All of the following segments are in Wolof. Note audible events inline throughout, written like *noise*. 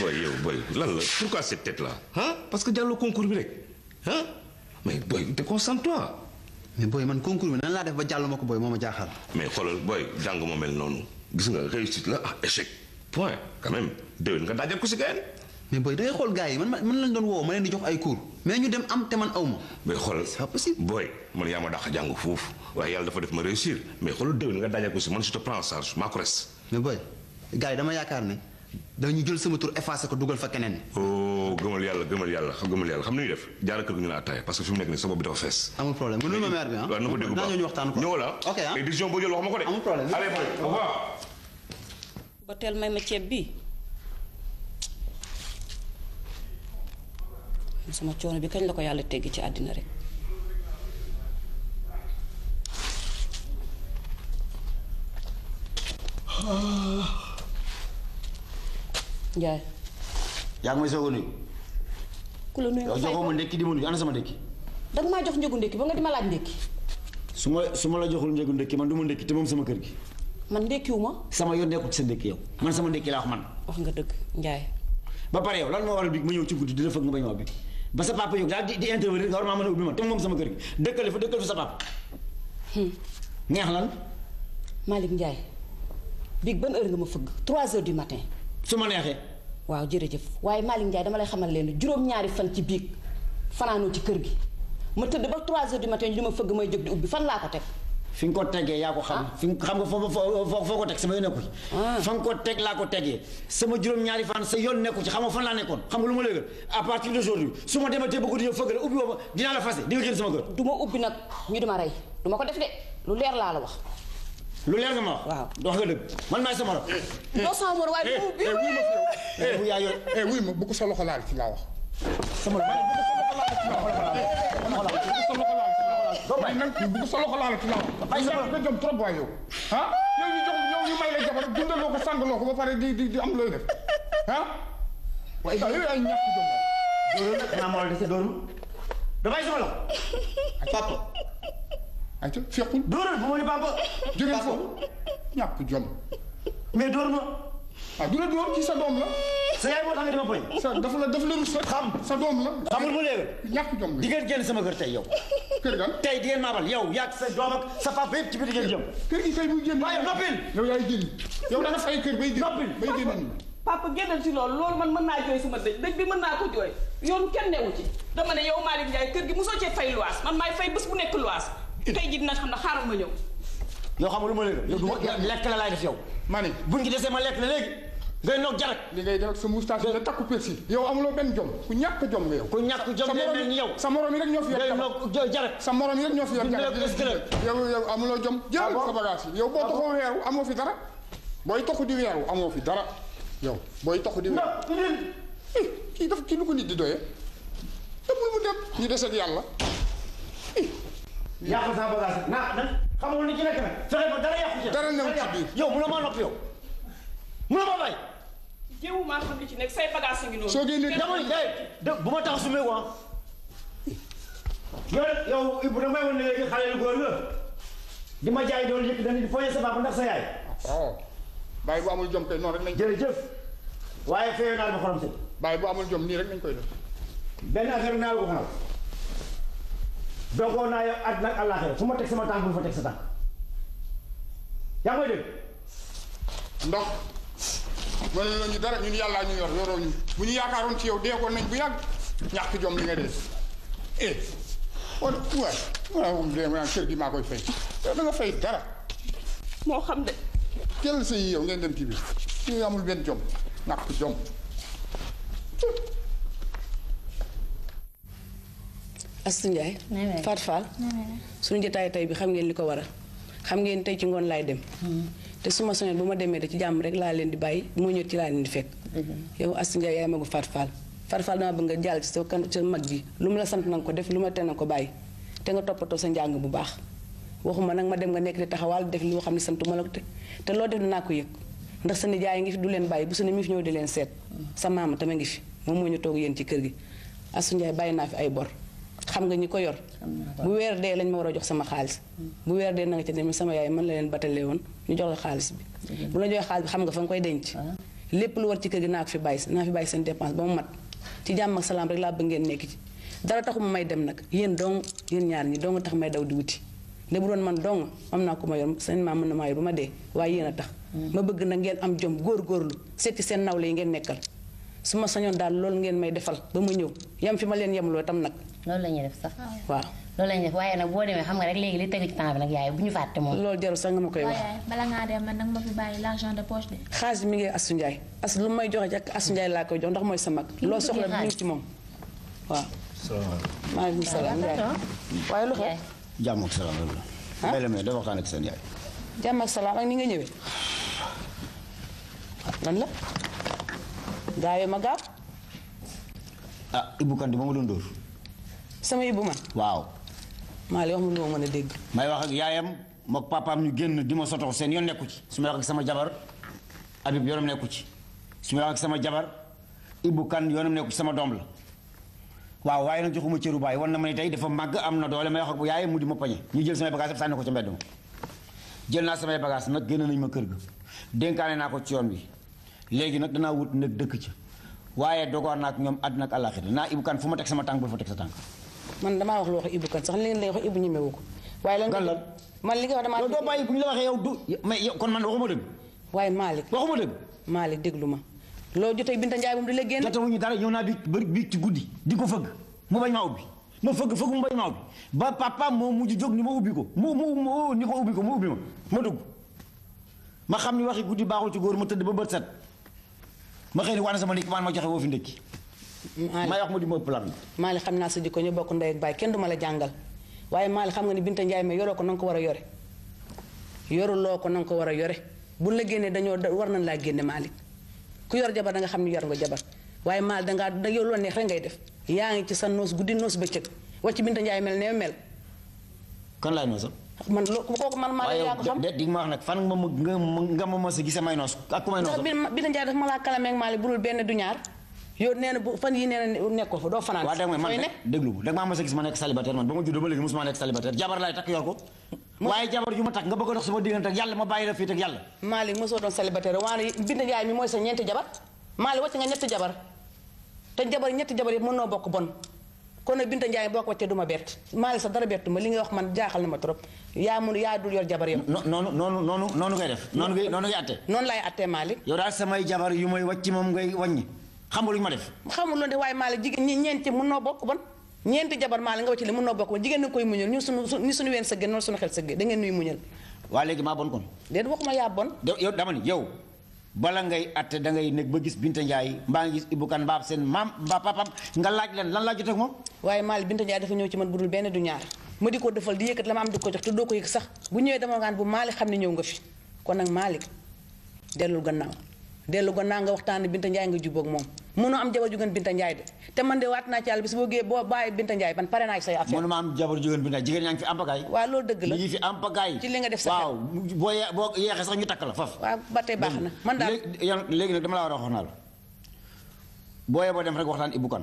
boy yo boy lan la pourquoi cette tête là hein parce que le concours bi hein mais boy déconcentre toi ah. mais boy man concours mais nan la def ba jallo mako boy moma j'ai mais xolal boy jang mo mel nonu gis nga réussite là ah échec point quand même deul nga dajal ko ci gaen mais boy d'ailleurs, xol gaay man man man, man, kan man, man, man, man, man, man, man, man, man, man, am man, man man, man, man, man, man, man, man, man man, man, man, man, man, man, man, man, man, man, man, man, man, man, man, man, man, man man, man, man, man, man, man, man, man, man, man, man, man, man, dañu jël sama tur effacé ko dugal fa keneen. oh gëmal yàlla gëmal yàlla gëmal yàlla xam nañu def jaara kër gi ñu la attaaya parce que fi nekk nii sama bopp bi dafa fees. amul problème mënul ma maire bi ah. na ko dégg bu baax waxtaan ko. ñëwala ah. ok ah mais décision boo jël wax ma ko de. amul problème allez au revoir. ba teel may ma ceeb bi sama coono bi kañ la ko yàlla teggi ci àddina rek. Ah. Ndiaye. yaa ngi may soog a nuyu. ku la nuyu yow ma ndékki di ma nuyu ana sama ndékki. da nga maa jox njëgu ndékki ba nga di ma laaj ndékki. su ma su ma la joxul njëgu ndékki man du ma ndékki te moom sama kër gi. man ndékkiwuma. sama yoon nekkul sa ndékki yow man sama ndékki laa wax man. wax nga dëgg Ndiaye. ba pare hmm. yow lan moo waral bi ma ñëw ci guddi di la fëgg nga bañ ma bi ba sa papa yow daal di di intervenir nga war maa mën a ubbi ma te moom sama kër gi dëkkale fa dëkkal fa sa papa. neex lan. Malick Ndiaye. biig ban heure nga ma fëgg 3 heures du matin su ma neexee. waaw jërëjëf waaye Malick Ndiaye dama lay xamal leen juróom-ñaari fan ci biig fanaanoo ci kër gi ma tëdd ba 3 heures du matin li ma fëgg may di ubbi fan laa ko teg. fi nga ko tegee yaa ko xam. Ah. fi xam nga fo fo fo ko tek sama yone ah. ko ci. fa ko tek la ko tege sama juróom-ñaari fan sa yone nekku ci xam nga fan la nekkoon xam nga luma leegal a partir d'aujourd'hui suma ma dematee bëgg di ñëw la ubbi woo ma dinaa la fase di nga gën sama kër. duma ubbi nak ñu duma ray duma ko def de lu leer la la wax lu leer nga ma wax. waaw wax nga dëgg man maay *laughs* sama rab. doo sama mor waaye bu bu bu yaa yor wuy ma bu ko sa loxo laal ci laa wax. sama rab bu ko sa loxo laal ci laa wax. ay sama rab trop waay yow. ah yow ñu jox yow ñu may la jabar dundaloo ko sàngaloo ko ba pare di di di am looy def ah. waaye yow yaa ñàkk jom la. loolu nag xanaa moo la dese doonu. damay sama loxo. papa. ayca fekkul. dóoral bu ma ni bamba. jóge foofu ñàkk jom. mais ma. ah du la dóor ci sa doom la. sa yaay moo tax nga dama poñ. sa dafa la xam sa doom la. xamul mu léegi. ñàkk jom di ngeen génn sama kër tey yow. kër ga tey di ngeen maabal yow yaa sa doom ak sa papa yëpp ci biir di ngeen jëm. kër gi tey muy génn. waaye noppil. yow yaay man mën naa jooy sama dëj dëj bi mën naa ko jooy yoon kenn newu ci dama ne yow Malick Ndiaye kër gi mosoo cee fay luwaas man maay fay bés bu nekk luwaas tey jii dina xam ne xaaral ma ñëw. yoo xam lu ma leen yow du lekk la laay def yow. ma ne buñ ci desee ma lekk la léegi. ngay noog jarak. li ngay def ak sa moustache la takku persil. yow amuloo benn jom ku ñàkk jom nga yow. ku ñàkk jom nga mel ni yow. sa morom yi rek ñoo fi yor jarak. sa morom yi rek ñoo fi yor jarak. yow yow amuloo jom. Ah jëlal sa bagage yi yow boo ah taxoo weeru amoo fi dara. booy taxu di weeru amoo fi dara. yow booy taxu di weeru. kii daf kii lu ko nit di doyee. te mu dem ñu des yàlla yàqal sama bagage naa na xamoon ni ci nekk nag fexe ba dara yàqu ci. dara ñëw ci biir yow mënoo maa noppi yow mënoo maa bàyyi. jéem li ci nekk say bagage ngi soo génnee dama eh, de bu ma tax su ma wax. yow yow Ibou damay wane ne léegi xale yu góor la di ma jaay doon yëpp dañuy fooyee sa baax ndax sa yaay. waaw oh. bàyyi bu amul jom kay noonu rek nañ. jërëjëf waaye feeyoon naa la ba xorom si. bàyyi bu amul nañ koy def. benn affaire naa la ko xamal. dogoon naa yow àddina ak àllaaxira fu ma teg sama tànk bu fa teg sa tànk yaa ngi may dégg ndox mënul nañu dara ñun yàllaa ñu yor yoroo ñu bu ñu yaakaaroon ci yow deegoon nañ bu yàgg ñàkk jom li nga dee eh wala waaye maanaam dee ma kër gi maa koy fay da nga fay dara moo xam de jël sa yi yow ngeen dem ci biir ñu benn jom ñàkk jom Astou Ndiaye Fatou Fall suñu jotaay tey bi xam ngeen li ko waral xam ngeen tey ci ngoon laay dem hmm. te su ma soñoon bu ma demee da ci jàmm rek laa leen di bàyyi bu ma ñëw di fekk mm-hmm. yow Astou Ndiaye yaay magu Fatou Fall Fatou Fall dama bëgg nga sa kan sa mag la sant nanga ko def lu ma te nanga ko bàyyi te nga toppatoo sa njàng bu baax waxuma nag ma dem nga nekk di taxawaal def loo xam ne santuma la ko te te loo def dinaa ko yëg ndax sa nijaay ngi fi leen bu su di leen seet sa maama tam a ngi fi moo moo ñu toog yéen ci kër gi Astou Ndiaye bàyyi naa fi ay bor xam nga ñi ko yor bu weer dee lañ ma war a jox sama xaalis bu weer dee na nga ca dem sama yaay man la leen batale woon ñu jox la xaalis bi bu la joxee xaalis bi xam nga fa nga koy denc ah. lépp lu war ci kër gi naa ko fi bàyyi naa fi bàyyi seen dépense ba mu mat ci jàmm ak salaam rek laa bëgg ngeen nekk ci dara taxuma may dem nag yéen dong yéen ñaar ñi dong tax may daw di wuti ne bu doon man dong am naa ko ma yor seen maam mën na maa yor ba ma dee waaye yéen a tax hmm. ma bëgg nag ngeen am jom góorgóorlu seeti seen nawle yi ngeen nekkal su sañoon daal loolu ngeen may defal ba ma ñëw yam fi ma leen yemloo tam nag loolu la ñuy def sax. Ah. waaw loolu la def waaye nag boo demee xam nga rek léegi li tegu ci temps bi nag yaay bu ñu fàtte moom. loolu jarul sax nga ma koy wax. bala ngaa dem man nag ma fi bàyyi l'argent de poche de. xaalis mi ngi Asu Ndiaye as lu may joxe ak Asu Ndiaye laa koy jox ndax mooy sa mag. loo soxla mu ngi ci moom waaw. salaamaaleykum maaleykum salaam. waaye lu xew. jàmm ak salaam alhamdulilah. ah Mbaye la Mbaye dafa ak seen yaay. jàmm ak salaam ak ni nga ñëwee. lan la. gaawee ma gaaw. ah Ibou Kante ba ma doon sama ibu man waaw maali wax mu ma mën a may wax ak yaayam mok papam ñu genn dima soto sen yon neeku ci suma wax ak sama jabar abib yoonam neeku ci suma wax ak sama jabar ibu kan yoonam neeku sama dom la waaw waye nag joxuma cëru baay won na ma ne tey dafa mag amna doole may wax ak yaayam mu di ma pañe ñu jël sama bagage sànni ko ci mbedd jël na sama bagage nak genn nañ ma kër ga denkané na ko ci yoon bi légui nak dana wut nak dekk ci waye dogor nak ñom ñoom àddina ak ibu kan fuma tek sama tank bu fa tek sa tank man dama wax lu wax Ibou Kane sax li lay wax Ibou ñemewu ko. waaye lan la man li nga wax dama do doo bàyyi ñu la wax yow du mais kon man waxuma dëgg. waye malik waxuma dëgg. malik déglu lo loo Binta Ndiaye moom di la génn. wuñu dara ñëw na bi bi ci guddi diko ko fëgg mu bañ ma ubbi ma fëgg fëgg mu bañ maa ubbi ba papa moo mujj jog ni ma ubbi ko mu mu ni ko ubbi ko mu ubbi ma ma dugg ma xamni waxi guddi baaxul ci goor ma tedd ba bët ma xëy ni sama nek man ma joxe wo fi ndekki may wax mu di mo plan mali xamna naa sa jikko ñu bokk nday ak bay kenn duma la jangal waye mali xam nga ni binta njaay ma yoro ko nang ko wara yore yoruloo ko nang ko wara yore bu la génnee dañoo war nañ la génne maalik ku yor jabar da nga xamni yor nga jabar waye mal da nga da yow lo neex rek ngay def yaangi ci sa noos gudi noos binta njaay mel ne mel kan la noosal man lo ko man maa ya ko xam de dig ma wax nak fan nga nga ma ma sa may noos ak ku may noosal binta njaay daf ma bu du yow nee na bu fan yi nee na nekkoo fa doo fanaan waaw dag man déglu dag maa mos a gis ma nekk célibataire man ba ma ba léegi mosuma nekk célibataire jabar laay takk yor ko waaye jabar ju tak, takk nga bëgg a dox sama diggante ak yàlla ma bàyyi la fii ak yàlla Malick mosoo doon célibataire waaye bind yaay mi mooy sa ñeenti jabar Malick wàcc nga ñetti jabar te jabar ñetti jabar yi mën noo bokk bon kon nag Binta Ndiaye boo ko wàccee du ma bett dara bettu ma li nga wax man jaaxal na ma trop yaa mun yaa dul yor jabar yow Non non non non ngay def noonu ngay non ngay atte noonu laay attee Malick yow daal samay jabar yu may wàcc moom ngay wàññi xam nga lu ñu ma def. xamul loolu de waaye maa la jigéen ñi ñeenti mën noo bokk bon ñeenti jabar maa la nga wacc li mën noo bokk bon jigéen na koy muñal ñu suñu ni suñu ween sëggee noonu suñu xel sëggee da ngeen nuy muñal. waa léegi maa bon kon. déet waxuma yaa bon. yow dama ni yow bala ngay atte da ngay nekk ba gis Binta Ndiaye mbaa nga gis Ibou Kane mbaab seen maam mbaa papaam nga laaj leen lan laa jot ak moom. waaye Maal Binta Ndiaye dafa ñëw ci man bu dul benn du ñaar ma di ko defal di yëkkat la ma am ko jox te doo ko bu ñëwee dama ngaan bu Malick ne ñëw nga fi kon nag Malick dellul gannaaw delu ko nga waxtan binta nday nga jubok mom mënu am jabar jugen binta nday de te man de wat na ci yàlla bis bo ge bo baye binta nday ban paré naa ci say affaire mënu ma am jabar jugen binta jigen yaa fi am pagaay wa lo deug la ñu fi am pagaay ci li nga def sa waaw bo boo yeexee sax ñu tak la faf wa ba baxna man dal légui nak dama la wara a waxoon la bo dem rek waxtan ibukan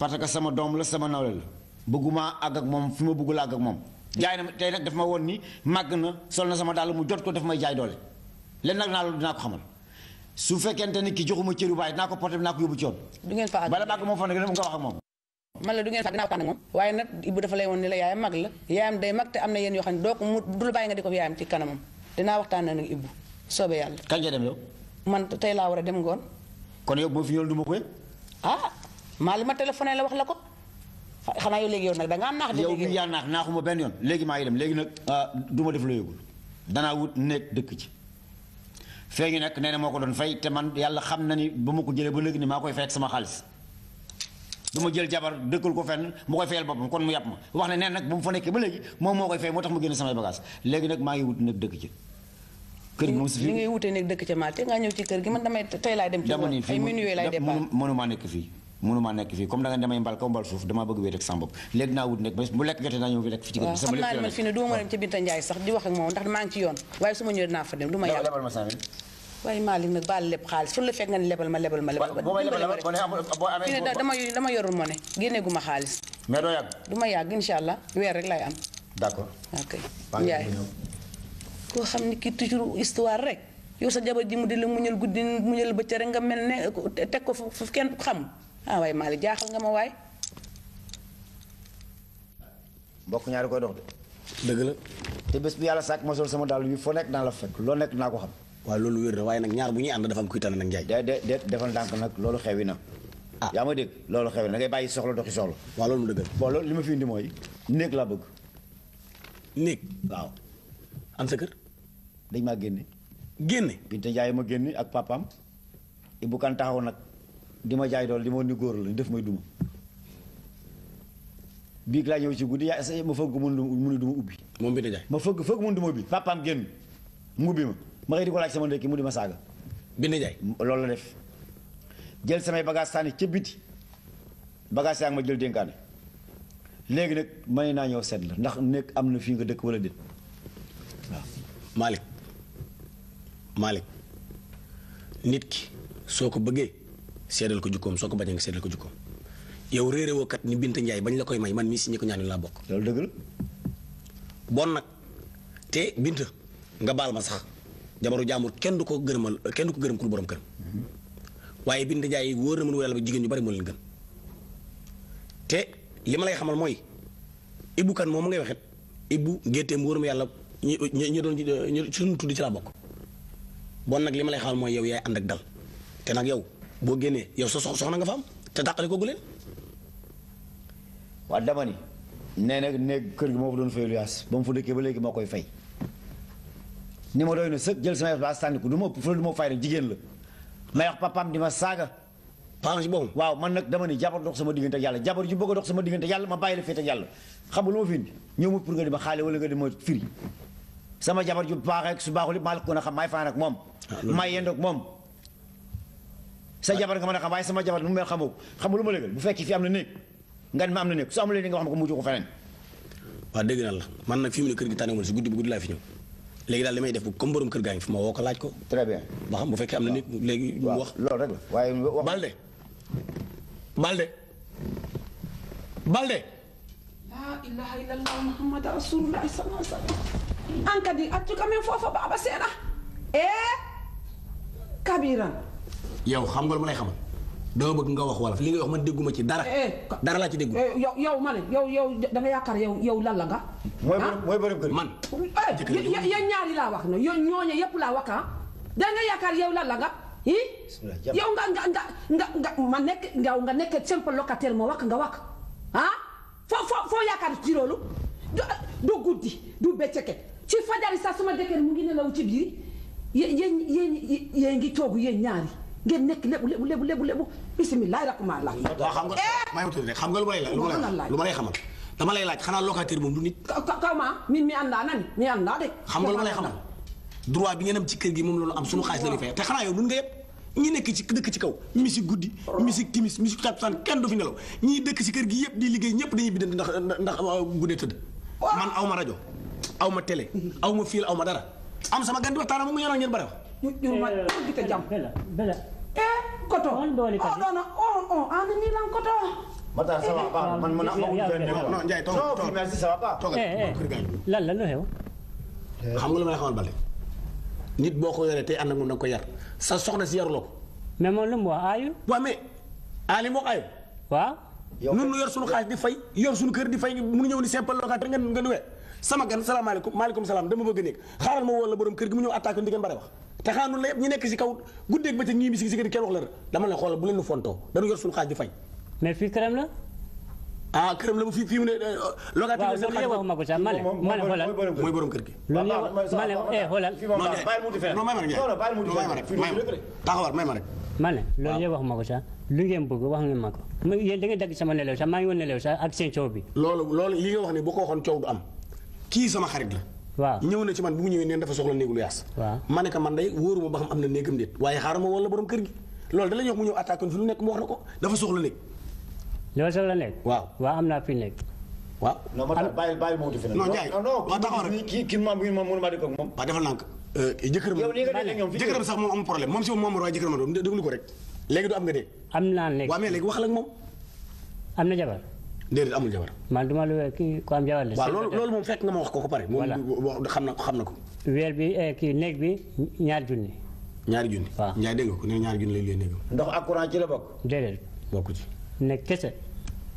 parce que sama dom la sama nawle la bëgguma ag ak mom fima bëggul ag ak mom jaay na tay nak daf ma won ni màgg na sol na sama dal mu jot ko daf may jaay doole len nak na loolu dina ko xamal su fekente ni ki joxuma cëru baay naa ko porté naa ko yóbbu coon du ngeen fa bala mag mo moom fa nag nga wax ak mom man la du ngeen fa ko mom waye nak ibu dafa lay won ni la yaay mag la yaayam day mag te amna yeen yo yoo doko mu dul bay nga diko yaayam ci kanamam waxtaan ibu sobe yalla kan nga dem yow man tay la wara dem ngon kon yow bo fi du ko ah maa li ma telephone la wax la ko xana yow legi yow nak da nga nax yow mi yaa naax naaxuma benn yoon léegi maa dem léegi nag ah, def lo yegul dana wut nek dekk ci feeñu nag nee na moo ko doon fay te man yàlla xam na ni ba ma ko jëlee ba léegi ni maa koy fay ak sama xaalis du ma jël jabar dëkkul ko fen mu koy fayal boppam kon mu yàpp ma wax ne nee nag bu mu fa nekkee ba léegi moom moo koy fay moo tax mu génn samay bagage léegi nag maa ngi wut nag dëkk ci kër gi moom si fi li ngay wutee nekk dëkk ca Malte nga ñëw ci kër gi man damay tey laay dem ci dama ni fii ay minuit lay mënu maa nekk fii mënuma nekk fii comme da nga damay mbal kaw mbal suuf damaa bëgg wéet ak sama nekk bu lekk jotee naa ñëw fi nekk fi ci kër xam naa ne man fii ne du ma dem ca Binta Ndiaye sax di wax ak moom ndax maa ngi ci yoon waaye su ma ñëwee dinaa fa dem du ma yàgg lebal ma cinq mille waaye Malick nag baal lépp xaalis fu la fekk nga ne lebal ma lebal ma dama dama yorul mo ne génnee gu ma xaalis mais doo yàgg du yàgg insha allah weer rek lay am d'accord ok koo xam ni kii toujours histoire rek yow sa jabar ji mu di la muñal guddi muñal bëccëg rek nga mel ne teg ko fu kenn xam ah waaye Malick jaaxal nga ma waay. mbokk ñaari koy dox de. dëgg la. te bés bu yàlla sàkk ma sol sama daal yu foo nekk naa a fekk loo nekk naa ko xam. waaw loolu wér na waaye nag ñaar bu ñuy ànd dafa am kuy tànn nag Njaay. de de nag loolu xewi na. ah yaa ma bàyyi soxla doxi soxla. waaw loolu mu li ma fi mooy. néeg laa bëgg. néeg. waaw. am sa kër. dañ maa génne. génne. Binta Njaay génne ak papaam. Ibou Kan taxaw nag. dima ma jaay dool di ni góor lañ def may duma biig laa ñëw ci guddi yaa ma fëgg ubi, mun duma ubi mom bi jaay ma fogg fogg mu ndum ubbi papam genn mu ubbi ma ma xëy di laaj sama ndek mu di ma saga bi jaay lol la def jël sama bagage tani ci biti bagage yaa ma jël dénkaane legi nak may na ñew sedd ndax nek amna fi nga dekk wala dit malik malik nit ki soko beugé seedal ko jukkoom soo ko bañee nga seedal ko jukkoom yow réeré woo kat ni Binta Njaay bañ la koy may man mii si ñi ko ñaan laa bokk. loolu dëgg bon nag te Binta nga baal ma sax jabaru jaambur kenn du ko gërëmal kenn du ko gërëm ku waaye Binta Njaay wóor na ba jigéen ñu bari moo leen li ma lay xamal mooy Ibou moom mu ngay waxit Ibou gétteem wóor yàlla ñu ñu doon ñu suñu tudd ci laa bokk bon nag li ma lay xamal mooy yow yaay ànd ak dal te nag yow. boo génnee yow sa na nga fa am te dàqali ko gu leen. waaw dama ni nee na néeg kër gi moo fa doon fay luyaas ba mu fa dëkkee ba léegi moo koy fay ni ma doy na sëg jël sama place sànni ko du ma fële du ma fay rek jigéen la may wax papaam di ma saaga. parent ci boobu waaw man nag dama ni jabar dox sama diggante ak yàlla jabar ju dox sama diggante yàlla ma bàyyi la yàlla xam nga lu ma fi indi ñëw pour nga di ma xaale wala nga di ma firi sama jabar ju baax ak su baaxul it maa la ko gën xam maay fanaan ak moom. Ah, maay yend ak moom. sa jabar nga mën a xam waaye sama jabar nu mu mel xamu lu ma légal bu fekkee fii am na néeg nga ne ma am na néeg la man nag fi mu ne kër gi tànneewul si guddi bu guddi laa fi ñëw léegi daal li may def ko comme borom kër gaa ngi fi ma woo ko laaj ko très bien ba xam bu fekkee am na néeg léegi mu wax loolu rek la waaye balde balde balde laa ilaaha illallah muhammad rasulullah sallallahu alaihi wasallam an kadi accu kamen foofa baaba seena eh? kabiran yow xam nga lu ma lay xamal dama bëgg nga wax wolof li nga wax man dégguma ci dara. Eh, dara laa ci déggu. Eh, yow yow ma yow yow da nga yaakaar yow yow lan la nga. mooy ah? mooy borom man. Eh, yéen ñaari laa wax ne yow ñooñu yëpp laa wax ah. nga yow lan la nga. yow nga nga nga nga ma nekk yow nga nekk simple locataire ma wax nga wax ah foo foo foo yaakaar ci loolu du guddi du bëccëg ci fajari sax sama jëkkër mu ngi nelaw ci biir yéen yéen yéen ngi toog yéen ñaari. ngeen nekk lébu lébu lébu lébu lébu bisimilah rahmaani xam nga eh! maa ngi tudd rek xam nga lu ma lay laaj. dama lay laaj xanaa locataire moom du nit. kaw kaw maa min de. xam nga lu ma lay xamal droit bi ngeen ci kër gi moom loolu am sunu xaalis la ñuy fay te xanaa yow mun nga yëpp ñi nekk ci dëkk ci kaw musique guddi musique timis musique takkusaan kenn du fi nelaw ñii dëkk si kër gi yëpp di liggéey ñëpp dañuy bind ndax ndax guddee tëdd man awma rajo awma eh koto on doli kadi oh on on oh, oh, ni lan koto mata sama va man man ma ko jende non njay to to merci ça va to lan lan lo hew xam nga lu may xamal balé nit boko yoré té and ak mom dang ko yar sa soxna yarlo mais lu mo ayu wa mais ali mo ayu wa nun nu yor sunu xaalis di fay yor sunu kër di fay mu ñëw ni simple locataire nga sama gan salaamaaleykum maaleykum demu dama bëgg nekk xaaral ma woo la borom kër gi mu ñëw attaque bare wax taxaanu la yëpp ñu nekk si kaw guddeeg bëccëg ñii bi si si kenn wax la dama leen xoolal bu leen nu fontoo dañu yor suñu xaaj di fay. mais fii këram la. ah këram la bu fii fii mu ne. Euh, loolu yëpp ma ko ma ne xoolal mooy ne eh xoolal. non may ma rek may ma ko sax lu ngeen bëgg wax ngeen ma ko. yéen da dagg sama nelew sax maa ngi woon nelew sax ak seen coow bi. loolu loolu li nga wax ne bu ko waxoon coow du am kii sama xarit la waaw ñëw na ci man bu mu ñëwee neen dafa soxla néegu lu yaas waaw ma ne man day wóoruma ba xam am na néegam déet waaye xaaral ma wala borom kër gi loolu da la ñu wax mu ñëw attaqué fi lu nekk na waaw waaw am naa fi néeg waaw non ma bàyyi bàyyi moo fi non Ndiaye waaw taxaw rek kii kii ma bu ma mënu ma di ko moom waaw euh, am problème moom si moom moom waaye jëkkëram déglu ko moom am na jabar déedéet amul jabar. man duma lu eh, kii ku am jabar la. waaw loolu loolu moom fekk nga ma wax ko ko pare. voilà moom xam na xam na ko. weer bi eh, kii néeg bi ñaari junni. ñaari junni. waaw Ndiaye dégg ko nee ñaari junni lay lay néeg. ndox ak courant ci la bokk. déedéet. bokku kese.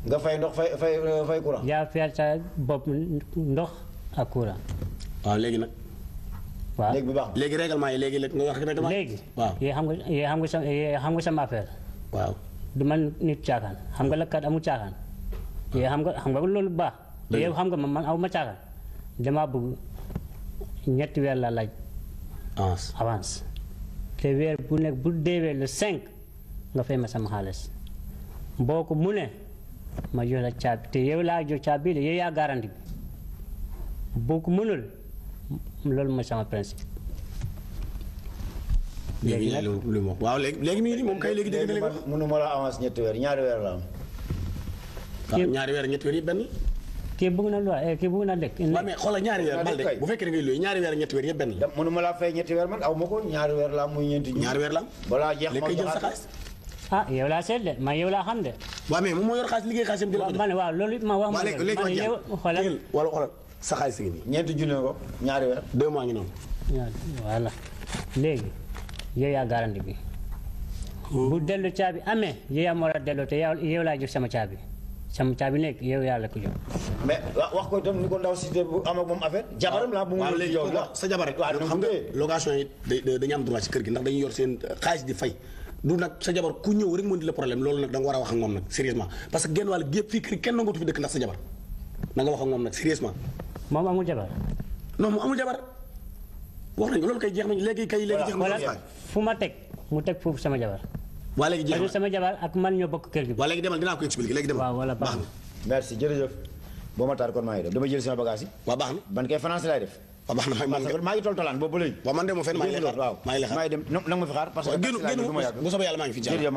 nga fay ndox fay fay euh, fay courant. yaa fayal sa bopp ndox ak courant. waaw léegi nag. waa léegi bu baax léegi règlement yi léegi nga wax règlement. léegi waaw yéen xam nga yéen xam nga sama yéen xam nga sama affaire. waaw du man nit xam nga lakkat amul caaxaan te xam nga xam nga loolu baax. te yow xam nga man man aw ma caaxaan damaa bëgg ñetti weer la laaj. avance avance. te weer bu nekk bu deewee le cinq nga fay ma sama xaalis boo ko mu ne ma jox la caabi te yow laa jox caabi la yow yaa garanti bi boo ko loolu mooy sama principe. léegi nag léegi léegi moom kay léegi dégg nga li ma. mënuma la avance ñetti weer ñaari weer la am. ñaari weer ñetti weer yëpp benn ke bëgg na lu ke bëgg na dekk wa mais xoolal ñaari weer bal de bu fekkee da ngay luy ñaari weer ñetti weer yëpp benn la mënu eh, ma la fay ñetti weer man aw ma ko ñaari weer la muy ñeenti ñaari weer la balaa jeex ma jël sa xaalis ah yow laa seet de ma yow laa xam de wa mais moom moo yor xaalis liggéey xaalisam dina ko man waaw loolu ma wax ma léegi léegi yow xoolal wala xoolal sa xaalis gi nii ko ñaari weer deux mois ngi noonu wala léegi yow yaa garanti bi oh. bu dellu caabi amee yow yaa moo la te yow laa jox sama caabi sama caabi nekk yow yàlla ko jox. mais wax ko itam ni ko ndaw cité bu am ak moom affaire. jabaram la bu mu léegi yow sa jabar ndax dañuy xaalis di fay. du nag sa ñëw rek mën la problème loolu nag da war a wax ak moom nag sérieusement parce que genn wàll gépp fii kër kenn nangootu fi dëkk ndax sa jabar na wax ak moom nag sérieusement. moom amul jabar. non moom amul jabar wax nañu loolu kay jeex nañu léegi kay. léegi jeex nañu fu ma teg mu teg foofu sama jabar waa léegi jéem sama jabar ak man ñoo bokk kër gi. waa léegi demal ko expliquer dama jël sama bagage yi. waa baax na man kay France laay def. waaw baax na man maa ngi toltolaan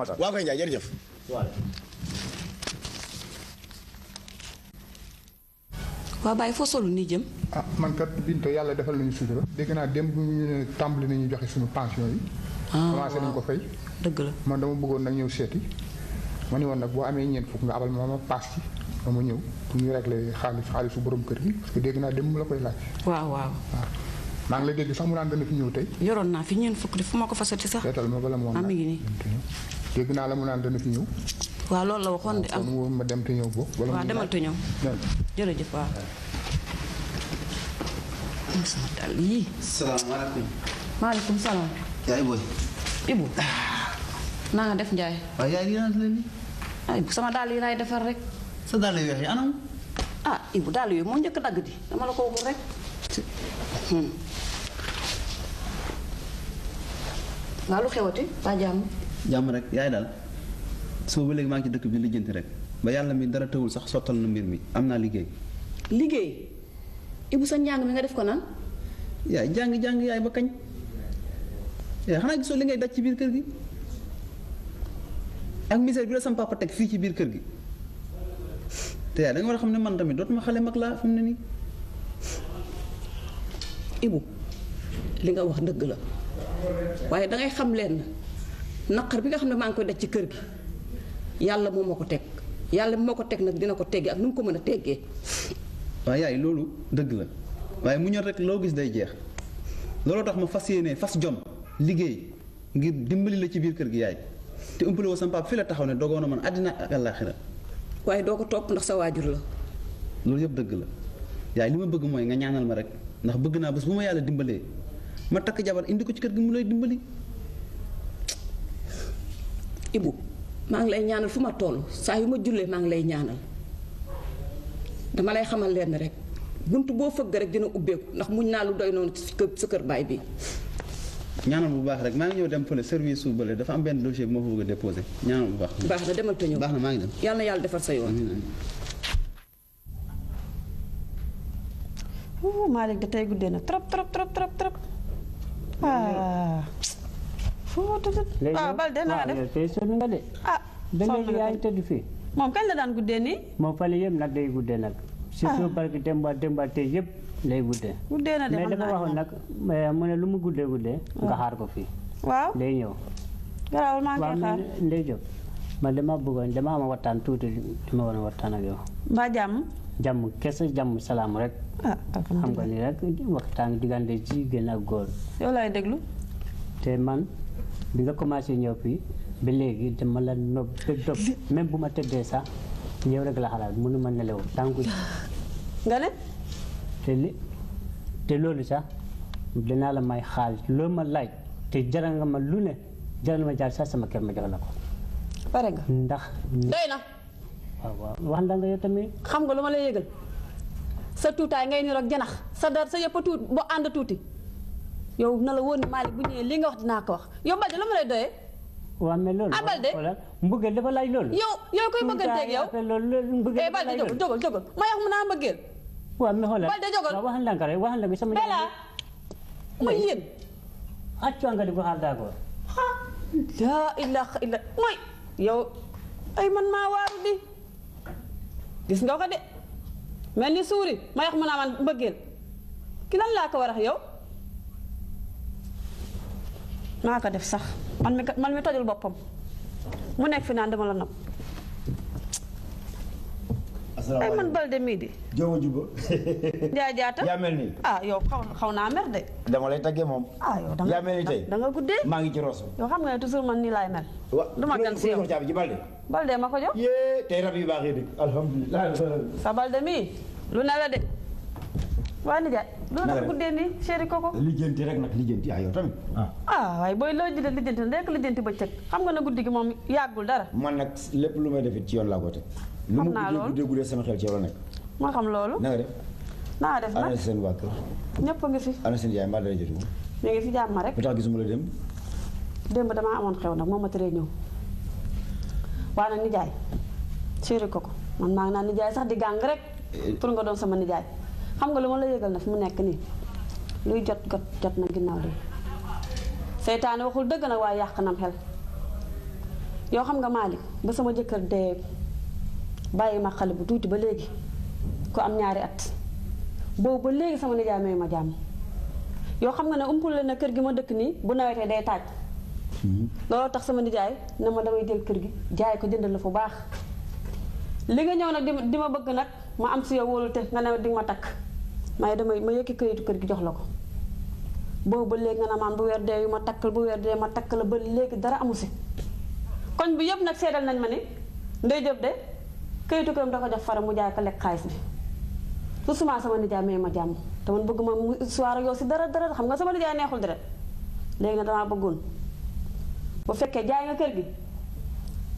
boobu ba bàyyi foo solu nii jëm. ah man kat Binto yàlla defal nañu sutura. dégg naa démb ñu ne tàmbali nañu joxe suñu pension yi. ah waaw commencé nañu ko fay. dëgg la man dama bëggoon nag ñëw seeti ma ne woon nag boo amee ñeen fukk nga abal ma ma paas ci ma ma ñëw pour ñu réglé xaalis xaalisu borom kër gi parce que dégg naa démb la koy laaj. maa ngi lay dégg sax mu naan dana ñëw tey. yoroon naa fi ñeent fukk fu ma ko fasati sax. seetal ma bala ma woon ah, naa la mu naan dana fi ñëw. waaw loolu la waxoon de am kon ma dem ñëw bokk. wala waaw demal te ñëw. jërëjëf waaw. salaamaaleykum. maaleykum salaam. yaay na nga def njaay ah, wa yaay dinaa la ni ay sama dal yi lay defal rek sa dal yi weex yi anam ah ibu dal yi mo ñëk dag di dama la ko wul rek waa hmm. lu xewati baa jam jam rek yaay dal so bu leg ma ci dëkk bi jënt rek ba yalla mi dara teewul sax sotal na mbir mi amna liggey liggey ibu sa njàng mi nga def ko nan yaay jang jang yaay ba kañ ya xana gisoo li ngay dacc biir kër gi ak misère bi la sama papa teg fii ci biir kër gi te yaay da war a xam ne man tamit dootuma xale mag laa fi mu ne nii. Ibu li nga wax dëgg la waaye dangay xam leen naqar bi nga xam ne maa ngi koy def ci kër gi yàlla moom moo ko teg yàlla moo ko teg nag dina ko teggee ak nu mu ko mën a teggee. waaye yaay loolu dëgg la waaye mu ñor rek loo gis day jeex looloo tax ma fas yéene fas jom liggéey ngir dimbali la ci biir kër gi yaay. te umpale woo sama la taxaw ne dogoona na man àddina ak àllaaxira waaye doo ko topp ndax sa waajur la. loolu yëpp dëgg la yaay li ma bëgg mooy nga ñaanal ma rek ndax bëgg naa bés bu ma yàlla dimbalee ma takk jabar indi ko ci kër gi mu lay dimbali. Ibu maa ngi lay ñaanal fu ma toll saa yu ma jullee maa ngi lay ñaanal dama lay xamal lenn rek bunt boo fëgg rek dina ubbeeku ndax mu naa lu doy noonu ci sa kër baay bi. ñaanal bu baax rek maa ngi ñëw dem fële service su bële dafa am benn dossier bi ma fa bëgg a déposé ñaanal bu baax. baax na demal maa ngi dem. yàlla na yàlla defar sa yoon. wuu tey guddee na trop trop trop trop trop. foo tëdd. waaw nga de. ah sonn moom kañ daan guddee nii. moom fële yëpp nag day guddee nag. Ah. surtout parce que Demba Demba tey yëpp. lay guddee. guddee na de mais dafa waxoon nag mu ne lu mu guddee guddee. nga mm. xaar ko fii. waaw day ñëw. waaw maa ngi xaar ndey jóg man dama bëggoon dama am waxtaan tuuti li ma waxtaan ak yow. mbaa jàmm. jàmm kese jàmm salaam rek. ah xam nga ni rek waxtaan diggante jigéen ak góor. yow laay deglu, te man bi nga commencé ñëw fii ba léegi dama la nopp ba dog *laughs* même bu ma tëddee sax yow rek la xalaat mënu ma nelaw tànku. nga ne. te te loolu sax dinaa la may xaalis loo ma laaj te jaral nga ma lu ne jaral ma jaar sax sama kër ma jox la ko. pare nga ndax. doy na. waaw waaw wax na nga yow tamit. xam nga lu ma lay yëgal sa tuutaay ngay niroog janax sa dar sa yëpp a tuut boo ànd tuuti yow na la woon ni Malick bu ñëwee li nga wax dinaa ko wax yow Balde lu ma lay doyee. waaw mais loolu. ah Balde mbëggeel dafa laaj loolu. yow yow koy bëgganteeg yow. tuutaay yow loolu loolu mbëggeel jógal jógal ma wax mu naa waaw mais xoolal Balde jógal waaw waxal ndànk rek waxal ndànk sama. Bella mooy yéen. ah ci wàllu goxal d'accord. ah laa ilaaha illa mooy yow ay man maa waaru di gis nga ko de mel ni suuri ma yàq mu naa man mbëggeel ki lan laa ko war a yow. maa ko def sax man mi man mi tojul boppam mu nekk fi naan dama la nopp. asalaamaaleykum man Balde mii di. Jëwa Juba. *laughs* jaajaata yaa mel ni. ah yow xaw xaw naa mer de. dama lay tàggee moom. ah yow da nga mel ni tey da nga maa ngi ci roos. xam nga ne toujours man ni laay mel. wa du ma gan si yow caabi ji Balde. Balde ma ko jox. yee tey rab yu baax yi de alhamdulilah. sa Balde mii lu ne la de. waa nijaay loolu dafa guddee nii chéri koko lijjanti rek nag lijjanti ah yow tamit ah. ah waaye booy loo jëlee lijjanti rek lijjanti bëccëg xam nga ne guddi gi moom yàggul dara man nag lépp lu may defit ci yoon laa ko teg xam naa loolu lu mu guddee sama xel ci yow nekk. ma xam loolu. na nga naa def nag ana ñëpp ngi fi. ana seen yaay mbaa dara jotu mi ngi fi jàmm rek. bu tax gisuma la dem. démb damaa amoon xew nag moom ma teree ñëw. waa na nijaay. chéri ko ko man maa ngi naan nijaay sax di gàng rek. Eh. pour nga doon sama nijaay. xam nga lu ma la yëgal na fi mu nekk nii. luy jot jot jot na ginnaaw de. seytaane waxul dëgg nag waaye yàq nam xel. yoo xam nga Malick ba sama jëkkër dee. bàyyi ma xale bu tuuti ba léegi ku am ñaari at boobu ba léegi sama nijaay may ma jàmm yoo xam nga ne umpul la na kër gi ma dëkk nii bu nawetee day taaj hmm. looloo tax sama nijaay na ma damay jël kër gi jaay ko jënd la fu baax li nga ñëw nag di ma bëgg nag ma am si yow wóolute nga ne di ma takk may damay ma yëkki këyitu kër gi jox la ko boobu ba léegi nga ne bu weer dee yu ma takkal bu weer dee ma takk la ba léegi dara amu si koñ bi yëpp nag seedal nañ ma ni ndey jëb kayitu këram da ko def fara mu jaay ko lekk xaalis bi su suma sama nijaay may ma jàmm te man bëgg ma mu histoire yow si dara dara xam nga sama nijaay neexul dara léegi nag damaa bëggoon bu fekkee jaay nga kër gi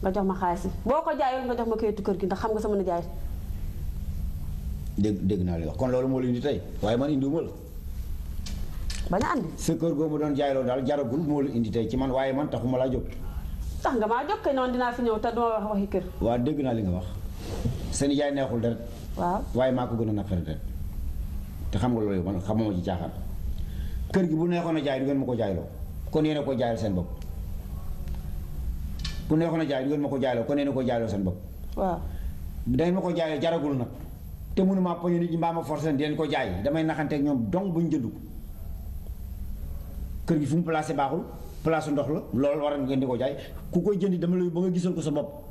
nga jox ma xaalis bi boo ko jaayee nga jox ma kayitu kër gi ndax xam nga sama nijaay. dégg dégg naa li wax kon loolu moo la indi tey waaye man indiwuma la. bañ a andi. sa kër goo ma doon jaayloo daal jaragul moo la indi tey ci man waaye man taxuma laa jóg. tax nga maa jóg kay noonu dinaa fi ñëw te duma kër. waa dégg naa li nga wax. seen yaay neexul deret waaw waaye maa ko gën a naqari deret te xam nga loolu man xamuma ci caaxaan kër gi bu neexoon a jaay du ngeen ma ko jaayloo kon yéen a ko jaayal seen bopp bu neexoon a du ngeen ma ko jaayloo kon yéen a ko jaayloo seen bopp waaw dangeen ma ko jaayloo jaragul nag te mënuma poñu nit ñi a ma forcé di leen ko jaay damay naxanteeg ñoom don bu ñu jëndu ko kër gi fu mu placé baaxul place ndox la loolu waral ngeen di ko jaay ku koy jëndi dama lay ba nga gisal ko sa bopp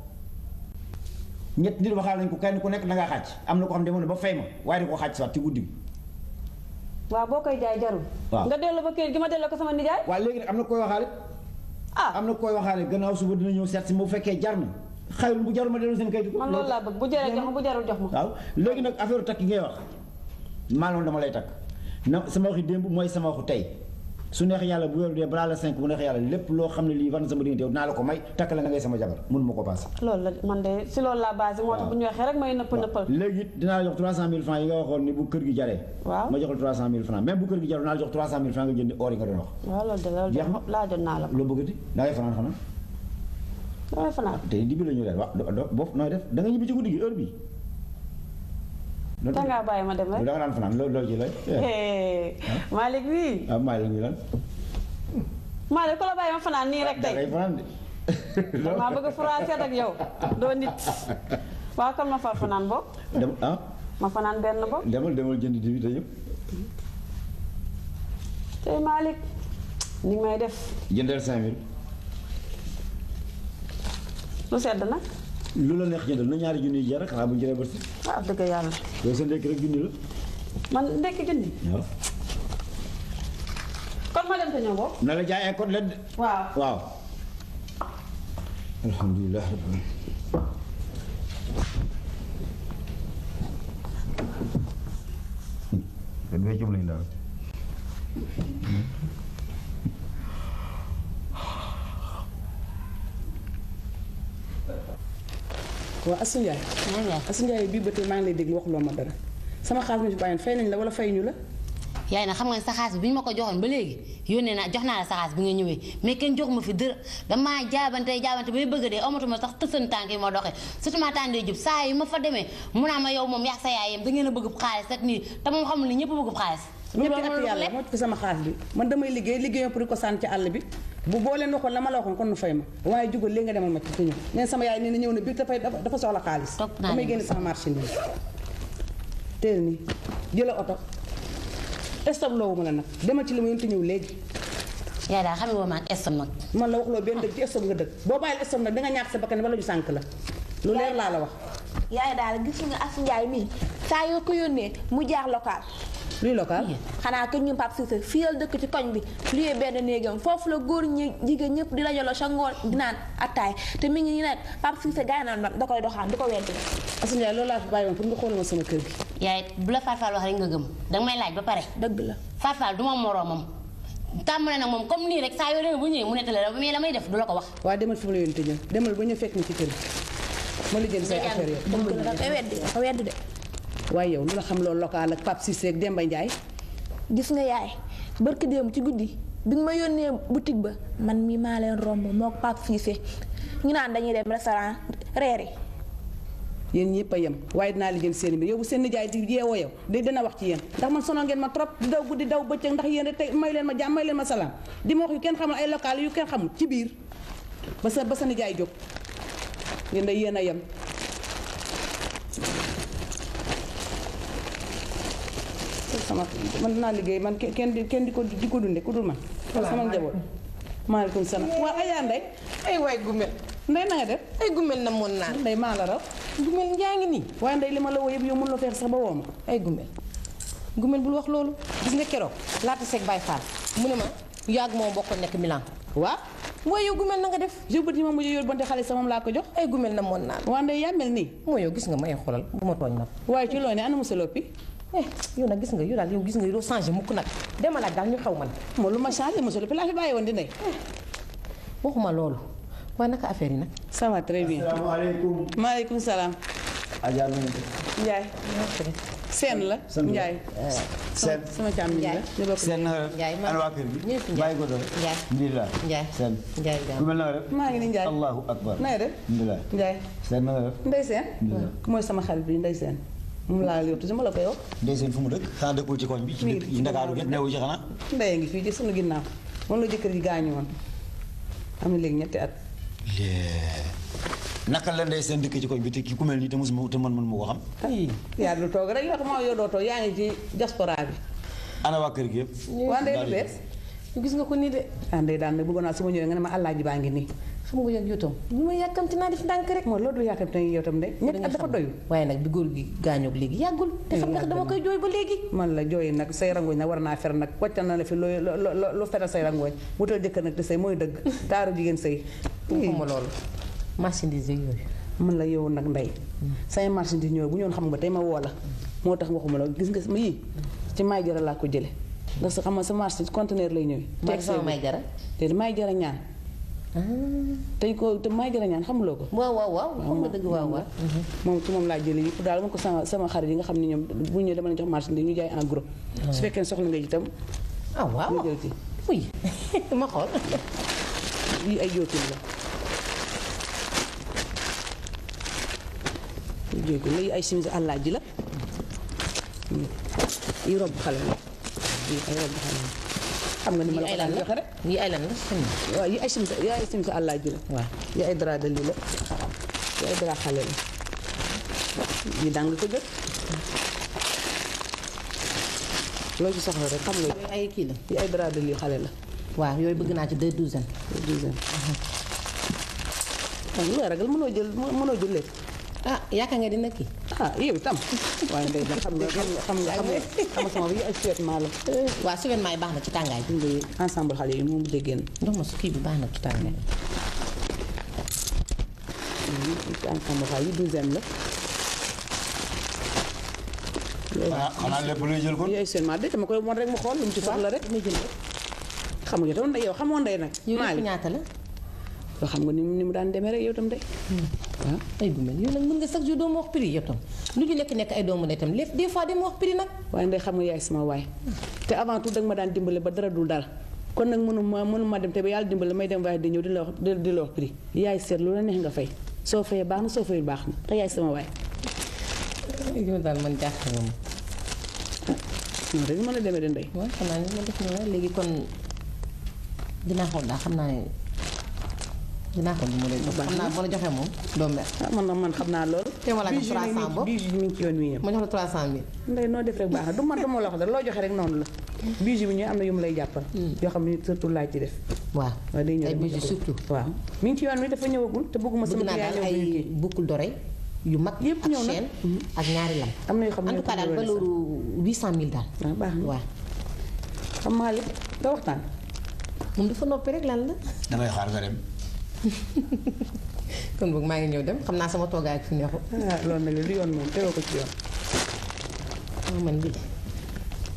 ñett nit waxaal nañ ko kenn ku nekk da ngaa xaaj am na ko xam demoon na ba fay ma waaye da ko xaaj sax ci guddi gi waaw boo koy jaay jarul waaw nga delloo ba kayit gi ma delloo ko sama nijaay waaw léegi nag am na koy waxaale ah am na koy waxaale gannaaw suba dina ñëw seet si fekkee jar na bu jarul ma delloo seen kayitu man loolu laa bëgg bu jaree jox ma bu jarul jox ma waaw léegi nag affaire ngay wax maa loon dama lay takk na sama waxi démb mooy sama waxu tey su neex yàlla bu weeru dee balaa la cinq bu neex yàlla lépp loo xam ne lii war na sama diggante naa la ko may takk la nga ngay sama jabar mënu ma ko passé loolu la man de si loolu laa basé moo tax bu nga waxoon naa la loo bëggati nooy def da ñibbi ci guddi gi heure bi dangaa bàyyi ma dem rek. da nga naan fanaan loo loo jëlee. Malick bii. ah Malick ñu lan. Malick ku la bàyyi ma fanaan nii rek tey. da ngay fanaan de. maa bëgg ak yow doo nit. waaw kon ma far fanaan boog. dem ah. ma fanaan benn boog. demal demal jënd dibi te yëpp. tey Malick. ni may def. jëndal 5000. lu sedd nag. lu la neex jëndal na ñaari junni jar xanaa bu jëree ba si. ah dëgg yàlla. yow sa ndekki rek junni la. man ndekki junni. kon ma dem te ñëw na la jaay ay côtelette. waaw waaw. alhamdulilah. yéen waaw Assou Ndiaye. Assou Ndiaye bii ba tey maa ngi lay dégg waxuloo ma dara sama xaalis ma ci bàyyoon fay nañ la wala fay ñu la. yaay na xam nga sa xaalis bi ñu ma ko joxoon ba léegi yónnee naa jox naa la sa xaalis bi nga ñëwee mais kenn jox ma fi dër damaa jaabante jaabante bay bëgg dee amatuma sax tësan tànk yi ma doxee surtout ma tàndee jub saa yi ma fa demee mu naa ma yow moom yaa sa yaayam yam ngeen a bëgg xaalis rek nii te moom xamul ni ñëpp bëgg xaalis ñetti at yàlla moo ci sama xaalis bi man damay liggéey liggéeyoon pour ko sànni ci àll bi bu boo leen waxoon la ma la waxoon kon nu fay ma waaye jugal léegi nga demal ma ci fi ñëw neen sama yaay nee na ñëw na biir dafay dafa soxla xaalis damay génn oto stop la nag demal ci li ma yontu ñëw léegi yaay daal xam nga ma ak stop nag man la wax loo benn dëgg ci stop nga dëgg boo bàyyil stop nag danga ñàkk sa bakkan wala ñu sànk la lu leer laa la wax yaay daal gis nga as njaay mii saa yoo ko yónnee mu jaar local luy local xanaa kër ñu Pape Cissé fii la dëkk ci koñ bi luyee benn néegam foofu la góor ñi jigéen ñëpp di rajo la sa ngoon di naan attaay te mi ngi ñu nag Pape Cissé gaay nag da koy doxaan du may laaj ba pare dëgg la Fatou du ma moroomam tàmm na nag moom comme nii rek saa yoo demee bu ñëwee mu nettali la mais la def du la ko wax waaw demal fi ma la yoon te ñëw demal ba ñu fekk ni ci kër gi ma lijjanti say affaire yi weddi de waaye yow lu la xam loolu local ak Pape Cissé ak Demba Ndiaye. gis nga yaay barki ci guddi bi ma yónnee boutique ba man mii maa leen romb moo Pape Cissé ñu naan dañuy dem restaurant reeri yéen ñëpp a yem waaye dinaa lijjal seen mbir yow bu seen nijaay di yeewoo yow de dina wax ci yéen ndax man sonal ngeen ma trop di daw guddi daw bëccëg ndax yéen rek tey may leen ma jàmm may leen ma salaam di ma wax yu kenn xamul ay local yu kenn xamul ci biir ba sa ba sa nijaay jóg ngeen day yéen a yem sama man naa liggéey man kenn di kenn di ko di ko dundee ku dul man. sama njaboot. maaleykum salaam waaw Aya Ndeye. ay waay Gumel. Ndeye na nga def. ay Gumel na moon naa. Ndeye maa la raw. Gumel njaa ngi nii. waaye Ndeye li ma la woo yëpp yow mënuloo fexe sax ba woo ma. ay Gumel. Gumel bul wax loolu. gis nga keroog laata seeg baay Fall mu ne ma yàgg moom bokkoon nekk Milan. waaw. waaye yow Gumel na nga def. jëbët yi ma mujj yor bonte xale sa moom laa ko jox. ay Gumel na moon naa. waaw Ndeye yaa mel gis nga ma ay bu ma tooñ nag. waaye ci eh yow nag gis nga yow daal yow gis nga yow doo changé mukk nag demalaat daal ñu xaw man moo lu ma changé monsieur eh, waxuma loolu waaye naka affaire nag ça va maaleykum salaam Adja seen la Ndiaye seen sama càmm euh, bi la seen na nga ku mel na nga def maa ngi ni Ndiaye allahu def alhamdulilah seen mooy sama xarit bi Ndeye Seen moom laa liir toujours ma la koy wax. ndeysaan fu mu dëkk xanaa dëkkul ci koñ bi. ci dëkk Ndakaaru gi newu ci xanaa. Ndeye ngi fii ci sunu ginnaaw moom jëkkër ji gaañu woon am na léegi ñetti at. naka la ndey seen dëkk ci koñ bi te ki ku mel nii te man man moo ko xam. yaa dul toog rek yoo xam ne yow doo toog yaa ngi ci diaspora bi. ana waa kër gi yëpp. waa ndey lu bees. gis nga ko nii de. ah ndey daal ne bëggoon naa su ma ñëwee nga ne ma àllaaji baa ngi nii xam nga yow tam ñu ma yàkkamti naa def ndànk rek moo loolu du yàkkamti yow tam de ñett at dafa doyul waaye nag bi góor gi gaañoog léegi yàggul te xam nga dama koy jooy ba léegi man la jooyi nag say rangooñ nag war naa fer nag wàccal na la fi looy lu fetal say rangooñ wutal jëkkër nag te sëy mooy dëgg *laughs* taaru jigéen sëy xuma loolu marchandise yooyu man la yow nag ndey mm. say marchandise ñëw bu ñoon xam nga tey ma woo la moo tax waxuma la gis nga ma yii ci may jara laa ko jële ndax sa xam nga sa marché conteneur lay ñëwee teg may jara te may jara ñaan tey ko te may gën a ñaan xamuloo ko. waaw waaw waaw mhm. moom ci moom laa jëlee yëpp daal ma ko sama sama xarit yi nga xam ne ñoom bu ñëwee dama la jox marché ñu jaay en gros. Ah. su fekkee soxla nga itam. ah waaw ma jël ci. *laughs* xool. yii ay jootul la. ay jootul simis àllaaji la. yii rob xale la yii ay rob xale la. xam nga ni ma la ko daan joxe waaw yi ay simta yi ay simta àllaa ji la waaw ay dara de la yi ay dara xale la yi daan nga ko jot loo ci soxla rek xam nga yooyu ay kii la yi ay dara de xale la waaw yooyu bëgg naa ci deux douzaines deux douzaines waaw mhm. lu ragal mënoo jël mënoo jël ah yaakaar nga dina kii. ah yow tam. waaye ndey xam nga xam nga xam nga sama bi ci tàngaay bi. ensemble xale yi moom dégg ngeen. donc su kii bi baax na ci tàngaay yi douzaine la. ko ah, xanaa lépp luy jël kon. yooyu survêtement de koy won rek mu xool lu mu ci soxla rek. mu jël xam nga yow yow xamoon ndey nag. maa ngi ñaata la. yoo xam nga ni mu ni mu daan demee rek yow tam day hmm. ah ay gumel yow nag mën nga sax jour doo wax prix yow tam lu ñu nekk nekk ay doomu ne tam lépp des fois dama wax prix nag waaye nday xam nga yaay sama waay te avant tout danga ma daan dimbale ba dara dul dara kon nag mënuma mënuma dem te ba yàlla dimbale may dem waaye di ñëw di la wax di la yaay seet lu la nga fay soo fayee baax na soo fayul baax na waay yow daal man jaaxal nga ma a demee de ndey waaw xam naa ne léegi kon dinaa xool daal xam naa dinaa ko bu ma lay jox xam naa bu la joxee moom doo mer. Ah, man nag man xam naa loolu. te ma la jox 300 boobu bii mi ngi ci yoon wi yëpp. ma jox la 300 mille. ndey noo def rek baax na du man dama la wax de loo joxe rek noonu la. bijou bi ñu am na yu mu lay jàppal. Hmm. yoo xam ne surtout laaj ci def. waaw ay bijou surtout. waaw mi ngi ci yoon wi dafa ñëwagul te bëgguma sama. bëgg naa daal ay boucle d'oreille yu mag. yëpp ñëw na ak chaîne hmm. ak ñaari lam. am na yoo xam ne en tout cas daal valeur 800000 daal. waaw ah, baax na waaw. xam nga Malick nga waxtaan. moom dafa noppi rek lan la. damay xaar nga dem. *laughs* kon boog maa ngi ñëw dem xam naa sama toogaay fi neexu. ah loolu lu yoon moom teewoo ko ci yoon. ah man bii.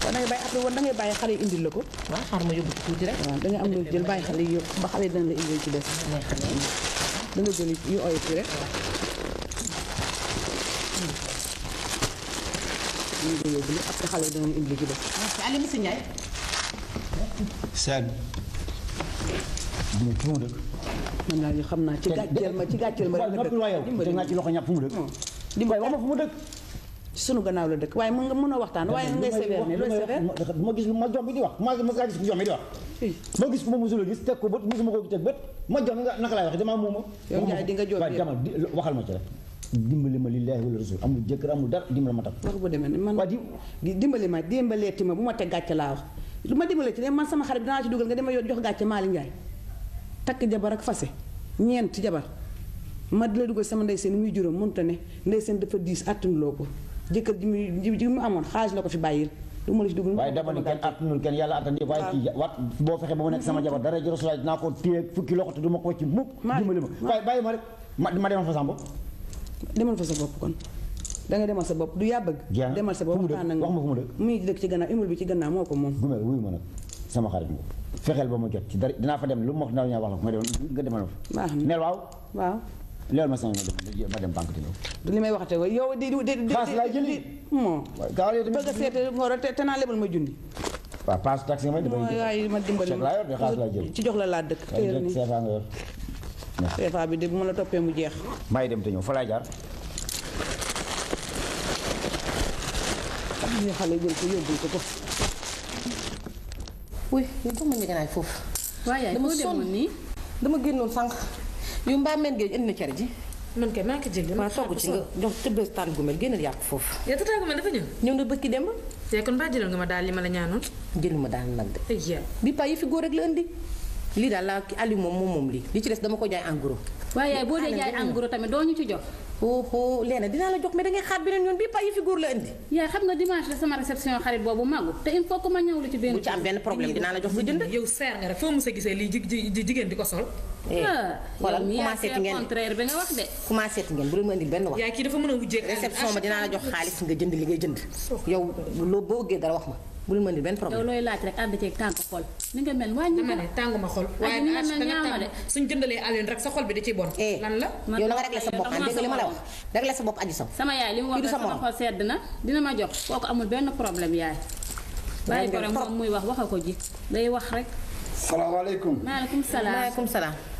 kon da ngay bàyyi après woon da ngay bàyyi xale yi indil la ko. waaw xaar ma yóbbu tuuti rek. waaw da am loo jël bàyyi xale yi yóbbu ba xale yi dana la indil ci des. da nga jël yóbbu li après xale yi dana la ci des. merci ah, Aliou monsieur Ndiaye. Sène. mu dëkk. man naa ñu xam naa ci gàcceel ma ci gàcceel waaye teg naa ci dimbali ma fu a waxtaan waaye ngay sévère ne wax ma ma gis ma gis ku ma a gis teg ko bët mosuma ko teg bu demee man waa di dimbali ma dimbaleeti ma bu ma teg gàcce laa wax. lu ma dimbalee ci man sama xarit dinaa ci dugal nga dama jox gàcce Malick Ndiaye Tak jabar ak fase ñent jabar ma dila dugal sama ndey seen muy juro mënta ne ndey seen dafa 10 atun loko jëkkal ji muy ji mu amoon xaj lako fi bayil du ma la ci dugal dama ni kan atun kan yalla yàlla attan yëpp wat bo fexé ba nek sama jabar dara ji rasulaay dinaa ko téye fukki loko te duma ko ci mukk dimbali lima way bàyyi ma rek ma dem fa sambo demal fa sa bop kon da nga demal sa bop du yaa demal sa bopp wax ma fu mu dëkk muy ci gannaaw imul bi ci gannaaw moko mom gumel wuy ma nak sama xarit nga fexeel ba ma jot ci dara dinaa fa dem lu ma wax dina wax la nga demal ma fa. neel waaw. waaw. léegi ma sëñ ma dem banque di ñëw. li may waxate ko yow di di di. paas laay jëli. moom bëgg a seet ngoro naa ma junni. waaw paas taxi ma ma dimbali ma ci jox la laa dëkk. téere ni CFA nga yor. CFA bi de bu ma la toppee mu jeex. maa dem te ñëw fa laay oui yow jox ma njëganaay foofu. waaw yaay foo demoon nii dama génnoon sànq. yu mbaameen géej indi na cere ji. man kay maa ngi ko jël maa ci nga jox tëbbe tànn gu mel génnal yàpp foofu. yow tata gu dafa ñëw. ñëw na bëkki dem. tey kon baa jëlal nga ma daal li ma la ñaanoon. jëluma daal nag de. bi paa yi fi góor rek la indi lii daal la Aliou moom moom moom lii li ci des dama ko jaay en gros. waaye yaay boo dee jaay en tamit doo ñu ci jox. oho oh, leena dinaa la jox mais da ngay xaar beneen yoon bii pa yi fi boobu màggu te il faut ma benn. bu ci am dinaa la jox nga jënd. yow seer nga rek foo mu sa gisee lii ji jigéen di ko sol. voilà eh, ah, wax de. commencé ti benn wax. dafa mën a wujjee jox xaalis nga jënd li ngay jënd. yow loo bëggee dara wax ma bul ma ni benn problème. yow looy laaj rek ànd ceeg tàng xol. ni nga mel xol. waaye nga ah, mel ñaaw na de suñ jëndalee rek sa xol bi da ciy bon. Eh, lan la yow na ma la wax sa bopp aji saw. sama yaay li mu wax sama xol sedd na dina ma jox kooku amul benn problème yaay. bàyyi ko rek moom muy wax waxa ko ji day wax rek. salaamaaleykum maaleykum salaam maaleykum salaam.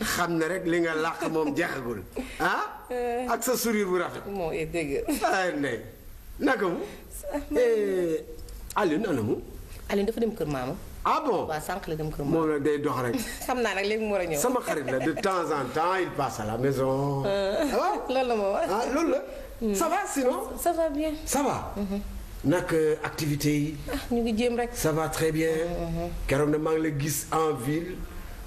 Je ne rek li nga ah. Euh. ak sa sourire bu ah bon de temps en temps il passe à la maison. ça va sinon. ça va bien. ça va. Mhm. Euh, activité ah, ça va très bien. car on ne ngi gis en ville.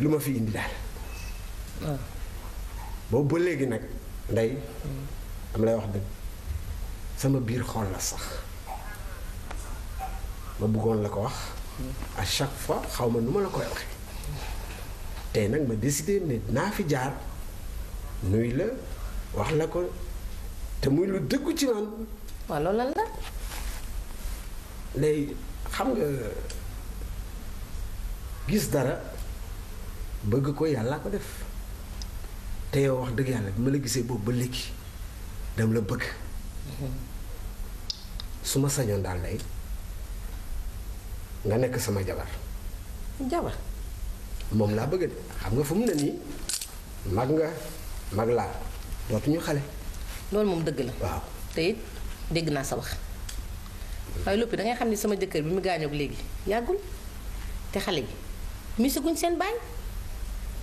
luma fi indi dal bo bo léegi nak nday am lay wax deug sama bir xol la sax ma bëggoon la ko wax à chaque fois xawma numa la koy waxee tey nak ma décider ne na fi jaar nuy la wax la ko te muy lu dëggu ci man wa lo lan la lay xam nga gis dara bëgg ko yàlla ko def te yow wax dëgg yàlla bi ma la gisee boobu ba léegi dama la bëgg mhm. su ma sañoon daal lay nga nekk sama jabar jabar moom laa bëgg de xam nga fu mu ne nii mag nga mag laa ñu xale loolu moom dëgg la waaw te it dégg naa sa wax waaye loppi da ngay xam kan ni sama jëkkër bi mu gaañoog léegi yàggul ya, te xale yi misuguñ seen baay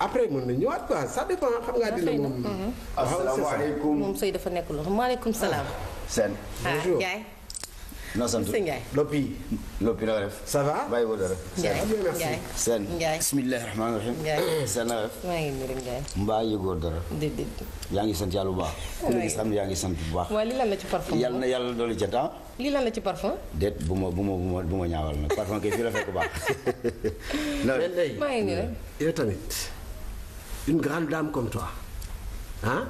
après mën na ñëwaat quoi ça dépend xam ngaa dina moom. asalaamaaleykum moom dafa nekk loolu maaleykum salaam. Ah. seen. Ah, bonjour ah na sant Loppi. Loppi na nga def. ça va bàyyi woo dara. Ndiaye Ndiaye seen. Ndiaye bismillahi *coughs* rahmaani rahim. Ndiaye seen na def. maa ngi nuyu Ndiaye. mbaa yëgoo dara. déedéet. yaa ngi sant yàlla bu baax. ku yaa ngi sant bu baax. waaw li lan la ci parfum. yàlla na yàlla dolli ca temps. li lan la ci parfum. déet bu ma bu ma bu ma ñaawal nag parfum kay fii la fekk baax. *laughs* maa ngi nuyu yow tamit. une grande dame comme toi hein,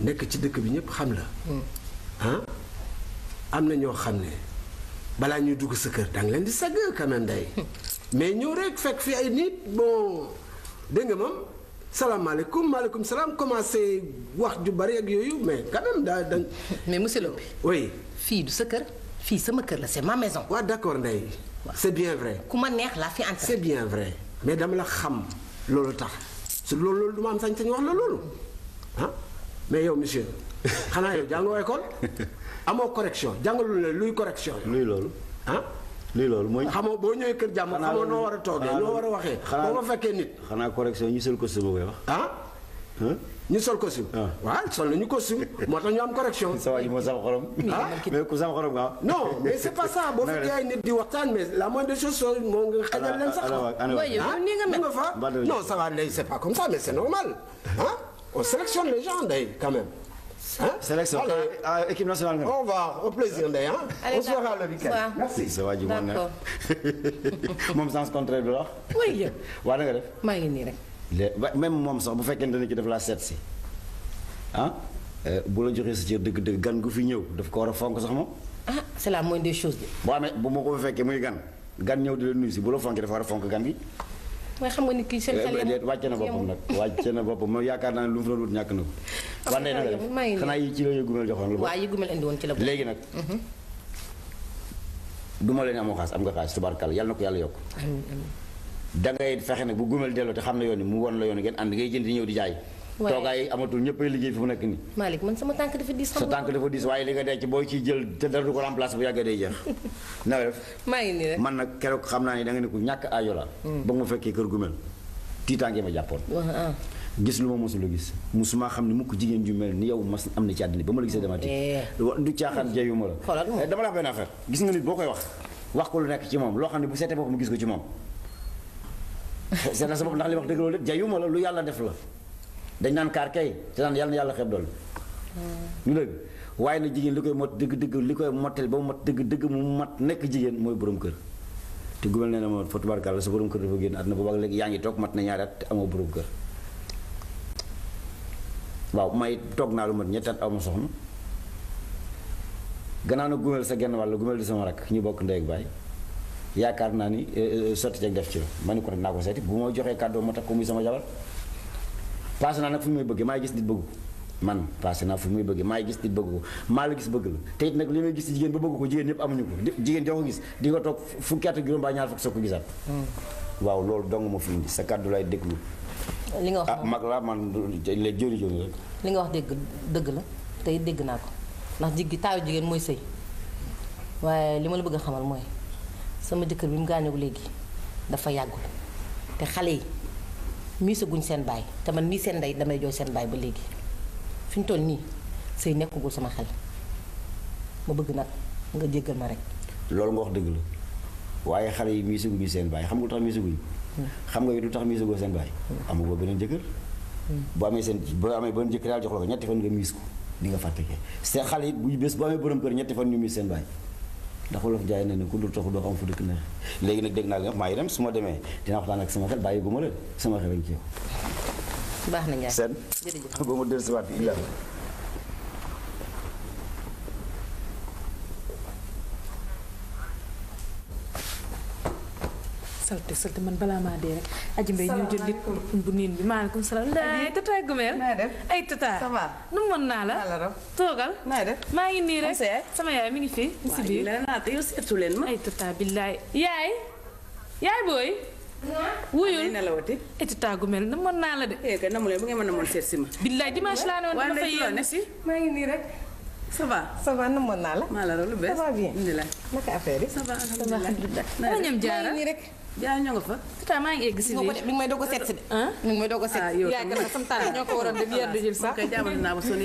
nekk ci dëkk bi ñëpp xam la. ah am na ñoo xam ne dugg sa kër danga leen di sëgg quand même day *laughs* mais ñëw rek fekk fi ay nit bon dégg nga salam salaamaaleykum maaleykum salam commencé wax ju bari ak yoyu mais quand même daa da. *laughs* mais monsieur Lopé. oui fi du sa kër fi sama kër la c'est ma maison. waaw d'accord Ndeye. c'est bien vrai. ku ma neex la fi entrer. c'est bien vrai mais dama la xam lolu tax. su loolu loolu du ma am sañ-sañ wax la loolu ah mais yow monsieur xanaa yow jàngoo école *laughs* amoo correction jàngalu la luy correction. luy loolu ah. lii loolu mooy. xamoo boo ñëwee kër jàmm xamoo noo war a toogee. xanaa noo war a waxee. xanaa boo ma fekkee nit. xanaa correction ñu seen ko sama koy wax. ah. Nous hein? sol costume. Ah. waaw sol nañu costume moo tax ñu am correction. Ça *laughs* va, ji mais ku sam xorom non mais c'est pas ça Bon, il y a une waxtaan mais la moindre chose choses ah, non ça va léegi c'est pas comme ça mais c'est normal Hein? on sélectionne les gens d'ailleurs, quand même. Hein? Sélection. Ah, équipe nationale. On va, au plaisir d'ailleurs. Hein? On se verra le week-end. Merci. Ça va du bon. Mon sens contraire de là. Oui. Voilà. *laughs* Maa ngi nii rek. les même moom sax bu fekkee ne dana ci def laa seet si ah euh, bu la joxee sa cër dëgg-dëgg gan gu fi ñëw daf ko war a fonk sax moom. ah c'est la moindre des choses. boo amee bu ma ko fekkee muy gan gan ñëw di la nuyu si bu la fonkee dafa war a fonk gan gi. mooy xam nga ni kii seen eh, xel yemul wàcce na boppam nag wàcce na boppam moom yaakaar naa ne lu mu fi doon wut ñàkk na na yow maa ngi xanaa yi ci la yu gumel joxoon la. waaw yu indi woon ci la. léegi nag. Mhm. du ma leen amoo xaas am nga xaas tubaarkàlla yàlla na ko yàlla yokk. da ngay fexe nag bu gumel delloo te xam na yoon mu won la yoon ngeen ànd ngay jënd di ñëw di jaay toogaay amatul ñëpp ay liggéey fi mu nekk nii *laughs* maa ngi nii rek man nag keroog xam naa ni danga nga ne ku ñàkk aajo la hmm. ba ma fekkee kër gumel tiitaange ma jàppoon ah. gis lu ma mosula gis mosuma xam ne mukk jigéen ju mel ni yow mas am na ci àddina ba ma la gisee dama tiit du eh. caaxaan jayu ma la eh, dama la wax benn affaire gis nga nit boo koy wax wax ko lu nekk ci moom loo xam ne bu seetee boppam gis ko ci moom seet sa bopp ndax li wax dëgg loolu de jayuma la lu yàlla def la dañ naan kaar kay te naan yàlla yàlla xeeb dool hmm. ñu dëgg waaye na jigéen li koy mot dëgg dëgg li koy mottel ba mu mot dëgg dëgg mu mat nekk jigéen mooy borom kër te gumel nee na ma fa tubaarkàlla sa borom kër dafa génn àdduna boobaak léegi yaa ngi toog mat na ñaari te amoo borom kër waaw may toog naa lu mat ñetti at awma soxna gannaaw na gumel sa genn wàll gumel di sama ñu bokk ndey yaakaar naa ni euh, euh, euh, sotti jag def ci la ma ni ko nag naa ko seeti bu ma joxee kàddoo ma takk ko muy sama jabar passé naa nag fu muy bëgg maa gis nit bëgg ko man passé naa fu muy bëgg maa gis nit bëgg ko maa la gis bëgg la te nag li may gis jigéen ba bëgg ko jigéen ñëpp amuñu ko jigéen joo gis di nga toog fukki at ak juróom ba ñaar fukk hmm. waaw loolu dong ma fi sa kàddu lay déglu li nga wax ah mag laa man léegi jori jori rek li nga wax dégg dëgg la tey dégg naa ko ndax jiggi taayu jigéen mooy sëy waaye li ma la bëgg a xamal mooy sama jëkkër bi mu gaañoo léegi dafa yàggul te xale yi miisaguñ seen baay te man nii seen ndey damay jooy seen baay ba léegi fi ñu toll nii sëy nekkagul sama xel ma bëgg nag nga jéggal ma rek. loolu nga wax dëgg la waaye xale yi miisaguñu seen baay xam nga lu tax miisaguñu. Hmm. lu tax miisagoo seen baay. Hmm. amagoo beneen jëkkër. Hmm. bu amee seen bu amee beneen jëkkër daal jox la ko ñetti fan nga miis ko di nga fàtte xale it bu bés bu amee borom kër ñetti fan ñu miis seen ndax wolof jaay na ne ku dul toxu doo xam fu dëkk na léegi nag dégg naa li nga wax maa ngi dem su ma demee dinaa waxtaan ak sama xel bàyyi gu ma la sama xel a ngi baax na Ndiaye seen. jërëjëf ba ma dellusiwaat bi salte salte man balaa maa dee rek. aji mbay ñu jël nit bu niin bi maaleykum salaam. ndaay tata gumeel ay tata nu mu mën naa la. toogal. maa ngi nii rek sama yaay mi ngi fi. si biir yow seetu leen ma. ay tata billaay. yaay. yaay booy. wuyul ay tata gumeel na mën naa la de. eh namu leen bu ngeen mën a mën seet si ma. billaay dimanche laa ne woon dama fay yéen si. maa ngi nii rek. ça va ça va nu mën naa la. maa la rëbb ça va bien. naka affaire yi. ça va alhamdulilah. ñam jaara nii rek. jaar ñoo nga fa. pourtant maa ngi egg si lii mi ngi may doog a seet si de. mi ah? a seet si ah, yaay ko def yar di jël sax. *laughs* kay jàmm naa ba sonn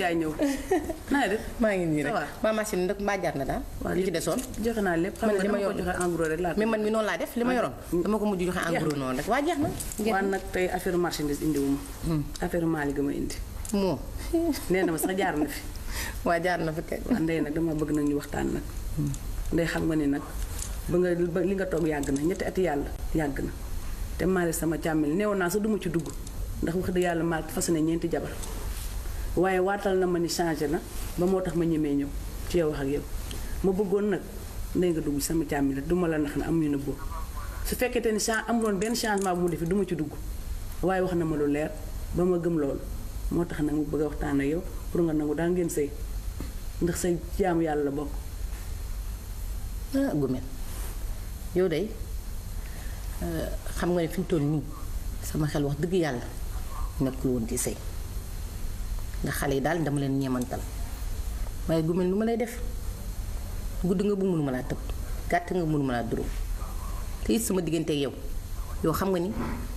maa ngi nii rek maa machine nag maa jaar na daal. waaw li ci desoon joxe naa lépp xam nga dama ko joxe en gros rek laa mais man mi noonu laa def li ma yoroon. dama ko mujj joxe en gros waa jeex na. waa nag tey affaire marchandise indi wu ma. Hmm. affaire Malick ma indi. moo nee na ma sax jaar na fi. *laughs* waa jaar na fi kay. waa ndey nag dama bëgg nag ñu waxtaan nag. Hmm. ndey xam nga ni nag ba nga li nga toog yàgg na ñetti ati yàlla yàgg na te maari sama càmmil neew naa sax duma ci dugg ndax wax dëgg yàlla maal fas ne ñeenti jabar waaye waatal na ma ni changé na ba moo tax ma ñemee ñëw ci yow wax ak yow ma bëggoon nag ndey nga dugg sama càmmil duma la nax na am ñu nëbboo su fekkete ni chan amuloon benn changement bu mu defi duma ci dugg waaye wax na ma lu leer ba ma gëm loolu moo tax nag mu bëgg a waxtaan ak yow pour nga nangu daal ngeen sëy ndax say jaamu yàlla ya la bokk ah gumet yow de euh, xam nga ne fi mu toll nii sama xel wax dëgg yàlla nekkul woon di sëy ndax xale yi daal dama leen ñemantal waaye gu mel nu ma lay def gudd nga bu mënu ma laa tëb gàtt nga mënu ma laa duróom te it sama diggante yow yow xam nga ni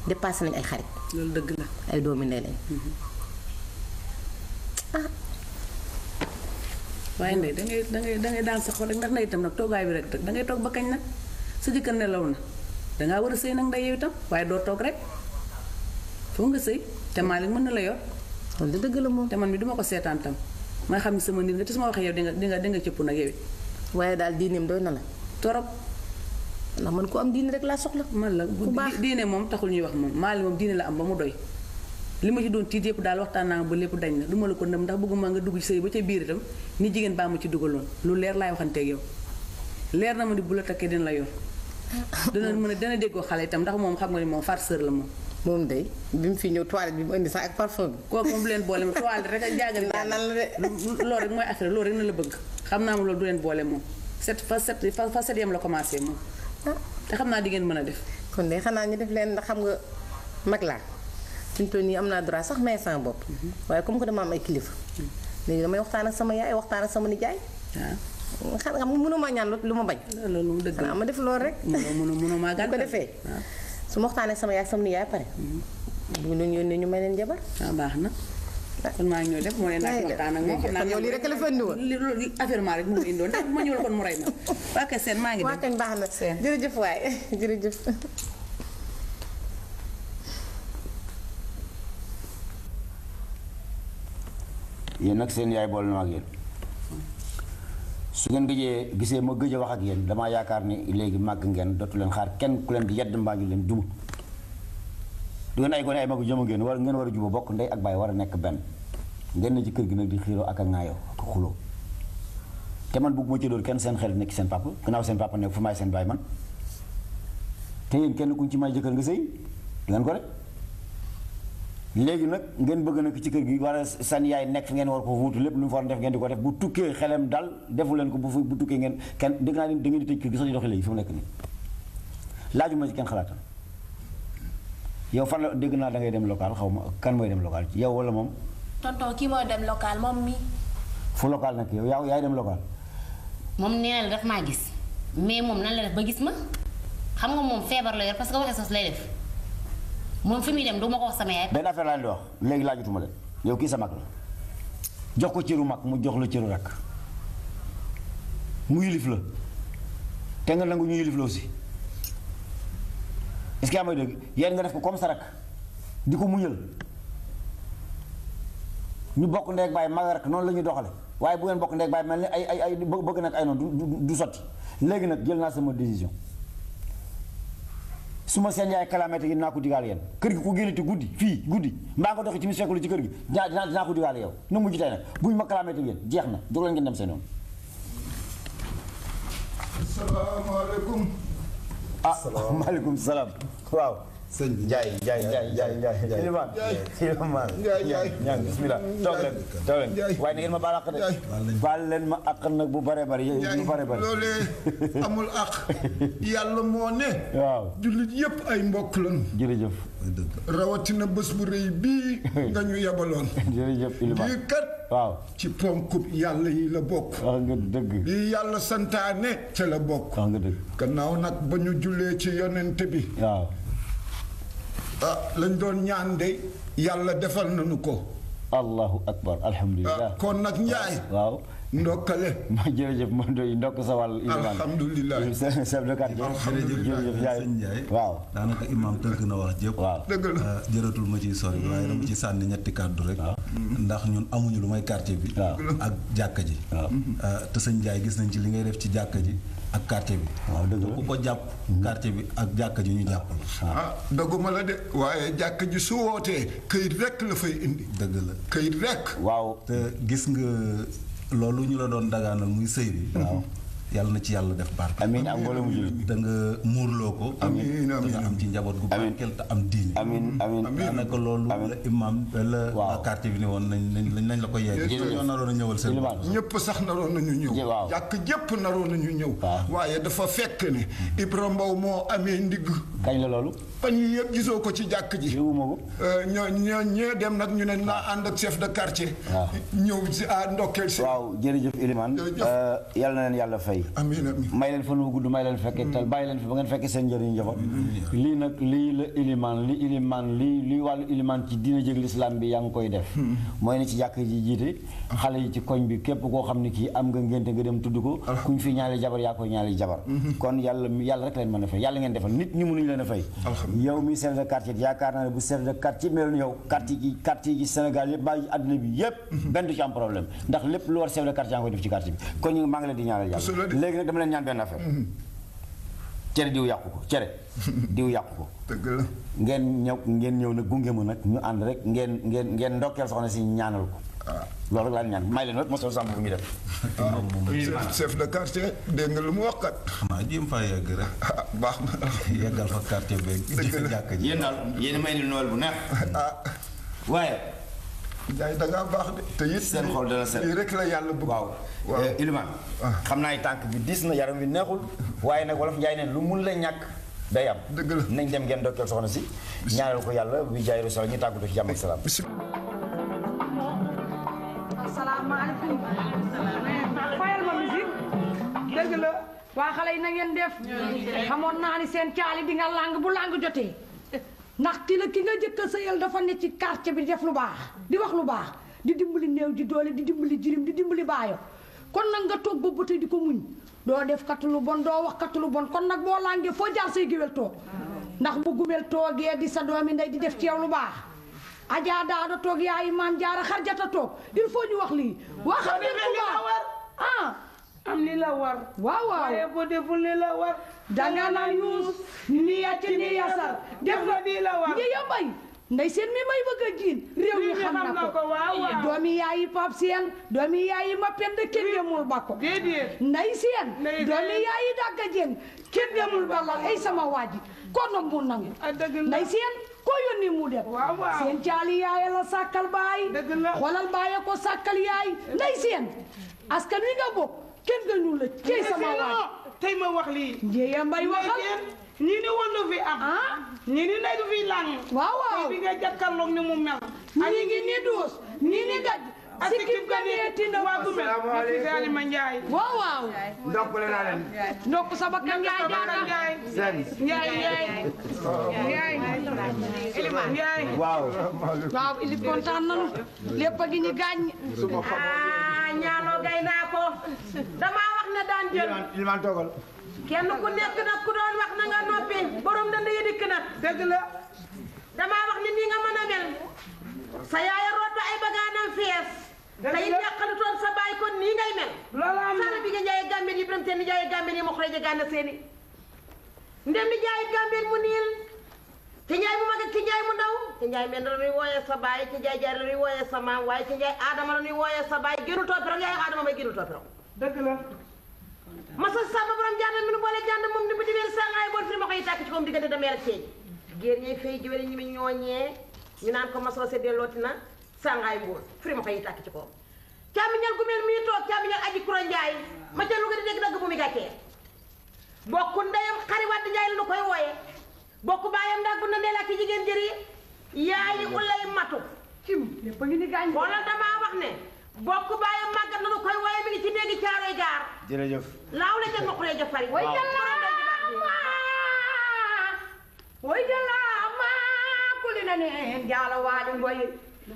dépassé nañ ay xarit. loolu dëgg la ay doomi ndey lañ. Mhm. ah. waaye ndey da ngay da daal sa xol rek ndax ndey itam nag toogaay bi rek da ngay toog ba kañ nag. sa jëkkër nelaw na dangaa war a sëy nag nday yow itam waaye doo toog rek foo nga sëy te Malick mën na la yor loolu de dëgg la moom te man mi duma ko seetaan tam xam ne sama nit nga ma waxee yow di nga nga di nga cëpp nag yow it waaye daal na la torop ndax man ku am diine rek laa soxla man la diine moom taxul ñuy wax moom Malick moom diine la am ba mu doy li ma ci doon tiit yëpp daal waxtaan ba lépp dañ na du ma la ko ndëm ndax bëgguma nga dugg sëy ba ca biir itam ni jigéen baa ma ci dugaloon lu leer laay waxanteeg yow leer na ma ni bu la takkee dina la yor dana mën a dana déggoo xale itam ndax moom xam nga ni moom farceur la moom. moom day bi mu fi ñëw toilette bi mu indi sax ak parfum bi. kooku moom du leen boole moom la de loolu xam naa moom loolu leen boole set fa set fa fa set yam la commencé moom. Ah. te xam naa di ngeen mën a def. kon de xanaa ñu def leen xam nga mag laa. fi mu toll nii am naa droit sax may sama bopp. Mhm. waaye comme que dama am ay kilifa. Mhm. léegi damay waxtaan ak sama yaay waxtaan ak sama nijaay. waaw. Ah. xam kan kamu mënu ma ñaan lu ma bañ loolu deug la ma def lool rek mënu mënu ma gàttal ko defee su sama yaay sama niyaay pare bu ñu yónnee ñu may leen jabar ah baax na kon maa ñëw def moo leen laaj waxtaan ak moom xam naa yow lii rek la fa indi woon affairement rek moo indi woon ma ñëwul kon mu ma yaay na ak su ngeen gëjee gisee ma gëj a wax ak yéen dama yaakaar ni léegi màgg ngeen dootu leen xaar kenn ku leen di yedd mbaa ñu leen duma du ngeen ay gone ay magu jëma ngeen war ngeen war a juba bokk ndey ak bàyyi war a nekk benn ngeen na ci kër gi nag di xiiroo ak a ŋaayoo ak xuloo te man bëgguma ci doon kenn seen xel nekk seen papa gannaaw seen papa nekk fu may seen bàyyi man te yéen kenn kuñ ci may jëkkër nga sëy du ngeen ko rek léegi nag ngeen bëgg nag ci kër gi war a san yaay nekk fi ngeen war ko wuutu lépp lu mu fa war a def ngeen di ko def bu tukkee xelam dal defu leen ko bu bu tukkee ngeen kenn dégg naa ni da ngeen di tëj kër gi sax di doxi yow fan la dégg naa da ngay dem local xaw ma kan mooy dem local yow wala moom. tonton kii mooy dem local moom mi. fu local nag yow yaa yaay dem local. moom nee na la daf maa gis mais moom nan la def ba gis ma xam nga moom feebar la yor parce que waxee sos lay def. moom fi muy dem du ma ko wax sama yaay. benn affaire laa leen di wax léegi laajutuma leen yow kii sa mag la jox ko cëru mag mu jox la cëru rakk mu yilif la te nga nangu ñu yilif la aussi est-ce que yaa dégg yéen nga def ko comme sa rakk di ko muñal ñu bokk ndeeg baay mag rek noonu la ñuy doxale waaye bu ngeen bokk ndeeg baay mel ni ay ay ay bëgg nag ay noonu du du sotti léegi nag jël naa sama décision. su ma seen yaay kalaamete gi dinaa ko digaal yéen kër gi ku génnati guddi fii guddi mbaa nga doxi timis fekkul ci kër gi dinaa dinaa ko digaal yow na mujj tey nag buñ ma kalaamete gi jeex na jóg leen ngeen dem seen yoon asalaamaaleykum ah *laughs* maaleykum salaam waaw sëñ bi Ndiaye Ndiaye Ndiaye Ndiaye Ndiaye. Iliman Iliman Ndiaye bismillah toog leen toog leen waaye na ngeen ma baal àq de. baal leen ma àq nag bu bare bari bu bare bari. loolee amul àq. *laughs* yàlla moo ne. waaw jullit yëpp ay mbokk lañu. jërëjëf. rawatina bés bu rëy bii nga ñu yabaloon. *laughs* jërëjëf Iliman lii kat. waaw ci ponkub yàlla yi la bokk. wax nga dëgg. lii yàlla santaane. te la bokk. wax nga dëgg. gannaaw nag ba ñu jullee ci yonent bi. waaw. Ah, lañ doon ñaan de yàlla defal nañu ko. allahu akbar alhamdulilah. Ah, kon nag Ndiaye. Ah, waaw ndokkale. *laughs* ma jërëjëf ma doy ndokk sa wàll. alhamdulilah chef de quartier. jërëjëf waaw. daanaka imaam tënk na wax jëpp. waaw dëgg la jërëtul ma ciy sori. waaye dama ci sànni ñetti kàddu rek. ndax ñun amuñu lu may quartier bi. ak jàkka ji. te sëñ Ndiaye gis nañ ci li ngay def ci jàkka ji. ak quartier bi. waaw dëgg ku ko jàpp. Mm-hmm. quartier bi ak jàkka ji ñu jàpp la. ah la de waaye jàkka ji su wootee këyit rek la fay indi. dëgg la këyit rekk waaw te gis nga loolu ñu la doon dagaanal muy sëy bi. Mm-hmm. waaw yalla na ci yàlla def barke amiin ak mbooloo mu jullit nga muurloo ko amiin te am ci njaboot gu barkeel te am diine amiin amiin daanaka loolu la imam la quartier bi ni woon nañ nañ la ko yegg ñoo naroon a ñëwal seen ñëpp sax naroon nañu ñëw yàq jëpp naroon nañu ñëw waaye dafa fekk ne Ibra Mbow moo amee ndigg kañ la loolu fan yi gisoo ko ci jàkk ji euh, ñoo ñoo ñee dem nag ñu ne ak chef de quartier ñëw si à ndokkeel si waaw jërëjëf Iliman. Euh, yàlla na leen fay yi may leen fan wu gudd may leen fekkee tal bàyyi leen fi ba ngeen fekkee seen njëriñ njaboot lii nag lii la ilimaan li ilimaan lii lii wàllu ilimaan ci dina jëg lislaam bi yaa ngi koy def hmm. mooy ah. ko ah. kuñ fi ñaari jabar yaa hmm. a nit ñi mënuñu leen a fay yow mi chef quartier yaakaar naa ne bu chef quartier meloon yow quartier gi quartier gi Sénégal yëpp bàyyi àdduna bi yëpp hmm. benn du ci am problème ndax lépp lu war chef quartier yaa ngi koy def ci quartier bi kon maa ngi leen di ñaanal yàlla léegi nag dama leen ñaan benn affaire. Mhm. cere diw yàqu ko cere *laughs* diw yàqu ko. dëgg ngeen ñëw ngeen ñëw nag gunge ma nag ñu ànd rek ngeen ngeen ngeen ndokkeel soxna si ñaanal ko. Ah. loolu rek laa ñaan may leen wet mos a bu ñu def. Ah, chef de quartier dégg nga lu mu wax kat. ah jéem faa yegg rek. *laughs* ah baax na. *laughs* yeggal fa quartier beeg. dëgg la yéen daal yéen may ni noël bu neex. Ah. waaye. jaay da nga bax de te yit sen xol dana rek la yalla bëgg eh, waaw ah. tank bi dis na yaram bi neexul waye nak wolof jaay neen lu mul la ñak day am deug la nañ dem ngeen dokkel soxna si ñaaral ko bi jaay ci salam fayal ma musique deug la wa xalé na ngeen def ni di nga lang bu lang ndax ki la ki nga jëkk a sëyal dafa ne ci quartier bi def lu baax di wax lu baax di dimbali néew di doole di dimbali jirim di dimbali baayo kon nag nga toog ba buti di ko muñ doo def kat lu bon doo wax kat lu bon kon nag boo làngee foo jaar say géwél toog ndax bu gumel toogee di sa doomi ndey di def ci yow lu baax ajaa daada toog yaay maam jaara xarjata toog il faut ñu wax lii waxal nit lu baax ah am li la war waaw waaw waaye boo deful li la war danga naan yuus ni yàcc ni yasar def na li la war ngi yombay ndey seen mi may bëgg a jiin mi xam na ko waaw waaw yaayi pap yaayi ma ndey yaayi ay sama waaji ko nag mu nangu ndey seen ko yónni mu dem seen caali yaaya la sàkkal baay xolal ko yaay ndey askan wi nga bokk kenn dañu la cey sama waay tey ma wax lii. Ndiéya Mbaye waxal ñii ni woon na fi am. Ah? ñii ni nekk fi lang. waaw waaw bi nga jàkkaarloog ni mu mel. ñii ngi ni duus ñii ni gaj. sikkim ko neeti ndox waaw waaw ndokkule naa ndokk sa bakkan Njaay jaara Njaay waaw waaw ili kontaan lépp a gi ñu gaañ ah ñaanoo gay ko damaa wax ne daan jël Ilimaan toogal kenn ku nekk nag ku doon wax na nga noppi borom dana yi dikk nag dëgg la wax ne nii nga mën a mel sa yaaya root ba ay bagaanam fees tey yàqalu toon sa bàyyi kon nii ngay mel sara bi nga njaaye gàmbeen yi biram seen ni njaaye gàmbeen yi ma xuree gànna seeni ndem ni njaaye gàmbeen mu niil ci njaay mu mag ak ci njaay mu ndaw ci njaay men la nuy wooyee sa baay ci njaay jaay la nuy wooyee sa maam waaye ci njaay aadama la nuy wooyee sa baay gënu toppiroo yaay aadama may gënu toppiroo dëgg la masa saba borom jànd mi nu boole jànd moom ni bu dimeel sangaay bool fi ma koy tàkk ci koom diggante damee ak ceej géer ñay fay jiwéri ñi mi ñooñee ñu naan ko masoo se dellooti na sangaay mbuus firima fay tàkk ci koom caamiñal gu mel toog caamiñal aji njaay ma ca lu nga di dégg dagg bu mi gàccee bokku ndeyam xari wadd njaay koy wooye bokku baayam ndax bu ne bokku baayam màggat la nu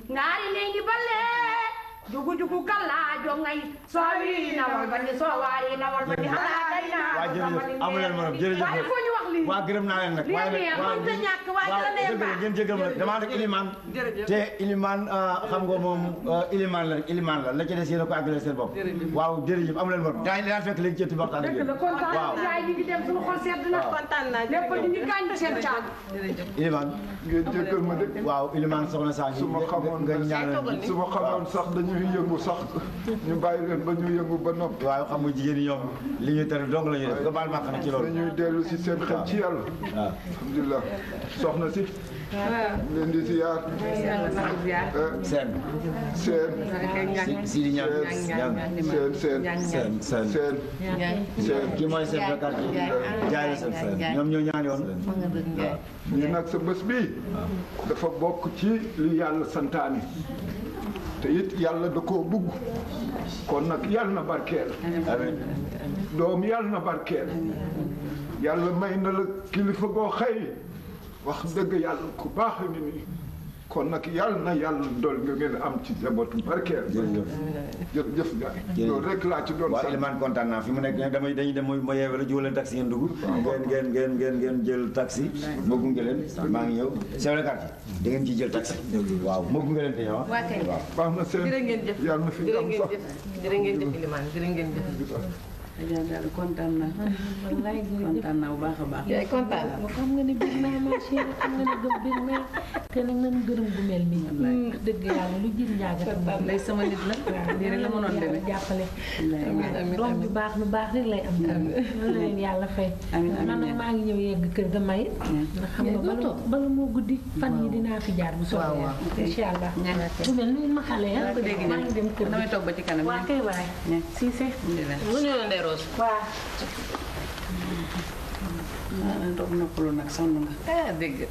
Narilene Balé! jugu jugu kala jongay so wi na war ba ni so wari na war ba ni ala day na waa jërëjëf amu leen morom jërëjëf waaye foo ñu wax lii waa gërëm naa leen nag waaye nag waaw ta ñàkk waaye dara nee ba ngeen jéggal ma dama rek iliman te iliman eh, xam nga moom eh, iliman la iliman la la ci des yéen a ko agréé seen bopp waaw jërëjëf amu leen morom daa daa fekk léegi ci waxtaan ak yéen waaw yaay ñi ngi dem suñu xol sedd na kontaan naa lépp di ñu gaañ seen caag iliman ngeen jéggal ma de waaw iliman soxna saa ñu su ma xamoon nga ñaanal su ma xamoon sax dañu ñuy yëngu sax ñu bàyyi leen ba ñu yëngu ba noppi. waaw xam nga jigéen ñi ñoom li ñuy tere dong la ñuy def nga baal ma xam ci loolu. dañuy dellu si seen xel ci yàlla. waaw alhamdulilah soxna si. waaw leen di ziar. seen. seen. si di ñaan seen seen. seen seen. seen kii mooy seen bakar ji jaay seen seen ñoom ñoo ñaan yoon. ñu nag sa bés bi dafa bokk ci li yàlla santaane. te it yàlla da koo bugg kon nag yàlla na barkeel doom yàlla na barkeel yàlla may na la kilifa goo xëy wax dëgg yàlla ku baax ni nii kon nag yàlla na yàlla dool nga ngeen am ci jabootu barkeel. jërëjëf jërëjëf Ndiaye. loolu rek laa ci doon sax waaw Elimane kontaan naa fi mu nekk damay dañuy dem ma yeewale jiw leen taxi ngeen dugg. ngeen ngeen ngeen ngeen jël taxi. ma gunge leen maa ngi ñëw. chef de quartier da ngeen ciy jël taxi. waaw ma gunge leen di ñëw ah. waaw baax na seen yàlla na fi am sax ngeen jëf jërë ngeen jëf ngeen jëf Adja Diallo kontaan naa. *laughs* wallaay kontaan naa bu baax a baax. yaay kontaan naa xam nga ni biir naa ma chérie xam nga ni gëm biir naa. te nag nañu gërëm bu mel nii. wallaay mm, dëgg yàlla lu jir njaaga tam. lay sama nit la. waaw lii rek la mënoon demee jàppale. doom bi baax lu baax rek yàlla fay. amiin man nag maa ngi ñëw yegg kër ga may. ndax xam nga bala bala moo guddi. fan yi dinaa fi jaar bu soobee. waaw waaw incha allah. bu mel ni ma xale ah. ba ci kanam. waa kay waay. Cissé. Rose. waaw. ah doog ah, noppalu nag sonn nga. ah nga.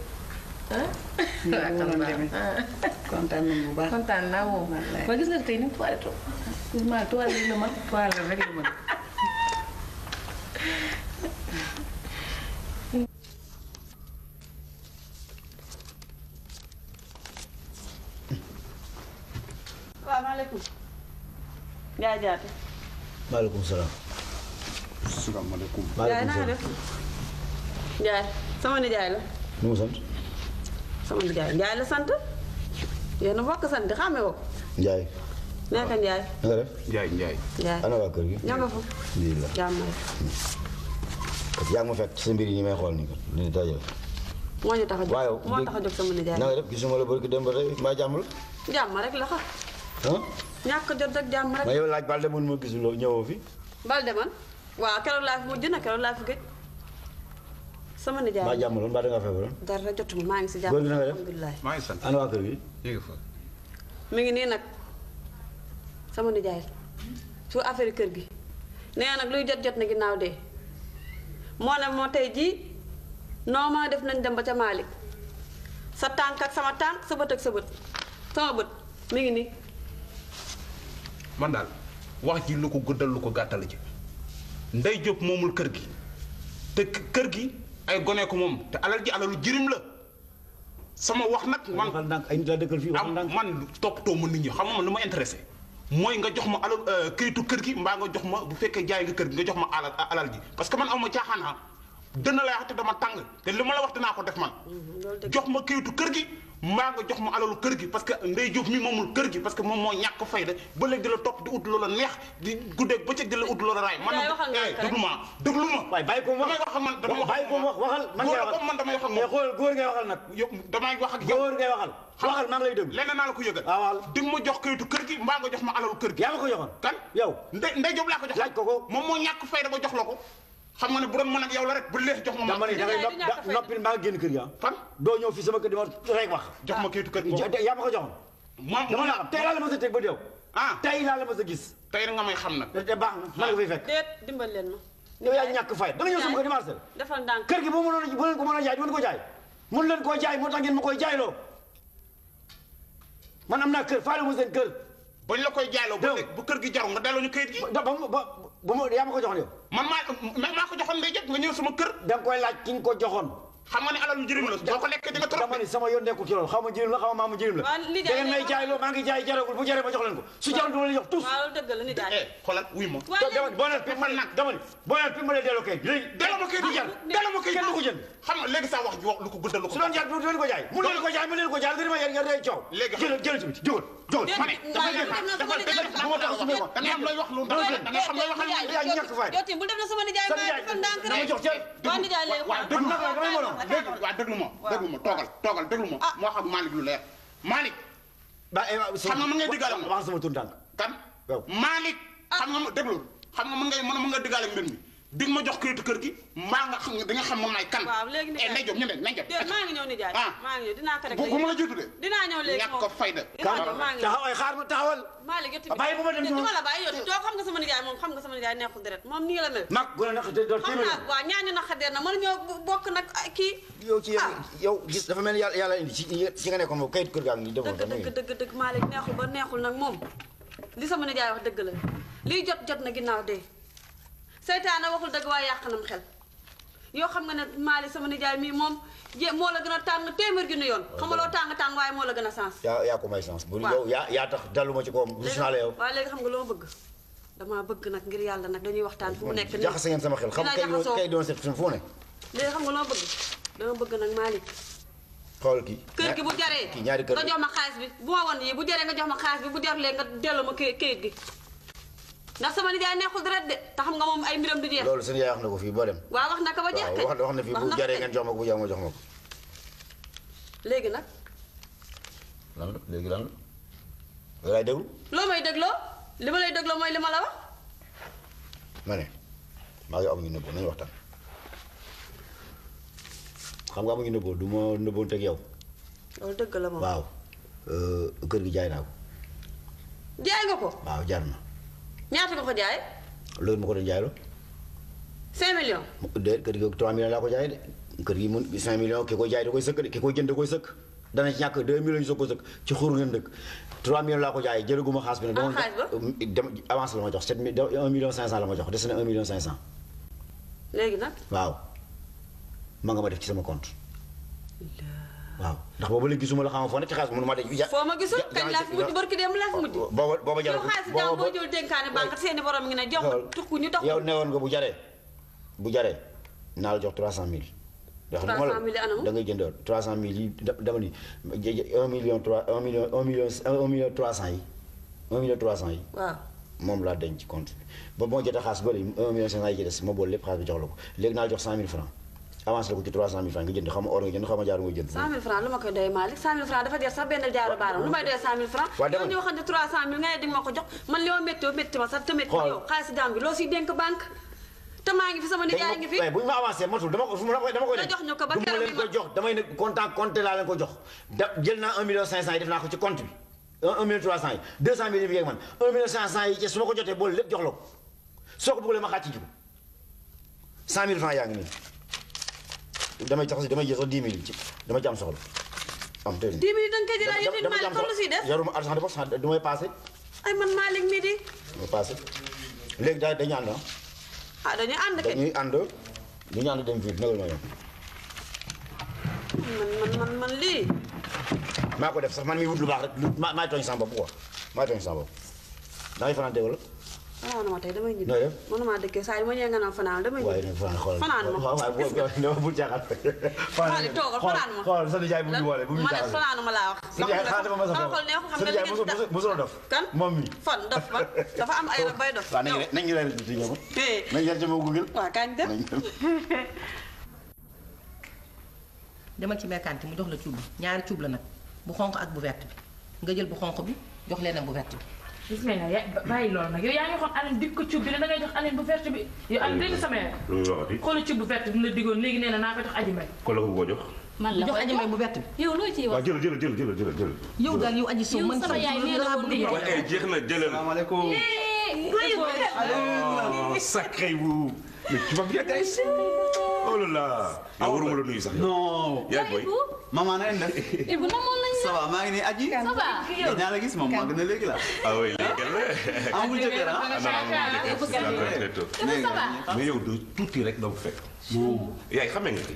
ah *laughs* kontaan nañu bu baax kontaan naa woo. wallaay waaw gis nga tey ni mu toile toog. vraiment ma toile rek la ma. waaw maaleykum. Ndiaye Diaté. asalaamaaleykum. maaleykum salaam Ndiaye sama nijaay la. nu mu sant. sama nijaay Ndiaye la sant. yéen a bokk sant xàmme ko. Ndiaye. nekk ah. Ndiaye. na def Ndiaye Ndiaye. Ndiaye ana kër gi. ña nga fa. alhamdulilah jàmm rek. yi may xool nii kat ñu tax a jóg moo tax a jóg sama nijaay. na def gisuma la barki dem ba tey maa jàmm la. jàmm rek la xam. ah. ñàkk jot rek jàmm rek. ma yow laaj Balde man ma gisuloo ñëwoo fi. Balde man. waaw keroog laa fi kalau na keroog sama jàmm loon mbaa dara jotuma maa ngi si jàmm def maa ngi sant ana waa sama su affaire kër gi nee nag luy jot jot na ginnaaw dee moo ne moo tey jii noo ma def sama tànk sa bët ak sa bët sama bët mi ngi nii man daal wax ji lu ko guddal lu ko gàttal ci Ndey Diop moomul kër gi te kër gi ay gone ko moom te alal ji alalu jirim la sama wax nag. man waxal ndànk ay nit laa dëkkal fii waxal ndànk man toppatoo ma nit ñi xam nga lu ma intéressé mooy nga jox ma alal euh, këyitu kër gi mbaa nga jox ma bu fekkee jaay nga kër gi nga jox ma alal alal ji parce que man aw ma caaxaan ah. dënn lay wax te dama tàng te li ma la wax dinaa ko def man. Mm-hmm, jox ma kayitu kër gi mbaa nga jox ma alalu kër gi parce que Ndey Diouf mi moomul kër gi parce que moom moo ñàkk fayda ba léegi di la topp di ut loola neex di guddeeg eh, ko mu wax damay wax ak man bàyyi ko mu wax waxal man ngay waxal man damay wax ak moom. Eh, mais xool naa la ko yëgal ah, ma jox kayitu kër gi mbaa nga jox ma alalu kër gi yaa ma ko kan yow Ndey Diouf laa ko jox laaj ko moom moo ñàkk fay da ba jox la ko xam nga ne bu doon mën ak yow la rek bu leex jox ma. dama ne doo ñëw fii sama kër di ma rek gis. tey nga may xam na man nga fay fekk. déet dimbal leen ma. yow yaa ñàkk fay danga ñëw sama kër di ma arsel. defal ndànk kër gi bu a jaay ma naa kër faale mu seen kër. bañ la koy jaayloo bu kër gi jaru nga delloo ñu kayit gi. ba bu ma yaa ma ko joxoon yow. man maa ko maa ko joxoon mbay jot nga ñëw sama kër. dang nga koy laaj ki nga ko joxoon. xam nga ne alal lu jëriñ la boo ko lekkee di nga trop dama ni sama yoon nekkul ci loolu xaw ma jëriñ la xaw ma maamu jëriñ la da ngeen may jaay loo maa ngi jaay jaragul bu jaree ma jox leen ko su jarul du ma leen jox tous waaw dëgg la ni daal eh xoolal wuy ma dama ni boo leen pi man nag dama ni boo leen pi ma leen delloo kay léegi delloo ma kay du jar delloo ma kay du ko jënd xam nga léegi sax wax ji wax lu ko guddal lu ko su doon jar du leen ko jaay mu leen ko jaay mu leen ko jaay nga ma yar nga day coow léegi jël jël ci jógal jógal ma ne dafa def dafa def bu ma tax su ma ko da nga am looy wax lu da nga xam looy wax lu yaa ñàkk fay dama jox ci waaw dëgg na dama la kay doon waaw déglu ma déglu ma toogal toogal déglu ma. Ah. moo xam Malick lu leer Malick. ba eh, xam nga mën ngay diggaale ma wax sama tur kan Malick. Ah. xam nga ma déglu xam nga mën ngay mën nga diggaale mbir mi di nga ma jox këyitu kër gi maa nga xam ne di nga xam moom may kan. waaw léegi ni jaay ñu ne nañ jëm. maa ngi ñëw ni jaay maa ngi ñëw dinaa ko rek. bu ma la jiitu de. dinaa ñëw léegi moom ñàkk ko fayda. taxawal xaar ma taxawal. Malick yëpp tamit bàyyi bu ma dem dama la bàyyi yow doo xam nga sama nijaay moom xam nga sama nijaay neexul deret moom nii la mel. nag gën a naq deret xam naa waaw ñaañu naq deret na mën ñoo bokk nag kii yow ci yow gis dafa mel yàlla yàlla indi ci nga nekkoon moom kayitu kër gaa ngi defoon dëgg dëgg dëgg Malick neexul ba neexul nag moom li sama nijaay wax dëgg la liy jot jot na ginnaaw dee seytaane waxul dëgg waaye yàq na xel yoo xam nga ne Maali sama nijaay mii moom jé moo la gën a tàng téeméer gi nu yoon. xam nga loo tàng tàng waaye moo la gën a sens. yaa yaa ko may sens. bu yow yaa yaa tax daluma ci koom. rus naa la yow waaw léegi xam nga loo bëgg. damaa bëgg nag ngir yàlla nag dañuy waxtaan fu mu nekk nii. jaxase ngeen sama xel xam kay kay doon seet fu ne. léegi xam nga loo bëgg dama bëgg nag Malick. xool kii kër gi bu jaree. ki ñaari kër nga jox ma xaalis bi bu ma woon yi bu bi bu jarlee nga delloo ma gi ndax sama nijaay neexul deret de te xam nga moom ay mbiram du jeex. loolu seen yaay wax na ko fii boo dem. waaw wax na ko ba jeex kay wax na fi bu jaree ngeen jox ma ko bu jaree ma jox ma léegi nag. lan la léegi la. laay lay dégloo mooy ne maa ngi am nga amuñu nëbboo du ma nëbboon teg yow. loolu dëgg la euh, kër gi jaay naa ñaata nga ko jaay loolu ma ko doon jaay loo. 5 millions. de kër gi 3 millions laa ko jaay de kër gi mun 5 millions ki koy jaay da koy sëkk de ki koy jënd da koy sëkk dana ci ñàkk 2 millions ñu ko sëkk ci xur ngeen dëkk 3 millions laa ko jaay jëlaguma xaas bi nag. Ah, dama dem avance la ma jox 7 1 million 500 la ma jox des na 1 million 500. léegi nag. waaw ma nga ma def ci sama compte. waaw ndax boobu léegi gisuma la xam foo ne ci xaalis mënu ma de foo ma gisul kañ laa fi mujj barki dem laa fi mujj booba jaree boo jël dénkaane banque seeni borom ne jox tukku bu jaree bu jaree naa la jox 300000 da ngay jëndoon 300000 yi dama ni 1 million 3 1 million 1 million 1 million 300 yi 1 million 300 yi moom laa denc compte bi ba moo jotee xaalis bëri 1 million 500 yi ci des ma boole lépp xaalis bi jox la ko léegi naa la jox 100000 francs avancé la ko ci 300000 francs nga jënd xaw ma or nga jënd xaw ma jaaru nga jënd 100000 francs lu ma koy doy Malick 100000 francs francs yow ñu waxante di nga ma ko jox man ma métti métti ma ko jox damay ne comptant laa leen ko jox da jël naa 1 million 500 yi def naa ko ci compte bi 1 million 300 yi yi fi yeeg man 1 yi ci su ma ko jotee boole lépp jox la ko soo ko bëggulee ma xàcc ji ko 100000 damay tax si damay jël sax dix mille ci dama jam am soxla am tey. dix mille da nga koy jëlaat yéen it Malick kon lu si def. yoruma argent de poche du may passé. ay man Malick mi di. du may passé léegi daal dañuy ànd ah. ah dañuy ànd kay dañuy ànd dañuy ànd dem ville nagal ma yow. man man man lii. maa ko def sax man mi wut lu baax rek lu maa maa tooñ quoi maa tooñ sama bopp da ngay wala. fanaan ma tey damay ñibbi. noo def saa yi ma ñëwee nga naan fanaan damay ñibbi. waaye ma waaw ma toogal ma. xool sa nijaay bu ñu boole bu ñu jaaxal fanaan ma laa wax. sa nijaay xaaral ma xam nga li ngeen def dof. kan moom fan dof ba dafa am ay rab bay dof. waaw nañu nañu leen di ñëw. nañu leen di ma google. waaw kañ dem demal ci mekkaanti mu jox la cuub ñaari cuub la nag bu xonq ak bu vert bi nga jël bu xonq bi jox leneen bu vert bi Ismaïla ya bàyyi loolu nag yow yaa ngi xool Aline dig ko cuub bi ne dangay jox Aline bu verte bi. yow Aline dégg sama yaay. lu muy waxati xoolal cuub bu verte bi mu la digoon léegi nee na naa ko jox aji mbay. ko la ko ko jox. man la ko jox aji mbay bu verte bi. yow loo ciy wax waaw jël jël jël jël jël jël. yow daal yow aji soo mën sama yaay nee na woon dégg. waaye jeex na jëlal. salaamaaleykum. allo. Eh, ah, sacré vous. mais tu vas bien tey. oh là là. yow waruma la nuyu sax. non. yaa ngi koy maman na leen def. Ibou eh, namoon nañu ça va maa ngi nii aji. ça va gis naa la gis moom màgg na léegi la. ah oui léegi la. Ah, ah? Ah, amul jëkkër ah amul jëkkër mais yow de tuuti rek da nga fekk. yaay xamee nga fi.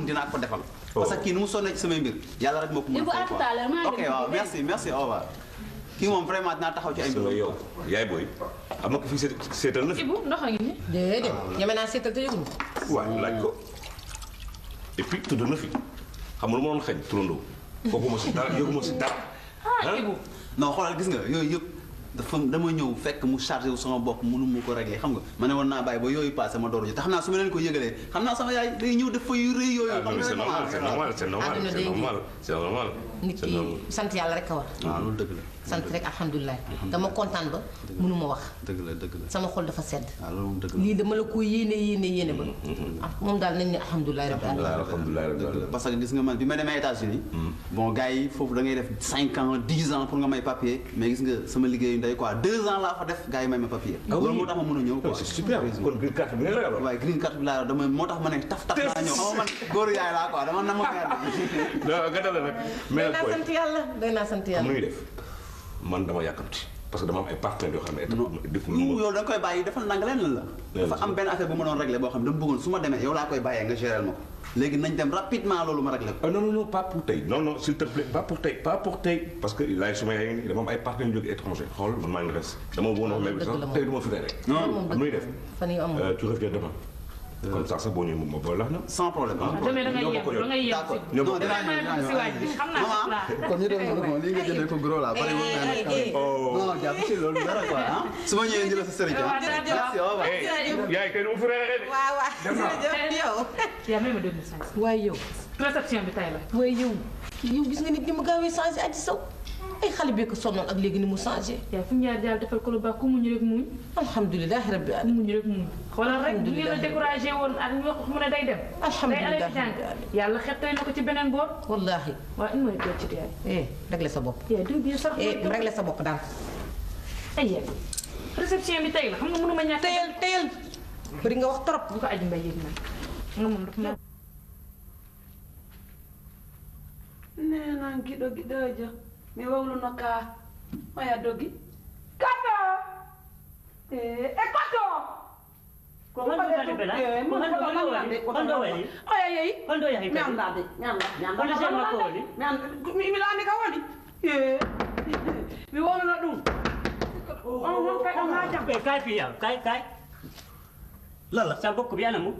mën dina ko defal oh. parce que ki nu sonné ci sama mbir yalla rek moko mën ko ok waaw merci merci au revoir ki mom vraiment dina taxaw ci ay mbir yow yay boy am ko fi sétal na ibu ndox ngi ni ñame na sétal te yegul wa laj ko et puis tu donne fi xam lu mo non xagn ko kokuma ci dara yeguma ci dara ha ah, ibu non xolal gis nga yoy yep dafa dama ñëw fekk mu chargé wu sama bopp mënu mu ko réglé xam nga ma ne woon naa bàyyi ba yooyu passé ma door ji te xam naa su ma leen ko yëgalee xam naa sama yaay day ñëw def fa yu rëy yooyu. xam ah, nga c'est normal c'est normal c'est normal c'est normal. nit ki sant yàlla rek a war. waaw ah, loolu dëgg la. sant rek alhamdulilah. dama kontaan ba mënuma wax. dëgg la dëgg la sama xol dafa sedd. Ah, lii dama la ko yéene yéene yéene ba. Mm-hmm. moom daal nañ ne alhamdulilah rabbil alamin parce que gis nga man bi ma demee États-Unis mm-hmm. bon gars yi foofu da ngay def cinq ans dix ans pour nga may papier mais gis nga sama liggéeyu ndey quoi deux ans laa fa def gars yi may ma papier. Ah loolu moo tax ma mën a ñëw quoi. c'est super kon green card bi nga la yoroon. waaw green card bi laa yor dama moo tax ma ne taf taf laa ñëw xam nga man góoru yaay laa quoi dama nam ma. *laughs* non gàttal la nag. mais nag sant yàlla day naa sant yàlla muy def man dama yàkkamti parce que dama am ay partenaires yoo xam ne. yow da nga koy bàyyi dafa nang leen la. dafa am benn affaire bu ma doon réglé boo xam ne dama bëggoon su ma demee yow laa koy bàyyee nga gérer ma ko. léegi nañ dem rapidement loolu ma réglé ko. Ah, non non non pas pour tey non non s'il te plaît pas pour tey pas pour tey. parce que laay suma yaay ngi nii dama am ay partenaires yu jóge étranger xool man maa ngi res dama bëggoon a wax léegi sax tey du ma fi rek. non muy def. fan yii amul euh, tu reviens demain. Euh, comme ça sax boo ñëwee ma boole la. sans problème ah ñoo ma ko ko nga jëndee ko gros la bari woon naa ne jàpp ci loolu dara waaye yow. nga nit ñi mu gaawee changé aji saw. اي خلي بيك صونون اك ليغي نمو سانجي يا فيم يار ديال ديفال كلو باكو مو نيرك مو الحمد لله رب العالمين مو نيرك مو خولال رك ني لا ديكوراجي وون اك ني وخخ مونا داي ديم الحمد لله يا يالا خيتاي نكو تي بنين بور والله وا ان موي كوتي ديال ايه رك لا سا بوب يا دو بيو سارخ ايه رك لا سا بوب دال اي ريسبسيون بي تايل خمنا مونو ما نياك تايل تايل بري nga wax torop bu ko aji mbay yeug man nga mom rek nena gido gido ja mi wawlunoka oya dogi kato e kato ko eh, oya yeyi mi anndade mi laandi ka woni mi wawluno ɗum on oh, hon oh, oh, kay on ha jam kay fiya kay kay lala sa bokko mbi anamu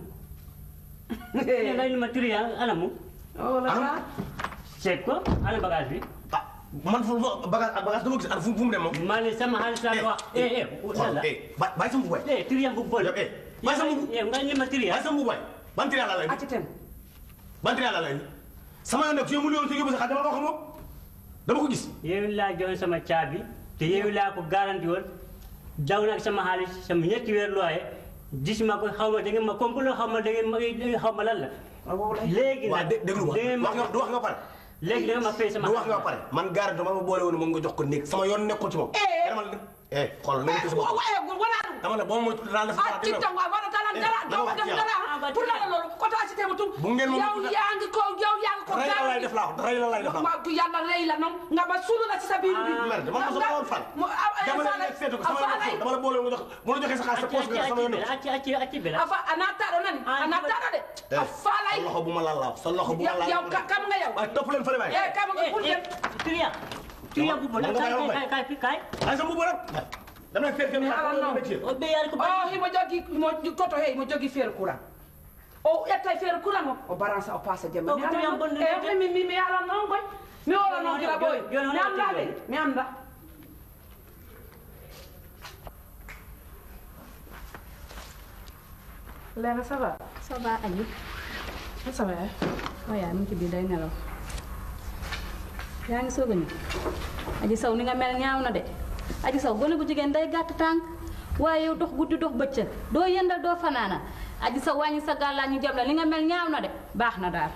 *laughs* ene laynuma tiri anamu alamu ceeb ko ana bagage man fu bagage bagage dama gis ar fu mu dem moom. maa ne sama xaalis laa eh, wax. eh eh wala eh ba eh, eh, bàyyi sama buubay. eh tiriya bu bëri. eh bàyyi sama bu nga ne ma tiriya. bàyyi sama buubay ban tiriya sama yoon nag su dama ko gis. yow laa joxe sama caabi te yow laa ko garanti woon daw nag sama xaalis sama ñetti weer looyee gis ma ko xaw ma da ngeen ma complot xaw ma da ngeen ma xaw ma lan la. léegi nag. waaw déglu ma wax nga wax léegi dama ma fay sama. du wax nga pare man gaare dama ma boole woon moom nga jox ko néeg sama yoon nekkul ci moom. Eh, eh. eh xool nañu ko sama waaye wala dama ne boo ah, eh, ah, la loolu ko ta ci téma tum bu ngeen yow yaa ngi ko yow yaa ngi ko dara lay def la rey la lay def la waaw yàlla rey la noonu nga ba sulu la ci sa biir ah, la dama la boole nga jox bu la joxee sa xaalis sa ci ci ci bi la afa ana taro nan ana taro de eh, afa lay loxo bu ma la la sa loxo bu ma la yow kam nga yow topp leen fële waay eh, kam nga pour dem client Dia aku boleh. Kai kai kai kai kai. Asa mu boleh. Dama fer kam na. O be yar ko ba. Oh, imo jogi mo toto he imo jogi baransa o passa jemma. Mi am bon. E mi mi boy. Mi ola non gira boy. Mi am da be. Mi am da. Lena ça va? Ça va Annie. Ça va. Ouais, Annie qui est bien nalo. yaa ngi soog a ñëw aji ni nga mel ñaaw na de aji saw gone bu jigéen day gàtt tànk waaye yow dox guddi dox bëccëg doo yëndal doo fanaana aji saw wàññi sa gàllaa ñu jëm la li nga mel ñaaw na de baax na daal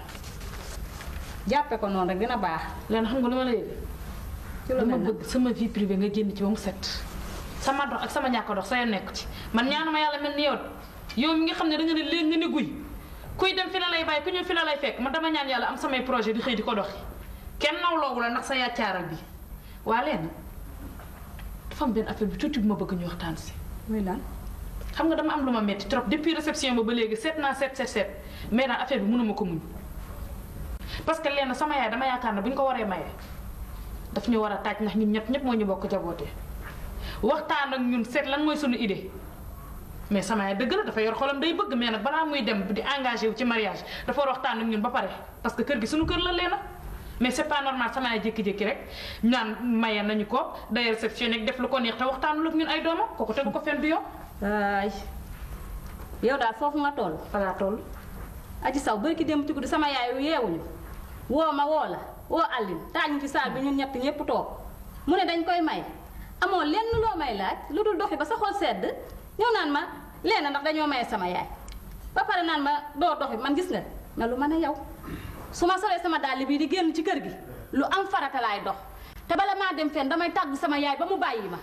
jàppe ko noonu rek dina baax leen xam nga lu ma la yëg dama bëgg sama vie privée nga génn ci ba mu set sama dox ak sama ñàkk dox sa yoon nekk ci man ñaanuma yàlla mel ni yow yow mi nga xam ne da nga ne léegi nga ne guy kuy dem fi la lay bàyyi ku fi la lay fekk man dama ñaan yàlla am samay projet di xëy di ko doxi kenn nawloowu la ndax sa yàccaaral bi waa leen dafa am benn affaire bi tuuti bu ma bëgg ñu waxtaan si. muy lan xam nga dama am lu ma metti trop depuis réception ba ba léegi seet naa seet seet seet mais nag affaire bi mënuma ko muñ parce que leen sama yaay dama yaakaar ne bu ñu ko waree maye daf ñu war a taaj ndax ñun ñëpp ñëpp moo ñu bokk jabootee waxtaan ak ñun seet lan mooy suñu idée mais sama yaay dëgg la dafa yor xolam day bëgg mais nag balaa muy dem di engagé wu ci mariage dafa war ñun ba pare parce que kër gi suñu kër la leena mais c'est pas normal sama pas jékki-jékki rek naan maye nañu ko day réceptionné def lu ko neex te waxtaanul lu ñun ay ne kooku pas ko fen du yo ay yow da foofu nga toll. fa laa toll. aji saw bari ki dem ci guddi sama yaay yeewuñu wo ma woo la woo Aline taaj ci sa bi ñun ñet ñep tok mu ne dañ koy may amo lenn lo may laaj lu dul doxi ba sa xol sedd ñëw naan ma lenn ndax dañoo ne sama yaay ba pare naan ma do doxi man gis nga na lu mën yow. su ma solee sama dàll bii di génn ci kër gi lu am farata laay dox te bala maa dem fenn damay tàggu sama yaay ba mu bàyyi ma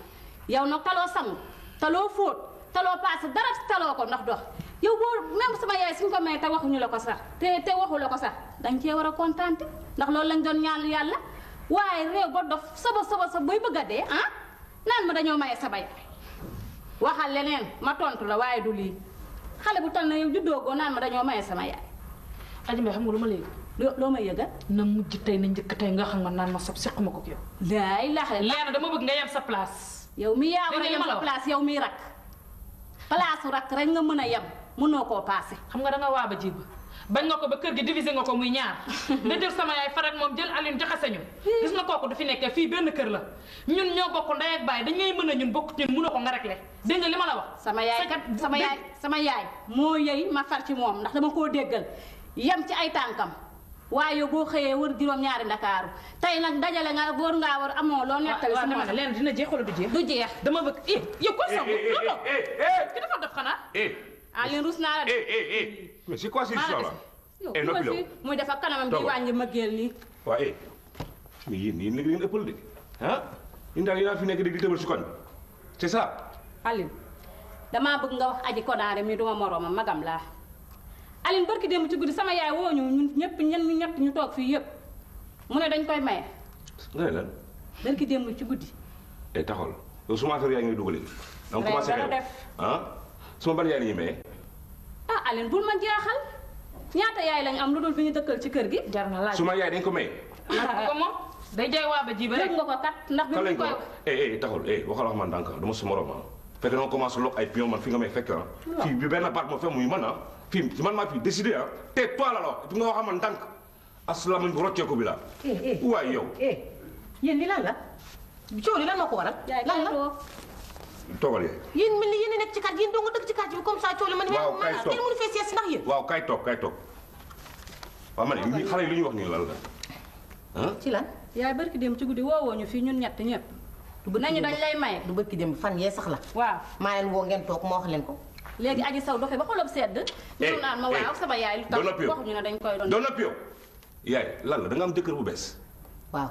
yow nag taloo sangu taloo fóot taloo paase dara taloo ko ndax dox yow boo même sama yaay suñ ko may te waxuñu la ko sax te te waxu la ko sax dañ cee war a kontaan ndax loolu lañ doon ñaan yàlla waaye réew ba dof sobo sobo sa booy bëgg a dee ah naan ma dañoo maye sabay waxal leneen ma tontu la waaye du lii xale bu tal na yow juddoo goo dañoo maye sama yaay. aji mbay xam ma léegi loo loo may yëgal. na mujj tey na njëkk tey nga xam ma naan ma sab ma ko yow. laay laaxle leena dama bëgg nga yem sa place. yow mi yaa war a yem yow mi rak place rak rek nga mën a yem mënoo koo paase. xam nga da nga ba jiba bañ nga ko ba kër gi divisé nga ko muy ñaar *laughs* jël sama yaay farak moom jël Alioune jaxase ñu gis nga kooku du fi nekkee fii benn kër la ñun ñoo bokk ndey ak baay dañ ngay mën a ñun bokk ñun mënoo ko nga rek le dégg nga li ma la wax sama yaay kat sama sama yaay moo yey ma far ci moom ndax dama koo déggal yem ci ay tànkam waaye bo xeye wor juróom-ñaari dakar tay nak dajale nga bor nga war amo lo nettali ah, sama waaw len dina jexol du jeex du jeex dama bëgg eh yow ko sax eh, eh, non eh, eh ki dafa def xana eh ah leen rus la eh eh eh ci quoi ce histoire là eh no pilo moy dafa kanamam di wàññi ma gel ni wa eh mais yeen ni léegi ngeen ëppal de ha ni daal yéen fi nek di teubal ci koñ c'est ça Aline dama bëgg nga wax aji kodaare mi duma moroma magam la aline barki dem ci guddi sama yaay woñu ñun ñepp ñen ñu ñatt ñu tok fi yépp mu ne dañ koy maye ngay lan barki dem ci guddi ay taxol yow suma affaire yaay ngi dugulé yi donc commencé xew han suma ban yaay ñi ñuy maye ah aline bul ma jaaxal ñaata yaay lañ am lu dul fi ñu dëkkal ci kër gi jar na laaj suma yaay dañ ko maye ko moom day jay wa ba ji ba rek nga ko kat ndax bi ko eh eh taxol eh waxal wax man dank dama suma rom fekk na commencé lok ay pion man fi nga may fekk fi bi ben part mo fe muy man ah Fim, man ma ya. eh, eh. iya. eh. ya, ya. fi décidé hein. Tais-toi là alors. Tu me waxam man dank. Assalamu alaykum rocce ko bi la. Way Eh. Yeen li lan la? mau li lan mako waral? Lan la? Togal yeen. Yeen mel ni yeen nek ci kat yeen do nga deug ci kat bi comme ça ciow li man man kenn mënu fess yes ndax yeen. Waaw kay tok kay tok. Wa man ni xalé li wax ni lan la. Hein? Ci lan? Yaay barki dem ci fan ye sax la. Mayel wo ngeen tok ko. léegi aji saw dofe ba xolam sedd. Eh, ñu naan ma eh, waaw sama yaay lu tax waxuñu ne dañ koy doon. doo noppi yow yaay la da am jëkkër bu bees. waaw.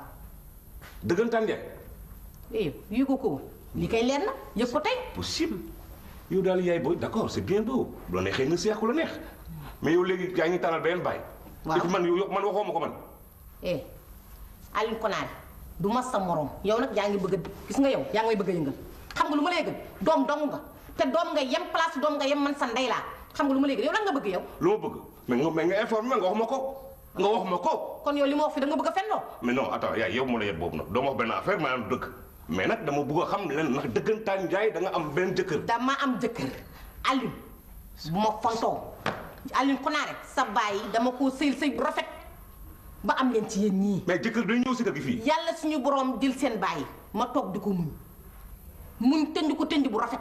yaay. eh yëgu ko li kay na yëg ko tey. possible yow daal yaay booy d'accord c'est bien beau bu la neexee neex mais yow léegi yaa ngi tànnal beneen bàyyi. waaw man yow man waxoo ko man. eh du ma sa morom yow nag yaa ngi bëgg a gis nga yow yaa ngi bëgg a yëngal xam nga lu ma lay yëgal doom dong nga. te dom nga yem place dom nga yem man sa nday la xam nga luma ma yow lan nga bëgg yow lu bëgg mais nga mais nga informer nga wax ma ko nga wax ma ko kon yow li wax fi da nga bëgg fenno fenloo mais non attends yaay yow mo la yet boobu nag doo ma wax benn affaire manam am dëgg mais nak dama bëgg a xam leen ndax dëggantaan jaay da nga am benn jëkkër dama am jëkkeur Alioune bu ma fontoo Alioune Konaare sa baay dama ko sëy sëy bu rafet ba am len ci yeen ñii mais jëkkeur do ñëw ci kër gi fii suñu borom dil sen baay ma tok di muñ muñ teñdu ko teñdu bu rafet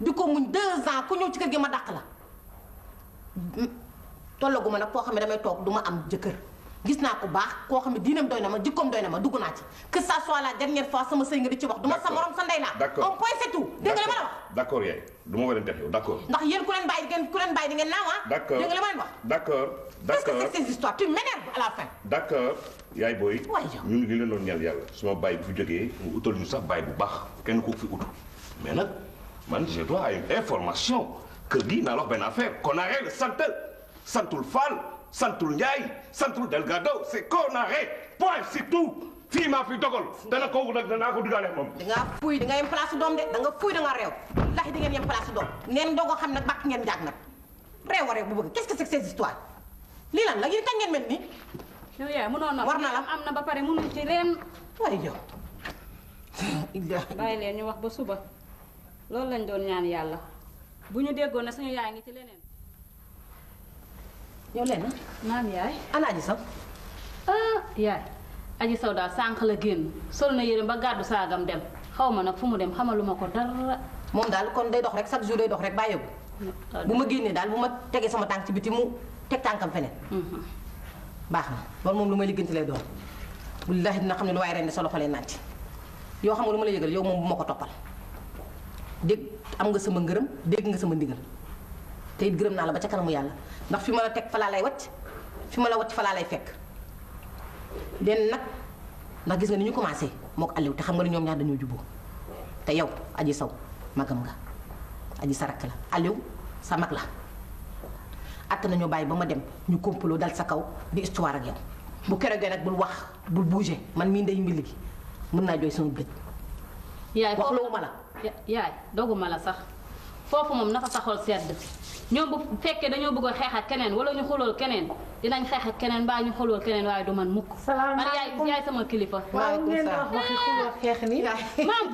di ko muñ deux ans ku ñëw ci kër gi ma dàq la tollaguma nag foo xam ne damay toog du am jëkkër gis naa ko baax koo xam ne diinam doy na ma jikkoom doy na ma dugg naa ci que ça soit la dernière fois sama sëy nga di ci wax. du sa morom sa ndey laa. d' accord un point c' est ma la wax. d' yow d' accord. ndax yéen ku leen bàyyi di ngeen ku leen bàyyi di ngeen naaw ah. d' parce que c' est ces histoires d' accord yaay booy. waay yow ñun li leen doon ñaan yàlla. suma bàyyi bu jógee mu utal ñu sax bàyyi bu baax kenn ku fi utu Man, je dois une information que dit l'offre Benaffaire qu'on arrête le Santel, Santul Fall, Santul Ndiaye, Santul Delgado, c'est qu'on arrête. Point, c'est tout. fii maa d'accord, dogal dana kooku nag danaa ko de galère, da ngaa fuy da nga yem place doom de da nga fuy da nga réew laxi da ngeen yem place doom neen dogo xam nag bàkk ngeen njaag nag réew a réew bu bëgg qu'est-ce que c'est que ces histoires lii lan la yéen kañ ngeen mel nii yow yaay mënoon na la am ba pare mënul ci leen waaye yow bàyyi leen ñu wax ba suba loolu lañ doon ñaan yàlla bu ñu déggoon ne suñu yaay ngi ci leneen yow lenn naam yaay ana aji saw ah yaay aji saw daal sànq la génn sol na yére ba gàddu saagam dem xawma ma nag fu mu dem xamaluma ko dara moom daal kon day dox rek chaque jour day dox rek bàyyeeku bu ma génnee daal bu ma tegee sama tànk ci biti mu teg tànkam feneen mhm. baax na loolu moom lu may liggéenti lay doon wallahi dina xam ne lu waay ren sa loxo lay naaj yoo xam nga lu yëgal yow moom bu ko toppal deg am nga sama ngeureum deg nga sama ndigal te it gërëm naa la ba ca kanamu yalla ndax fi ma la fa la lay wacc fi ma la wacc la lay fek den nak ndax gis nga ni ñu commencé moo allew te xam nga ñom ñaar dañu jubbu te yow aji saw magam nga aji sarak la allew sa mak la at nañu bay ba ma dem ñu complot dal sa kaw di histoire ak yow bu keroogee nak bul wax bul bouger man mi ndey mbili gi mën na joy sama bëj lawuma la yaay doguma la sax foofu moom na fa sa xol sedd ñoom bu fekkee dañoo bëgg a xeex ak keneen wala ñu xulool keneen dinañ xeex ak keneen mbaa ñu xulool keneen waaye du man mukk. salaamaaleykum man yaay sama kilifa. waaw ngeen wax waxi maam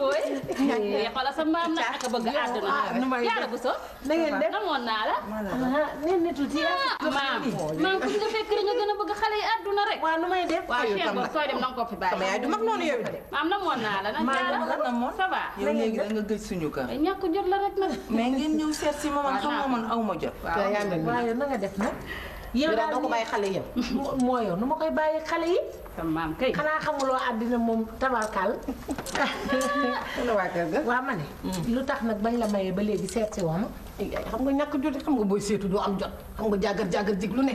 eh, sa maam nag ak a bëgg a àdduna. yàlla bu so. na ngeen def amoon naa la. Ah, nee na tuuti ah, maam maam ku nga fekk dañoo gën a bëgg xale yi àdduna rek. waaw nu may def. waaw chien boobu sooy dem na nga ko fi bàyyi. yaay du mag noonu yow de. maam namoon naa la nag yàlla ça va. yow léegi da nga gëj suñu kër. ñàkk jot la rek nag. mais ngeen ñëw seet si ma man xamoo man aw ma jot. waaye na nga def nag. yow daal doo ko bàyyi xale yëpp. moo yow nu ma koy bàyyi xale yi. maam kay xanaa xamuloo àddina moom tabarkaal. waa ma ne. Mm. lu tax nag bañ la mayee ba léegi seet si woon. xam nga ñàkk jot xam nga booy seetu doo am jot xam nga jàggar jàggar jig lu ne.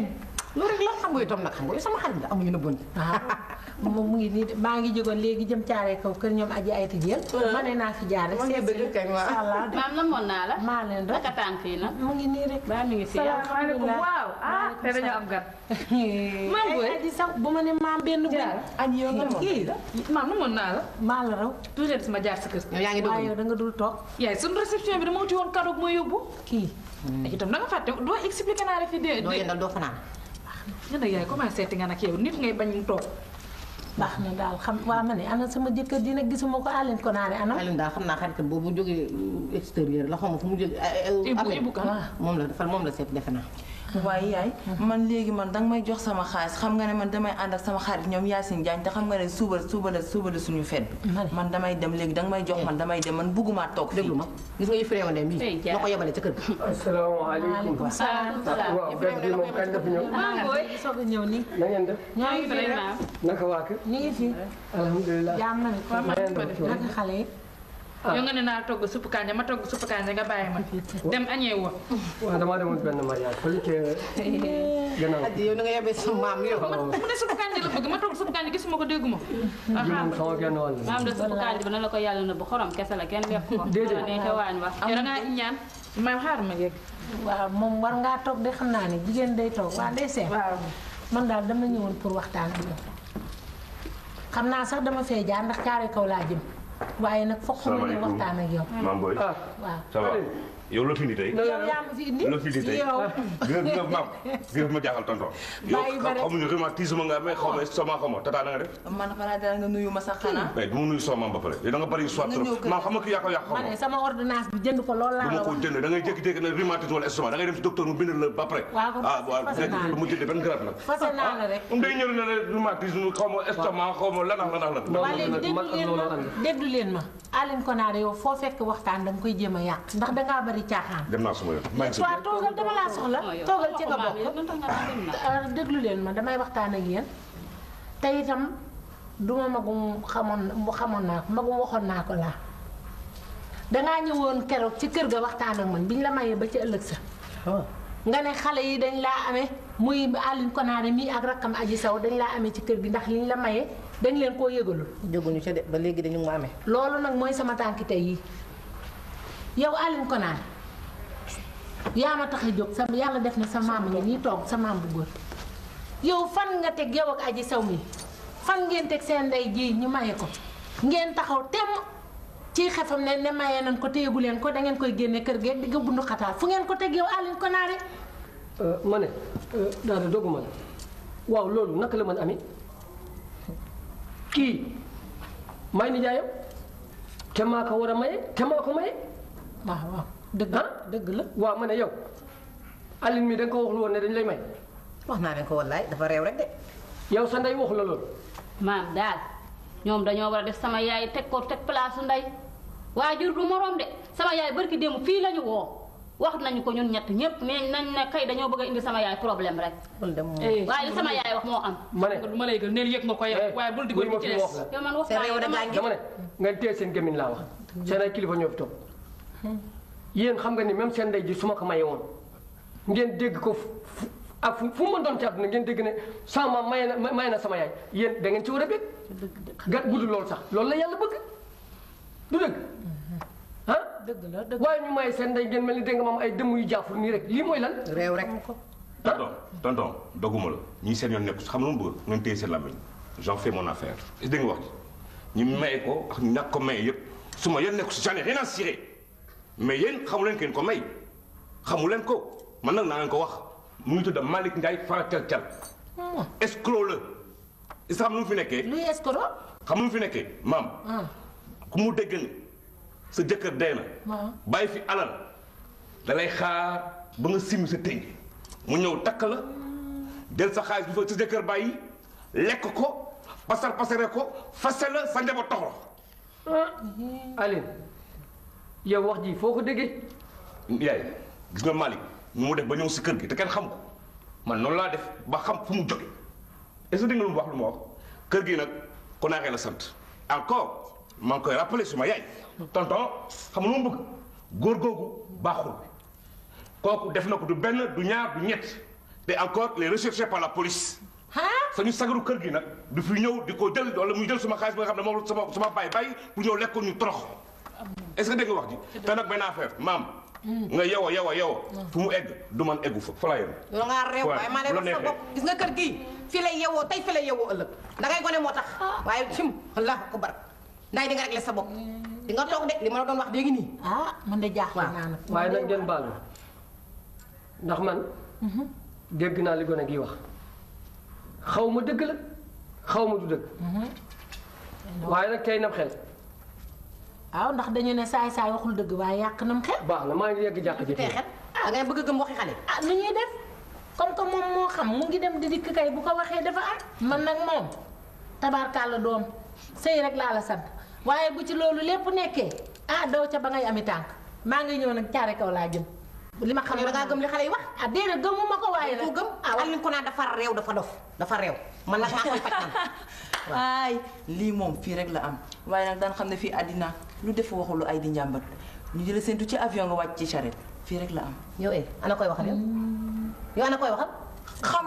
loolu rek la xam nga itam nag xam nga sama xarit la amuñu na bon. Ah. *laughs* moom mu ngi nii maa ngi jógoon léegi jëm caaree kaw kër ñoom aji ay tijjeel. Ah. ma ne naa fi jaar rek. seet si incha *laughs* naa la. maa leen rek ak tànk yi nag. mi ngi fi yàlla salaamaaleykum waaw. ah te *laughs* ma ne maam benn bu. aji yow nga kii la. maam naa la. maa la ma jaar sa kër. yow yaa ngi dugg waaw yow da nga dul toog. yaay sunu réception bi dama wuti woon cadeau bu ma yóbbu. kii. Hmm. itam da nga fàtte doo expliqué naa la fi dee. doo yëndal doo fanaan. nga ne yaay commencé seeti nga nag yow nit ngay bañ mu toog baax na daal xam waa ma ne ana sama jëkkër ji nag gisuma ko Aline ko naa ne ana. Aline daal xam naa xaritam boobu bu jógee extérieur la xaw ma fu mu jógee. Ibou Ibou moom la moom la seet defe naa. waaye yaay mhm. man léegi man danga may jox sama xaalis xam nga ne man damay ànd ak sama xarit ñoom Yacine Diagne te xam nga ne suba suba la suba la suñu fet man damay dem léegi danga may jox eh. man damay dem man buggumaa toog déglu ma gis nga yëf réew dem bi ma ko yebale ca kër gi *laughs* asalaamaaleykum ah, waaw bet bi moom kañ la fi ñëw soog a ñëw ni na ngeen def ñoo ngi fi naka naka xale yi Ah. yow nga ne naa togg suppu kanja ma togg suppu kanja nga bàyyi ma dem añee woo. waaw damaa demoon benn mariage fële ca gannaaw. addi yow nga yebee sa maam yow. ne suppu kanja la bëgg ma togg suppu kanja gisuma ko dégguma. xam nga la. ko yàlla na bu xorom kese la kenn lekk ko. *laughs* déedéet xaar ma yegg. waaw moom war ngaa toog de xam naa ne jigéen day toog waaw day seet. man daal dama ñëwoon pour waxtaan xam naa sax dama fee jaar ndax caare kaw laa jëm waaye nag foog xam nga waxtaan ak yow. waaw yow loo fi indi tey. loo fi indi tey yow. gërëm gërëm ma gërëm yow bi jënd ko loolu laa la wax. du ma ko jënd da ngay jékki-jékki da ngay dem ah, ah, yow foo fekk waxtaan da koy jéem a yàq ndax da bari yi caaxaan. dem naa suma yoon maa dama laa soxla toogal ci nga bokk. Euh, déglu leen ma damay waxtaan ak yéen te itam du ma magum xamoon mu xamoon naa ko magum waxoon naa ko laa dangaa ñëwoon keroog ci kër ga waxtaan ak man biñ la mayee ba ci ëllëg sa ah. nga ne xale yi dañ laa amee muy Aline Konaare mii ak rakkam aji saw dañ laa amee ci kër gi ndax liñ la mayee dañ leen koo yëgalul. jóguñu ca de ba léegi dañu ma amee. loolu nag mooy sama tànk tey yii. yow Aline Konar yaa ma tax a jóg sa yàlla def na sa maam ngi nii toog sa maam bu góor yow fan nga teg yow ak aji saw mi fan ngeen teg seen ndey ji ñu maye ko ngeen taxaw temm ci xefam ne ne maye nañ ko téyegu leen ko da koy génne kër gi di ko bundu xataar fu ngeen ko teg yow Aline Konar euh, ma ne euh, daal dogu ma waaw loolu naka la mën amee kii may nijaayam te ko war a maye te ko maye waaw waaw dëgg la dëgg la waaw ma ne yow Aline da nga ko woon ne dañ lay may. wax naa ne ko wallaay dafa réew rek de. yow sa ndey wax la loolu. maam daal ñoom dañoo war a def sama yaay teg ko teg place ndey waajur du moroom de sama yaay barki démb fii lañu woo wax nañu ko ñun ñett ñëpp nee nañ ne kay dañoo bëgg a indi sama yaay problème rek. Eh, waaye li sama yaay wax moo am. ma ne du ma lay gën neel yëg nga ko yow. Eh, waaye bul di ko ci des yow man wax yow dama nga téye seen gémmiñ laa wax seen ay kilifa ñoo fi toog yéen xam nga ni même seen ndey ji su ma ko maye woon ngeen dégg ko ak fu mu mën doon ci àdduna ngeen dégg ne sama maye na maye na sama yaay yéen da ngeen ci war a bég gat gudd loolu sax loolu la yàlla bëgg du dëgg mm-hmm. ah dëgg la dëgg waaye ñu maye seen ndey ngeen mel ni dégg nga moom ay dëmm yu jaafur nii rek lii mooy lan réew rek ah? tonton tonton dogguma la ñii seen yoon nekku xam na mu bëgg ngeen téye seen làmmiñ j'en fais mon affaire dégg nga wax ji ñu maye ko ak ñàkk ko maye yëpp su ma yoon nekku si j'en ai rien à cirer mais yéen xamu leen kenn ko may xamu leen ko man nag naa leen ko wax mu ngi tudd Malick Ndiaye Fara Cal Cal. escroc la. is xam fi nekkee. luy escroc. xam nu mu fi nekkee maam. Ah. ku mu dégg ni sa jëkkër dee na. bàyyi fi alal dalay lay xaar ba nga simi sa tënk mu ñëw takk la del sa xaalis bi fa sa jëkkër bàyyi lekk ko pasar pasare ko fase la sa njaboot toxo. Ah. yow wax ji foo ko déggee. yaay gis nga Malick nu mu def ba ñëw si kër gi te kenn xam ko man noonu laa def ba xam fu mu jóge est-ce que nga lu mu wax lu ma wax kër gi nag ko naaxee la sant encore maa ngi koy rappelé suma yaay. tonton xam nga lu mu bëgg góor googu baaxul kooku def na ko du benn du ñaar du ñett te encore les recherchés par la police. ñu sagaru kër gi nag du fi ñëw di ko jël wala muy jël suma xaalis bi nga xam ne moom sama sama bay bay bu ñëw lekk ñu torox. est-ce que dégg wax ji. te nag benn affaire maam. Hmm. nga yow a yow yow a hmm. fu mu egg du man eggu fa fa la yem. loolu nga réew waaye maa lay wax sa bopp gis nga kër gii fii lay yewoo tey fii lay yewoo ëllëg moo tax ah. waaye cim allahu sa bopp di nga toog ma la doon wax léegi ah, naa nag. waaye nag ngeen baal ma ndax man. Mm-hmm. dégg naa li gone gi wax xaw ma dëgg la xaw ma du dëgg. Mm-hmm. waaye nag tey nam xel. waaw ndax dañu ne saay saay waxul dëgg waaye yàq nam mu xel. baax na maa ngi yegg jàkk ji. xel ah ngay bëgg a gëm waxi xale. ah nu ñuy def comme que moom moo xam mu ngi dem di dikk kay bu ko waxee dafa at man nag moom la doom sëy rek laa la sant waaye bu ci loolu lépp nekkee ah daw ca ba ngay ami tànk maa ngi ñëw nag caari kaw laa jëm. li ma xam ne da ngaa gëm li xale yi wax. ah déedéet gëmuma ko waaye nag. ku gëm ah ko naan dafa réew dafa dof dafa réew man nag maa koy *laughs* ay lii moom fii rek la am waaye nag daan xam ne fii àddina lu def waxulu ay di njàmbat ñu jëla séntu ci avion nga wàcc ci charrette fii rek la am. yow eh ana koy waxal yow. Mm. yow ana koy waxal. xam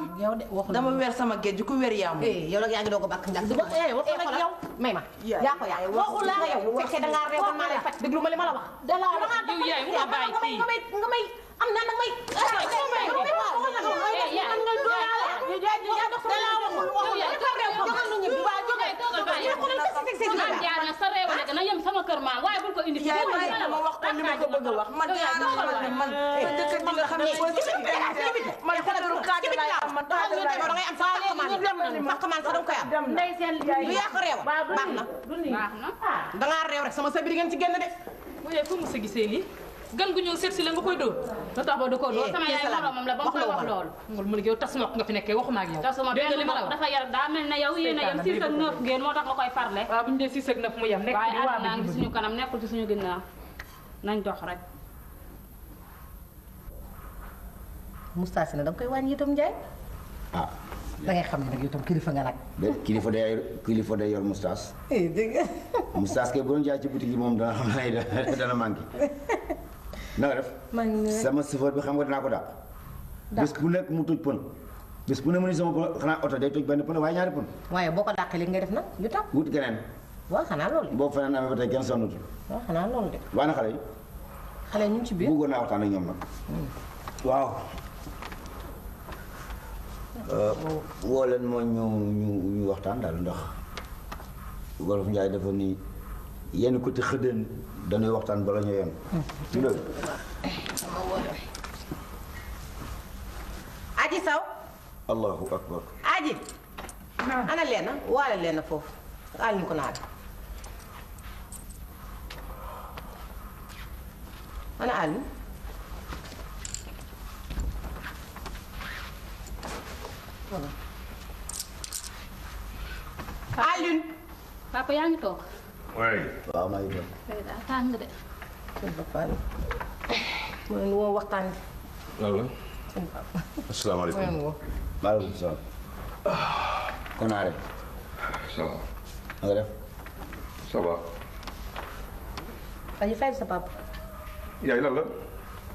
dama weer sama géej ku weer yaa moom. Eh, yow nag yaa ngi doog a bakk ma. Eh, eh, yaa ko yaay waxul laa yow fekkee da ngaa réew man maa lay faj déglu ma li ma la wax. da laa la wax yow yaay nga may am na nag may. waaye bul ko indi fi mu ne la ma wax ko li ma ko bëgg a wax man yaa la xamal ne man dëkk bi nga xam ne boo ci man xoolal kaadi laa am man da ngay am sax commande sax commande sax da nga koy am ndeysaan du yàq réew baax na baax na da ngaa réew rek sama sëb bi di ngeen ci génn de mu ne fu mu sa gisee lii gan gu ñew seet la nga koy do da tax ba du ko dóor eh, sama eh, yaay mom la ba mu wax lool ngul mu ne yow tas nga fi nekké waxuma ak yow tasuma benn li ma wax dafa yar da mel ne yow yéen yam 6 ak 9 ngeen moo tax nga koy parlé waaw bu ñu dee ak 9 mu yem nekk waaye àdduna ngi suñu kanam nekkul ci suñu ginnaaw nañ dox rek mustaasi na dang koy wàññi itam jaay ah da ngay xamni nak yitam kilifa nga nak kilifa day kilifa day yor mustaas eh deug mustaas ke bu ñu jaay ci boutique mom da xam lay *laughs* da na manki *laughs* na nga def sama chauffeur bi xam nga dinaa ko dàq. bés bu nekk mu tuj pën. bés bu ne mu ni sama pën xanaa oto day tuj benn pën waaye ñaari pën. waaye boo ko dàqee li nga def nag lu tax. wut geneen. waaw xanaa loolu de. boo fanaan amee ba tey kenn sonnatul. waaw xanaa loolu de. waa na xale yi. xale ñu ci biir bëggoon naa waxtaan ak ñoom nag. Hmm. waaw. Euh, woo leen moo ñu ñu ñu waxtaan daal ndox Wolof Njaay dafa ni yenn côté xëddeen. dañuy waxtaan bala ñu yem. du dëgg. aji saw. allahu akbar. aji. ana leena waale leena foofu al ñu ko naat. ana Aliou. papa yaa ngi toog. waaw maa ngi doon. la.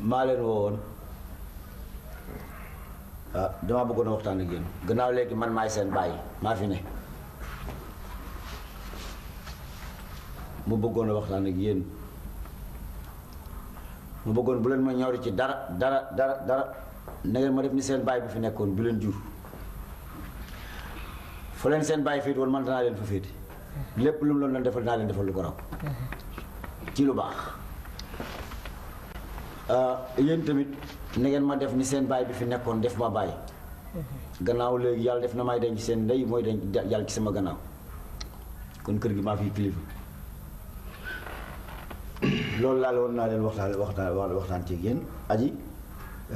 maa leen woo woon. Ah, damaa bëggoon a waxtaan ak yéen. gannaaw léegi man maay seen bàyyi maa fi ne. mu bëggoon a waxtaan ak yéen mu bëggoon bu leen ma ñawri ci dara dara dara dara na ngeen ma def ni seen baay bi fi nekkoon bi leen jur fu leen seen baay féet woon man danaa leen fa féete lépp lu mu loon leen defal dinaa leen defal lu ko raw ci lu baax ah, yéen tamit na ngeen ma def ni seen baay bi fi nekkoon def ma baay gannaaw léegi yàlla def na may denc seen ndey mooy denc yàlla ci sama gannaaw kon kër gi maa fi kilifa loolu laa la woon naa leen waxtaan waxtaan waxtaan ci yéen aji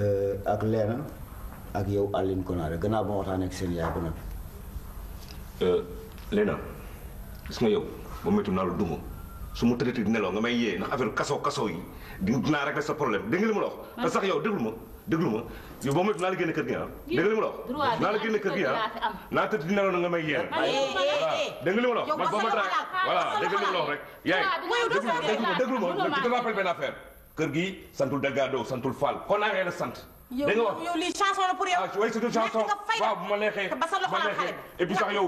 euh, ak leena ak yow Aline Konaare gannaaw ba ma waxtaan ak seen yaay ba noppi. Euh, Léna gis nga yow ba métti naa la duma su ma tëddati nelaw nga may yee ndax affaire kaso kaso yi dinaa régler sa problème dégg nga li ma la wax. Ah. sax yow déglu ma. déglu ma yow boo moytu naa la kër gi ah. dégg nga li ma la wax kër gi ah naa tëdd di nelaw nga may yéen. voilà dégg nga li ma la wax man boo ma dara voilà dégg nga li ma la wax rek. yaay affaire. kër gi santul Delgado santul Fall kon naa ngay la sant. da nga wax yow chanson la pour yow. ah oui c'est chanson waaw bu ma neexee bu ma neexee et puis sax yow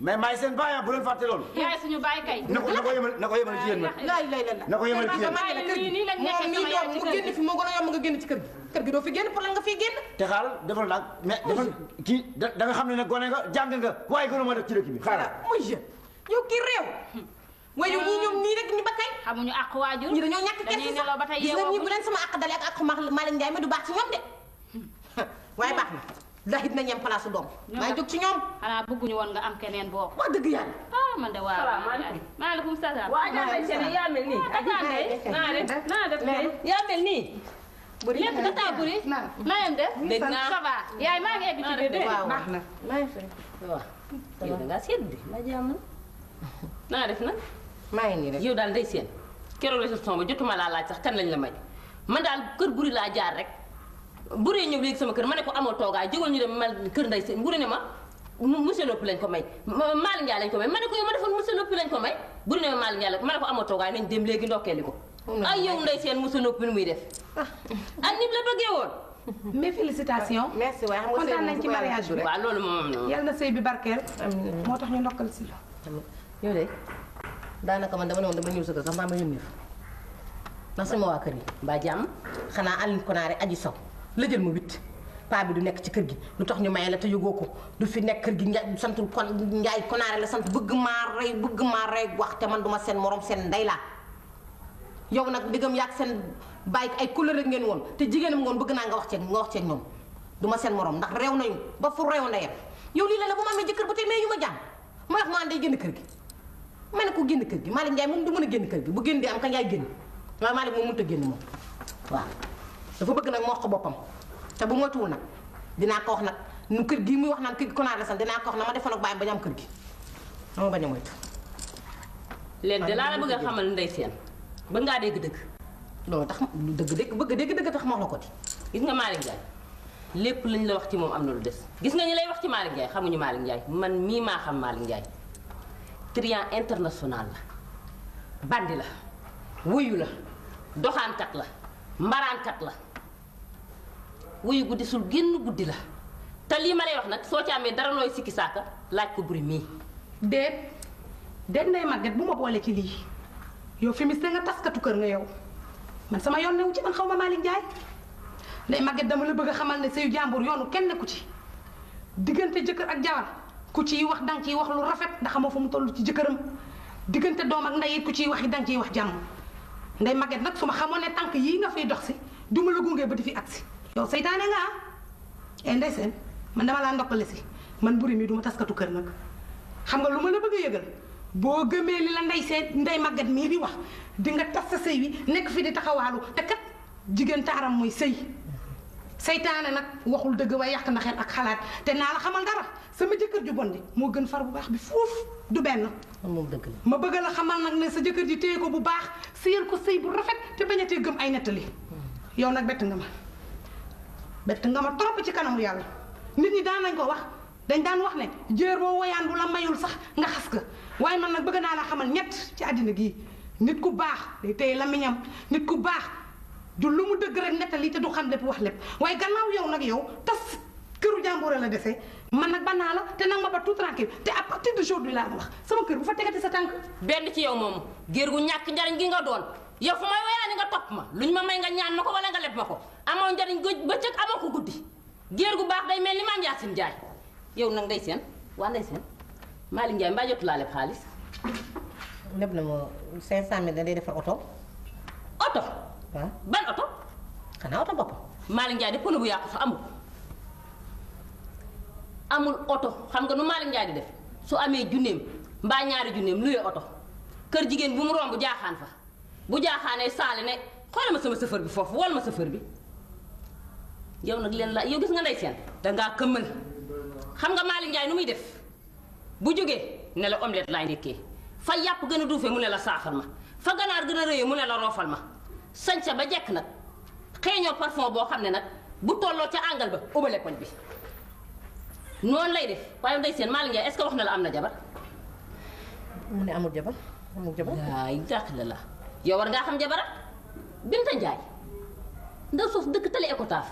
mais maay seen baay ah, bu leen fàtte loolu. yaay suñu baay kay. na ko na ko yemal na ko yemal ci yéen nag. lay lay la na ko yemal ci yéen moom mii doom mu génn fi moo gën a yomb nga génn ci kër gi. kër gi doo fi génn pour lan nga fiy génn. te xaal defal nag mais defal kii da nga xam ne ne gone nga jàng nga waaye gënu ma def ci dëkk bi xaaral. muy je yow kii réew. waaye ñii ñoom nii rek ni ba kay. xamuñu àq waajur. ñi dañoo ñàkk kenn si sax gis nga ñii bu leen sama àq dalee ak àq Malick Ndiaye ma du baax ci ñoom de *laughs* waaye baax na ndax it nañu am place su doom. maa jóg ci ñoom. xanaa bëgguñu woon nga am keneen boo. dëgg yàlla. ah man de waaw salaamaaleykum. maaleykum salaam. waaw jaajëfal seen yaa mel nii. ak naa def naa def yaa mel naa def. na yow ma ngi nii yow daal day seen. keroog réception ba jotuma laa laaj sax kan lañ la may man daal kër buri laa jaar rek buree ñëw léegi sama kër ma ne ko amoo toogaay jógal ñu dem ma kër nday seen buri ne ma monsieur Loppi lañ ko may Malick Ndiaye lañ ko may ma ne ko ma defoon monsieur Loppi lañ ko may dem léegi ndokkeeli ko ay yow nday seen monsieur Loppi muy def ak ah. ah, nim la bëggee woon mais félicitations. Ah, merci nañ ci mariage bi waaw loolu moom yal na sëy moo tax ñu ndokkal si la yow de daanaka man dama ne woon dama ñëw sa kër sax maa ma yëm yëf ndax sama waa kër yi mbaa jàmm xanaa Aline Konaare aji saw la jël ma witt paa bi du nekk ci kër gi lu tax ñu maye la te yëgoo ko du fi nekk kër gi nga santul kon Njaay konaare la sant bëgg maa rey bëgg maa rey wax te man duma seen moroom seen ndey laa yow nag diggam yaag seen bàyyi ay couleur ngeen woon te jigéenam ngoon bëgg naa nga wax ceeg nga wax ceeg ñoom duma seen morom ndax réew nañu ba fu réew ndeyam yow lii la la bu ma amee jëkkër ba tey mais yu ma jàmm ma wax maa day génn kër gi ma ne ko génn kër gi Malick Ndiaye moom du mën a génn kër gi bu génn dee am ka Ndiaye génn waaye Malick moom mënut a génn moom waaw dafa bëgg nak mo xox bopam te bu moytuwul nak dina ko wax nak nu kër gi muy wax nan kër ko na la sant dina ko wax na ma defal ak bàyyi ba ñu kër gi dama bañ moy moytu. léegi de la la bëgg xamal ndey seen ba nga dégg dëgg. lo tax lu dëgg dëgg bëgg dëgg dëgg tax ma wax la ko ti gis nga malik jaay lepp lañ la wax ci mom amna lu dess gis nga ñi lay wax ci jaay xamu ñu malik jaay man mi ma xam malik jaay trian international la bandi la wuyu la kat la kat la wuyu guddi sul génn guddi la te lii ma lay wax nag soo ci amee dara nooy sikki saaka laaj ko buri mii déet déet nday màgget bu ma boole ci lii yow fi mis da nga taskatu kër nga yow man sama yoon newu ci man xaw ma Malick Ndiaye nday dama la bëgg a xamal ne sëyu jàmbur yoonu kenn ku ci diggante jëkkër ak jabar ku ciy wax danga ciy wax lu rafet ndax moo fa mu toll ci jëkkëram diggante doom ak ndey ku ciy wax yi danga ciy wax jàmm nday màgget nag su ma xamoon ne tànk yii nga fiy dox si du ma gunge ba di fi agsi yow seytane nga ah eh, ndeyseen man dama la ndoppale si man buri mi duma taskatu kër nak xam nga luma la bëgg yëgal bo gëmé li la ndey seen ndey magat mi di wax di nga tass sey wi nek fi di taxawalu te kat jigen taaram muy sey seytane nak waxul deug way yak na xel ak xalaat te na la xamal dara sama ju bondi mo gën far bu baax bi fuf, du ben mo deug la ma bëgg la xamal nak ne sa jëkkër ji téye ko bu baax seyel ko sey bu rafet te bañ gëm ay netali hmm. yow nak bet nga ma bett nga ma trop ci kanamu yàlla nit ñi daan nañ ko wax dañ daan wax ne jéer boo woyaan bu la mayul sax nga xas ka waaye man nag bëgg naa la xamal ñett ci àddina gii nit ku baax day téye lamiñam nit ku baax du lu mu dëgg rek nettali te du xam lépp wax lépp waaye gannaaw yow nag yow tas këru jàmbur la dese man nag banaa la te nag ma ba tout tranquille te à partir d'aujourd'hui laa wax sama kër bu fa tegati sa tànk benn ci yow moomu géer gu ñàkk njariñ gi nga doon yow fu may woyaani nga topp ma luñ ma may nga ñaan ma ko wala nga leb ma ko amoo njariñ gëj bëccëg amoo ko guddi géer gu baax day mel ni maam Yaasin jaay yow nag nday seen waa nday seen Malick Njaay mbaa jotu laa leb xaalis lépp na ma 500000 da day defar oto. oto. waaw ban oto. xanaa bu yàqu sax amul. amul oto xam nga nu Malick Ndiaye di su amee junneem mbaa ñaari junneem oto kër jigéen bu mu romb jaaxaan fa bu jaaxaanee saali ne xoolal ma sama sëfër bi foofu wol ma sëfër bi yow nag leen la yow gis nga ndey seen dangaa këmmal xam nga Malick Ndiaye nu muy def bu jógee ne la omelette laay ndekkee fa yàpp gën a duufee mu ne la saafal ma fa ganaar gën a rëye mu ne la roofal ma sañca ba jekk nag xeeñoo parfum boo xam ne nag bu tolloo ca àngal ba ubale koñ bi noonu lay def waaye ndey seen Malick Ndiaye est wax na la am na jabar mu ne amul jabar amul jabar waay dàq la yow war ngaa xam jabaram Binta Njaay ndaw soosu dëkk tali Ecotaaf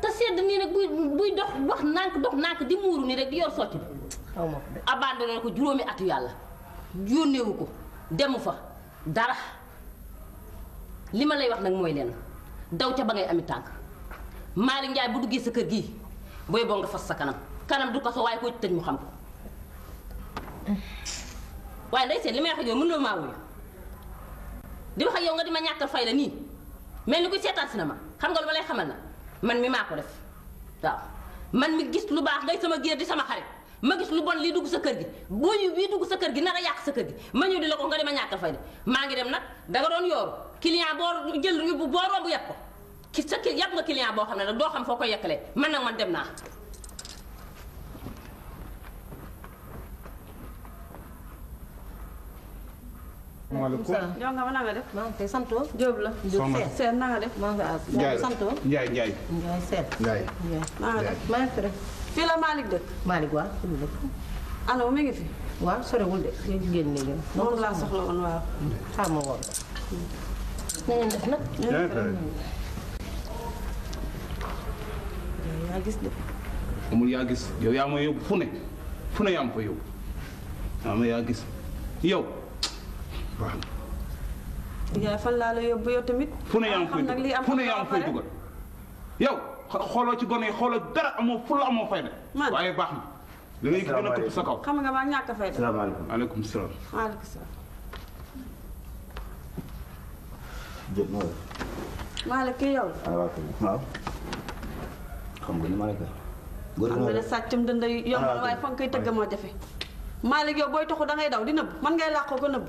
te sedd nii rek buy buy dox wax nànk dox nànk di muuru nii rek di yor socc bi abandonné ko juróomi atu yàlla yónneewu ko demu fa dara li ma lay wax nag mooy leen daw ca ba ngay ami tànk Malick Ndiaye bu duggee sa kër gii booy boo nga fas sa kanam kanam du kaso waaye koo ci mu xam ko mm. waaye nday seen li may wax ak yow mënuloo maa wuyu di wax ak yow nga di ma ñàkkal fay la nii mel ni ku seetaan na ma xam nga lu ma lay xamal na man mi maa ko def waaw man mi gis lu baax ngay sama géer di sama xarit ma gis lu bon lii dugg sa kër gi boo ñu bii dugg sa kër gi nar a yàq sa kër gi ma ñëw di la ko nga di ma ñàkkal fay la maa ngi dem nag danga doon yooru client boo jël yóbbu boo romb yàpp ko ki sa ki yàpp nga client boo xam ne nag doo xam foo koy yekkalee man nag man dem naa maaleykum yow nga ma na def. maa ngi koy sant. Diop la Diop seet seet na nga def. maa def maa ngi def. fii la Malick dëkk. Malick waaw fi mu dëkk. ngi fi. waaw sorewul de. ñu jigéen ñi ngeen. moom laa soxla def nag. yaa gis de. amul yaa gis yow yaa ma yóbbu fu ne fu ne yaa ma yóbbu yaa ma yaa gis yow. waaw. yaay fan laa la yóbbu yow tamit. fu ne yaa ngi koy yow xooloo ci gone yi xooloo dara amoo fu la amoo fay de. man waaye baax na. da sa kaw. xam nga maa de. salaamaaleykum aleykum yow la. waaye fa koy tëgg moo jafe. Malick yow booy toxu da daw di nëbb man ngay làqoo ko nëbb.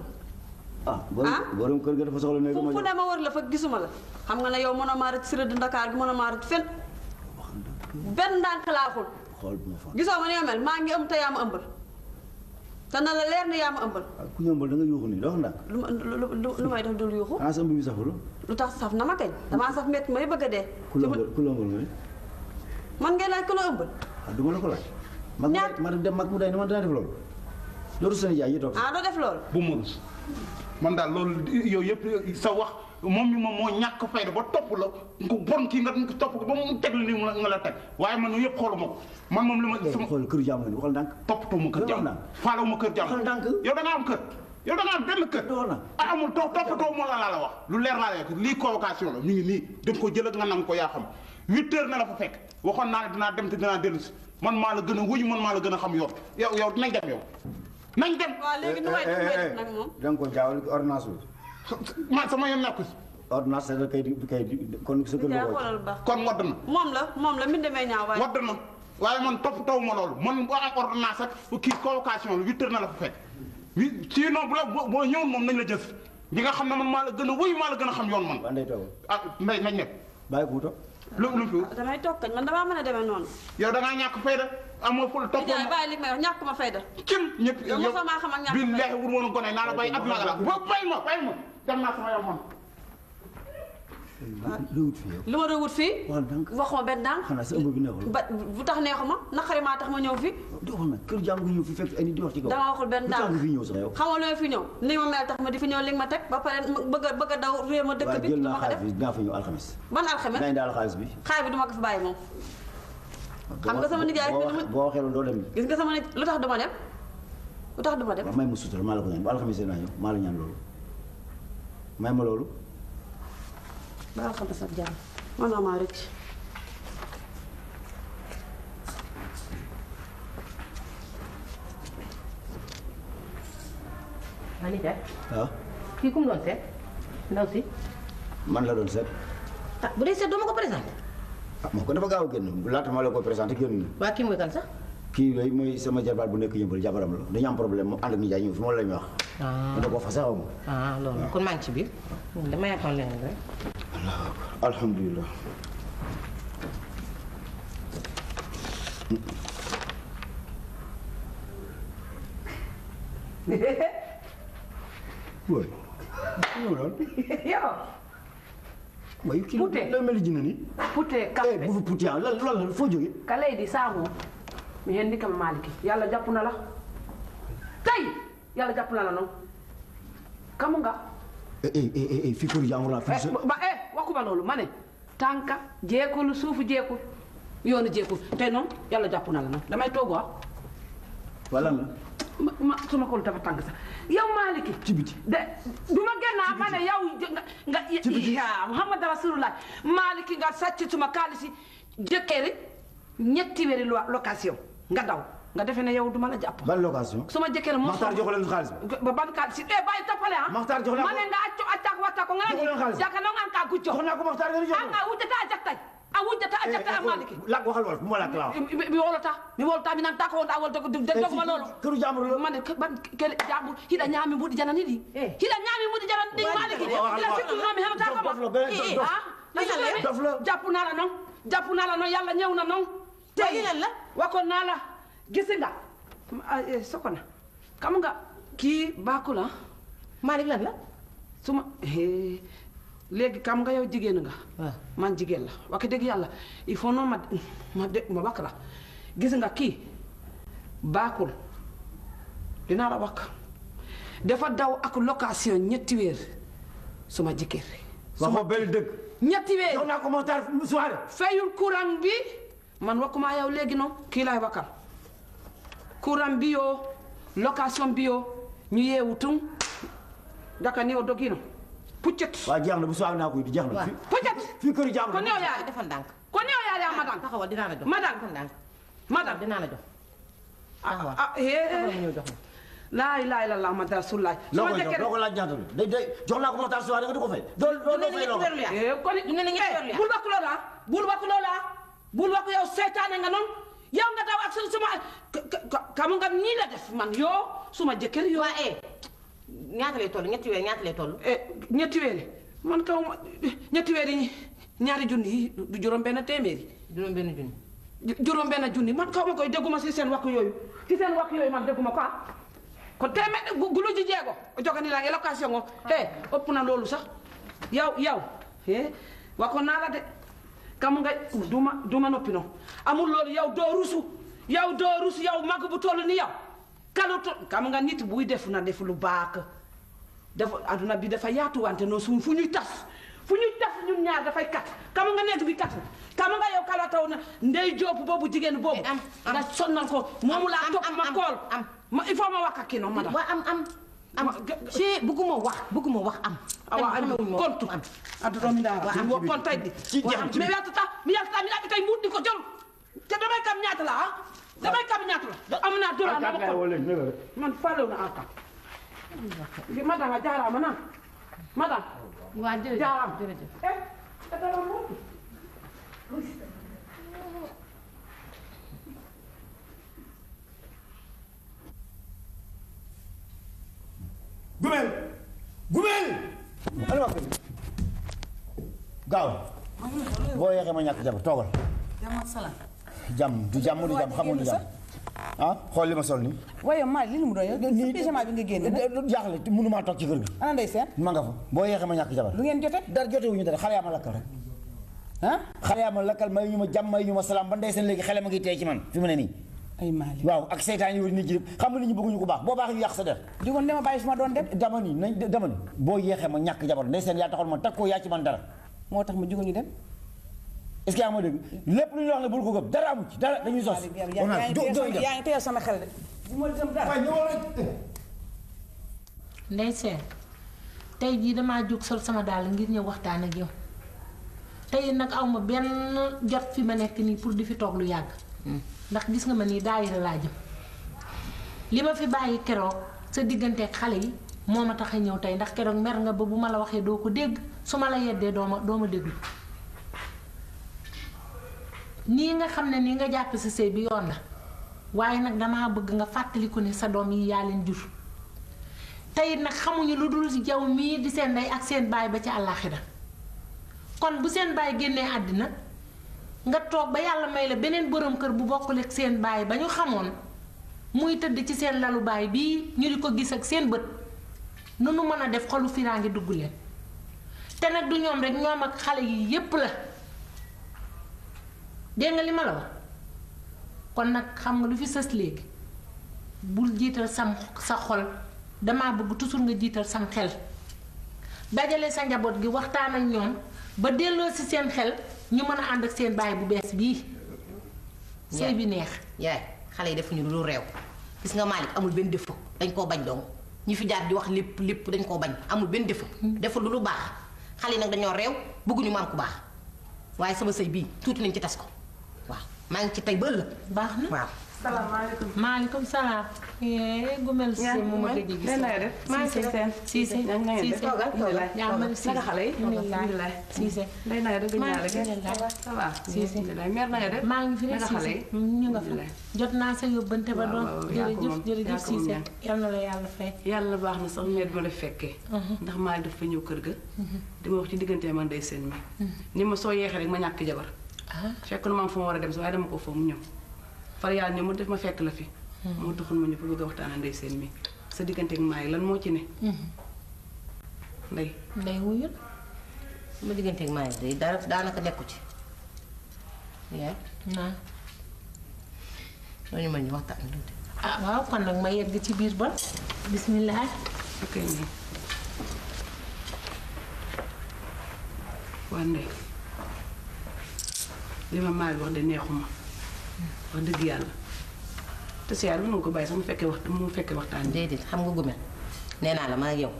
Ah, ah borom kër ga dafa soxla néeg ma ma war la fa gisuma la xam nga ne yow mën a maa rëcc si rëdd Ndakaar gi mën a maa fen benn ndànk laa xool bu ma fa gisoo ma ne maa ngi ëmb te yaa ma ëmbal na leer ne yaa ma ëmbal ah, ku ñu ëmbal da nga yuuxu nii dox may def dul yuuxu ah, lu tax saf na ma kañ damaa saf métti may bëgg a ku la ëmbal nga man ngay laaj ku la la ko laaj mag dem mag mu day ni man dinaa def loolu loolu seen jaay yi toog ah doo def loolu bu mu man daal loolu yow yëpp sa wax moom mi moom moo ñàkk fayda ba topp la ku bon kii nga topp ko ba mu teg la nii nga la teg waaye man yëpp xooluma ko man moom li ma. sama xool kër jàmm waxal ndànk. toppatoo ma kër jàmm faalaw ma kër jàmm waxal ndànk yow da nga am kër. yow da am benn kër. loolu ah, la amul topp toppatoo laa la wax. lu leer laa lay lii convocation la ñu ngi nii daf ko jël ak nga nangu ko yaa xam huit heures na la fa fekk waxoon naa ne dinaa dem te dinaa dellu si man maa la gën a wuyu man maa la gën a xam yow yow dinañ dem yow nañ dem. waaw léegi da ko jaawal ordonnance bi. man sama yoon nekku si. ordonnance c' est kay kay kon sa kër la ko kon wadd na. moom la moom la mi demee ñaaw waaye. wadd na waaye man toppatoo ma loolu man boo am ordonnance ak kii convocation bi huit na la fa fekk. wi sinon bu la boo ñëwoon moom nañ la jëf bi nga xam ne man maa la gën a wéyu maa la gën a xam yoon man. ah mbay nañ nekk. bàyyi ko loolu lu tuur damay toog kañ man damaa mën a demee noonu. yow da ñàkk fayda amoo ful toog ma bàyyi li may wax ñàkk ma fayda. kim ñëpp yow bi leex wur woon gone naa la bay at ma la. boo bay ma bay ma dem naa sama yoon man. lu ma wut fii waxuma benn dànk xanaa sa ëmb bi neexul ba bu tax neexuma naqari maa tax ma ñew fi doxul nag kër jàmm nga fi fekk ani nit di wax ci kaw dama waxul benn dànk fi ñew sax yow xam nga fi ñew ni ma mel tax ma di fi ñëw li ma teg ba pare bëgg a bëgg a daw réew ma dëkk bi jël naa xaalis bi dinaa fa ñëw alxames ban alxames dinañ daal xaalis bi xaalis bi duma ko fi bàyyi moom xam nga sama nijaay boo waxee loolu do dem gis nga sama nit lu tax duma dem lu tax duma dem may ma sutura maa la ko ñaan bu alxames na ñew maa la ñaan lolu may ma loolu ba alxames ak jàmm mën naa maa rëcc mani jaay kii kum doon seet ndaw si man la doon seet ah bu dee seet doo ma ko présenté ah moo ko dafa gaaw a génn laata ma la ko présenté génn na kii mooy kan sax kii looyu mooy sama jarbaat bu nekk yëmbal jabaram la dañu am problème mu ànd ak ñu ñëw fi moo la ñu wax mu doog a fase xaw loolu kon maa ci biir dama yaakaar leen rek. alhamdulilah. *laughs* woy yow daal. *laughs* yow. waaye la mel ji na ni. Poutee eh, bu fi Poutee ah, lan la foo jógee. Kalle di saabu. yéen ni kam Malick yàlla jàpp na la tey. yalla jàpp na la noonu kamu nga. Eh, eh, eh, fii a jàmbur la. ba eh waxuma loolu ma ne tànka jeekul suufu jeekul yoonu jeekul te noonu yàlla jàpp na la noonu damay toog ah. wala la. ma ma sama dafa tàng sax yow Maaliki. ci biti de du ma génn ah, ma ne yow nga nga. ci biti yaa Muhammad Rasulullah Maaliki nga sàcc suma kaalisi jëkkëri ñetti wéri location nga daw. nga defe ne yow du ma la jàpp. ban location. Eh, ah. naa la jàpp naa naa la noonu yàlla ñëw na noonu. tey wa naa la gis nga ah, eh, Sokone xam nga kii bàkku la Malick lan la su ma eh, léegi xam nga yow jigéen nga man jigéen la wax dégg yàlla il faut noonu ma ma dé ma wax la gis nga kii bàkkul dinaa la wax dafa daw ak location ñetti weer suma jëkkër ma benn dëgg ñetti weer yow naa ko montar soirée fayul courant bi man waxuma yow léegi noonu kii laay waxal courant bi yo location bi yo ñu yeewu tun daka ni o dogino puccet waaw jeex na bu soo am naa koy di jeex na puccet fii kër yaa yaa yaa madame taxawal dinaa la jox ah, ah, eh, eh. laa su laay. loo koy ko laaj ñaata la day day jox naa ko Mokhtar Souare nga di ko fay. doo eh, bul wax loola bul wax loola bul wax yow seetaane nga noonu xam nga nii la def man yoo ma jëkkër yoo. a eh ñaata lay toll ñetti weer ñaata lay toll. Eh, ñetti weer man kaw ñetti weer yi ñaari junni yi du juróom-benn téeméeri. juróom-benn junni. juróom-benn junni man kaw ma koy dégguma si seen wakk yooyu si seen wakk yooyu man dégguma ko ah kon téeméer gulu ji jeego jogani la élocation o ah. eh ëpp na loolu sax yow yow eh waxoon naa la de kam nga duma duma noppi no amul loolu yow doo rusu. yaw doo rus yow mag bu toll ni yow kanu xam nga nit buy def na def lu baax dafa adduna bi dafa yaatuwante noonu suñ fu ñuy tas fu ñuy tas ñun ñaar dafay kat xam nga nekk bi kat xam nga yow taw na ndey jóob boobu jigéen boobu. nga sonnal ko moomu laa topp ma kool am ma il ma wax ak kii noonu madame. am am am ci bëgguma wax bëgguma wax am. Ah, awa am am. adduna mi daal am kon tey di. ci jeexam ci mais yaa tax mi yaa tax mi yaa di ko jël te damay kam ñaata la ah. damay kàbb ñaata la. am naa dora na man fàllewu na àqa. bi ma danga jaaraama naa ma danga. waa jërëjëf eh, eh, gaaw boo yeexee ma ñàkk jabar toogal. jam du jam du jam xamul du jàmm ah xool li ma sol nii. waaye maa li mu do yo sa pyjama bi nga genn jaxle munu ma tok ci kër bi ana ndey sen ma nga fa bo yexe ma ñak jabar. lu ngeen jotet dar jote wuñu dara xale yaa ma lakkal rek. han ah? xale yaa ma lakkal may ñuma jam may ñuma salam ba ndey sen legi xale ma ngi tey ci man fi mu ne ni ay mali waaw ak setan yi wër nit ji xam nga ni bëggu ñu ko baax bo baax yu yàq sa def di won dama bayyi suma doon dem. dama ni dama ni bo yexe ma ñak jabar ndey sen ya taxoon ma takko ya ci man dara motax ma jóg ñu dem est-ce que yaa dégg lépp lu ñu wax ne bul ko gëm dara amu ci dara dañuy sos. on a yaa ngi teel sama xel de. bu ma tey jii damaa jóg sol sama dàll ngir ñëw waxtaan ak yow tey nag awma benn jot fi ma nekk nii pour di fi toog lu yàgg. ndax gis nga ma nii daayira laa jëm li ma fi bàyyi keroog sa diggante ak xale yi moo ma tax ñëw tey ndax keroog mer nga ba bu ma la waxee doo ko dégg su ma la yeddee doo dooma doo déglu. nii nga xam ne nii nga jàpp sa sëy bi yoon la waaye nag damaa bëgg nga fàttaliku ne sa doom yi yaa leen jur tey nag xamuñu lu dul jaw mii di seen ndey ak seen baay ba ci àllaaxira kon bu seen baay génnee àddina nga toog ba yàlla may la beneen borom kër bu bokkul ak seen baay ba ñu xamoon muy tëdd ci seen lalu baay bii ñu di ko gis ak seen bët nu nu mën a def xolu firaa ngi dugg leen te nag du ñoom rek ñoom ak xale yi yépp la dégg nga li ma la wax kon nag xam nga lu fi sës léegi bul jiital sam sa xol dama bëgg toujours nga jiital sam xel dajale sa njaboot gi waxtaan ak ñoom ba delloo si seen xel ñu mën a ànd ak seen bu bees bii. sëy bi neex. yaay xale yi defuñu lu réew gis nga malik amul benn défaut dañ koo bañ dong ñi fi jaar di wax lépp lépp dañ koo bañ amul benn défaut. Hmm. deful lu lu baax xale yi nag dañoo réew bëgguñu maam ku baax waaye sama sëy bii tuuti nañ ci tas ko maa kita ci tey bëll. baax waaw. salaamaaleykum maaleykum mau gumel si ma gëj gis. maa ngi si seen siise siise toogal toogal. yaa ma si naka xale yi. alhamdulilah siise. day naa dëgg ñaare ça va siise mer naa def. maa ngi fi rek siise ñu nga fa jot naa sa yóbbante ba doon. jërëjëf jërëjëf siise yal na la yàlla fay. yàlla baax na sax meer ma la fekkee. ndax maa def fa ñëw kër ga. Uh-huh. di ma wax ci diggante fekk lu ma am fu ma war a dem si waaye dama ko foofu mu ñëw far yàlla mu def ma fekk la fi hmm. moo taxul ma sa diggante ak maa lan moo ci ne ndey hmm. ndey wuyul sama diggante ak maa yi day dara nekku ci yaay naa ñu ma ñu waxtaan tuuti ah waaw kon nag ma yegg ci biir ba bismillah waa ndey li ma maal wax de neexuma wax dëgg yàlla te si yàlla mënoo ko bàyyi sax mu fekkee waxtu mu fekkee waxtaan déedéet xam nga gumel nee naa la man ak yow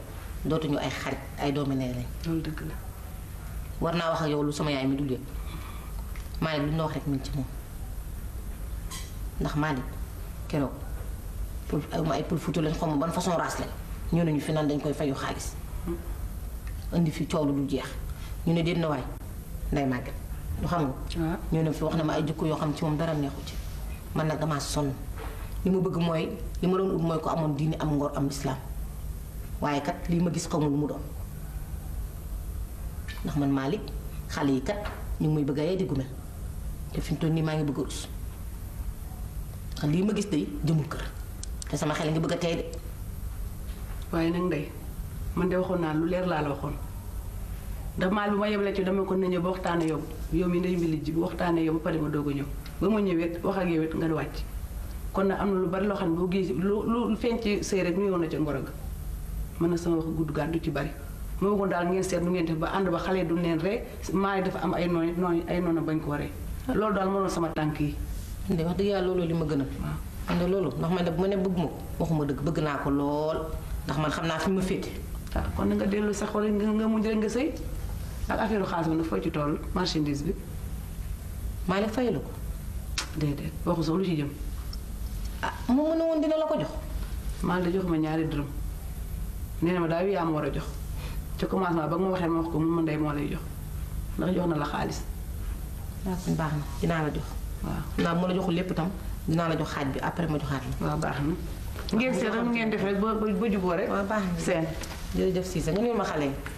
dootuñu ay xarit ay doomi ndey lañ loolu dëgg la war naa wax ak yow lu sama yaay mi dul yëpp Malick lu ñu wax rek mi ci moom ndax Malick keroog pour ay pour futu lañ xaw ban façon raas lañ ñoo nañu fi naan dañ koy fayu xaalis hmm. indi fi coow lu du jeex ñu ne déet na nday màgget xam ah. ñu ne fi wax na ma ay jikko yo xam ci mom dara neexu ci man nak dama son li ma bëgg moy li ma doon ut ko amon diini am ngor am islam waye kat li ma gis xamul mu doon ndax man malik xale kat ñu muy bëgg ay yee di te fiñ to ni ma ngi bëgg rus ndax ma gis day jëmul kër te sama xel nga bëgg tay de waye nak ndey man de waxon na lu leer la la waxon ndax maal bi ma yeble ci dama ko nañu ba waxtaane yow yow mi nday mbili ji bu waxtaane yow ba pare ma doog a ñëw ba ma ñëwee wax ak yow it nga wàcc kon nag am na lu bari loo xam ne boo gis lu lu feeñ ci sëy rek nuyoo na mën na sama wax gudd gàddu ci bari ma bëggoon daal ngeen seet nu ngeen def ba ànd ba xale du leen ree maa dafa am ay noon noon ay noonu bañ ko ree loolu daal mënoon sama tànk yi de wax dëgg yàlla loolu li ma gën a man de loolu ndax man de bu ma ne bëgg ma waxuma dëgg bëgg naa ko lool ndax man xam naa fi ma féete ah, kon na nga dellu sax wala nga muñ rek nga sëy ak affaire xaalis bi nag foo ci toll marchandise bi. Malick fayalu ko. déedéet waxu sax lu ci jëm. ah mu mën woon dina la ko jox. Malick da jox ma ñaari dërëm nee na ma daaw yaa ma war a jox ci commencement ba nga ma waxee ma wax ko mu ma ndey moo lay jox ndax jox na la xaalis. waaw kon baax na dinaa la jox. waaw ndax mu la joxul lépp tam dinaa la jox xaaj bi après ma joxaat la. waaw baax na. ngeen seet ngeen def rek ba ba juboo rek. waaw baax na seen. jërëjëf Cissé nga nuyu ma xale yi.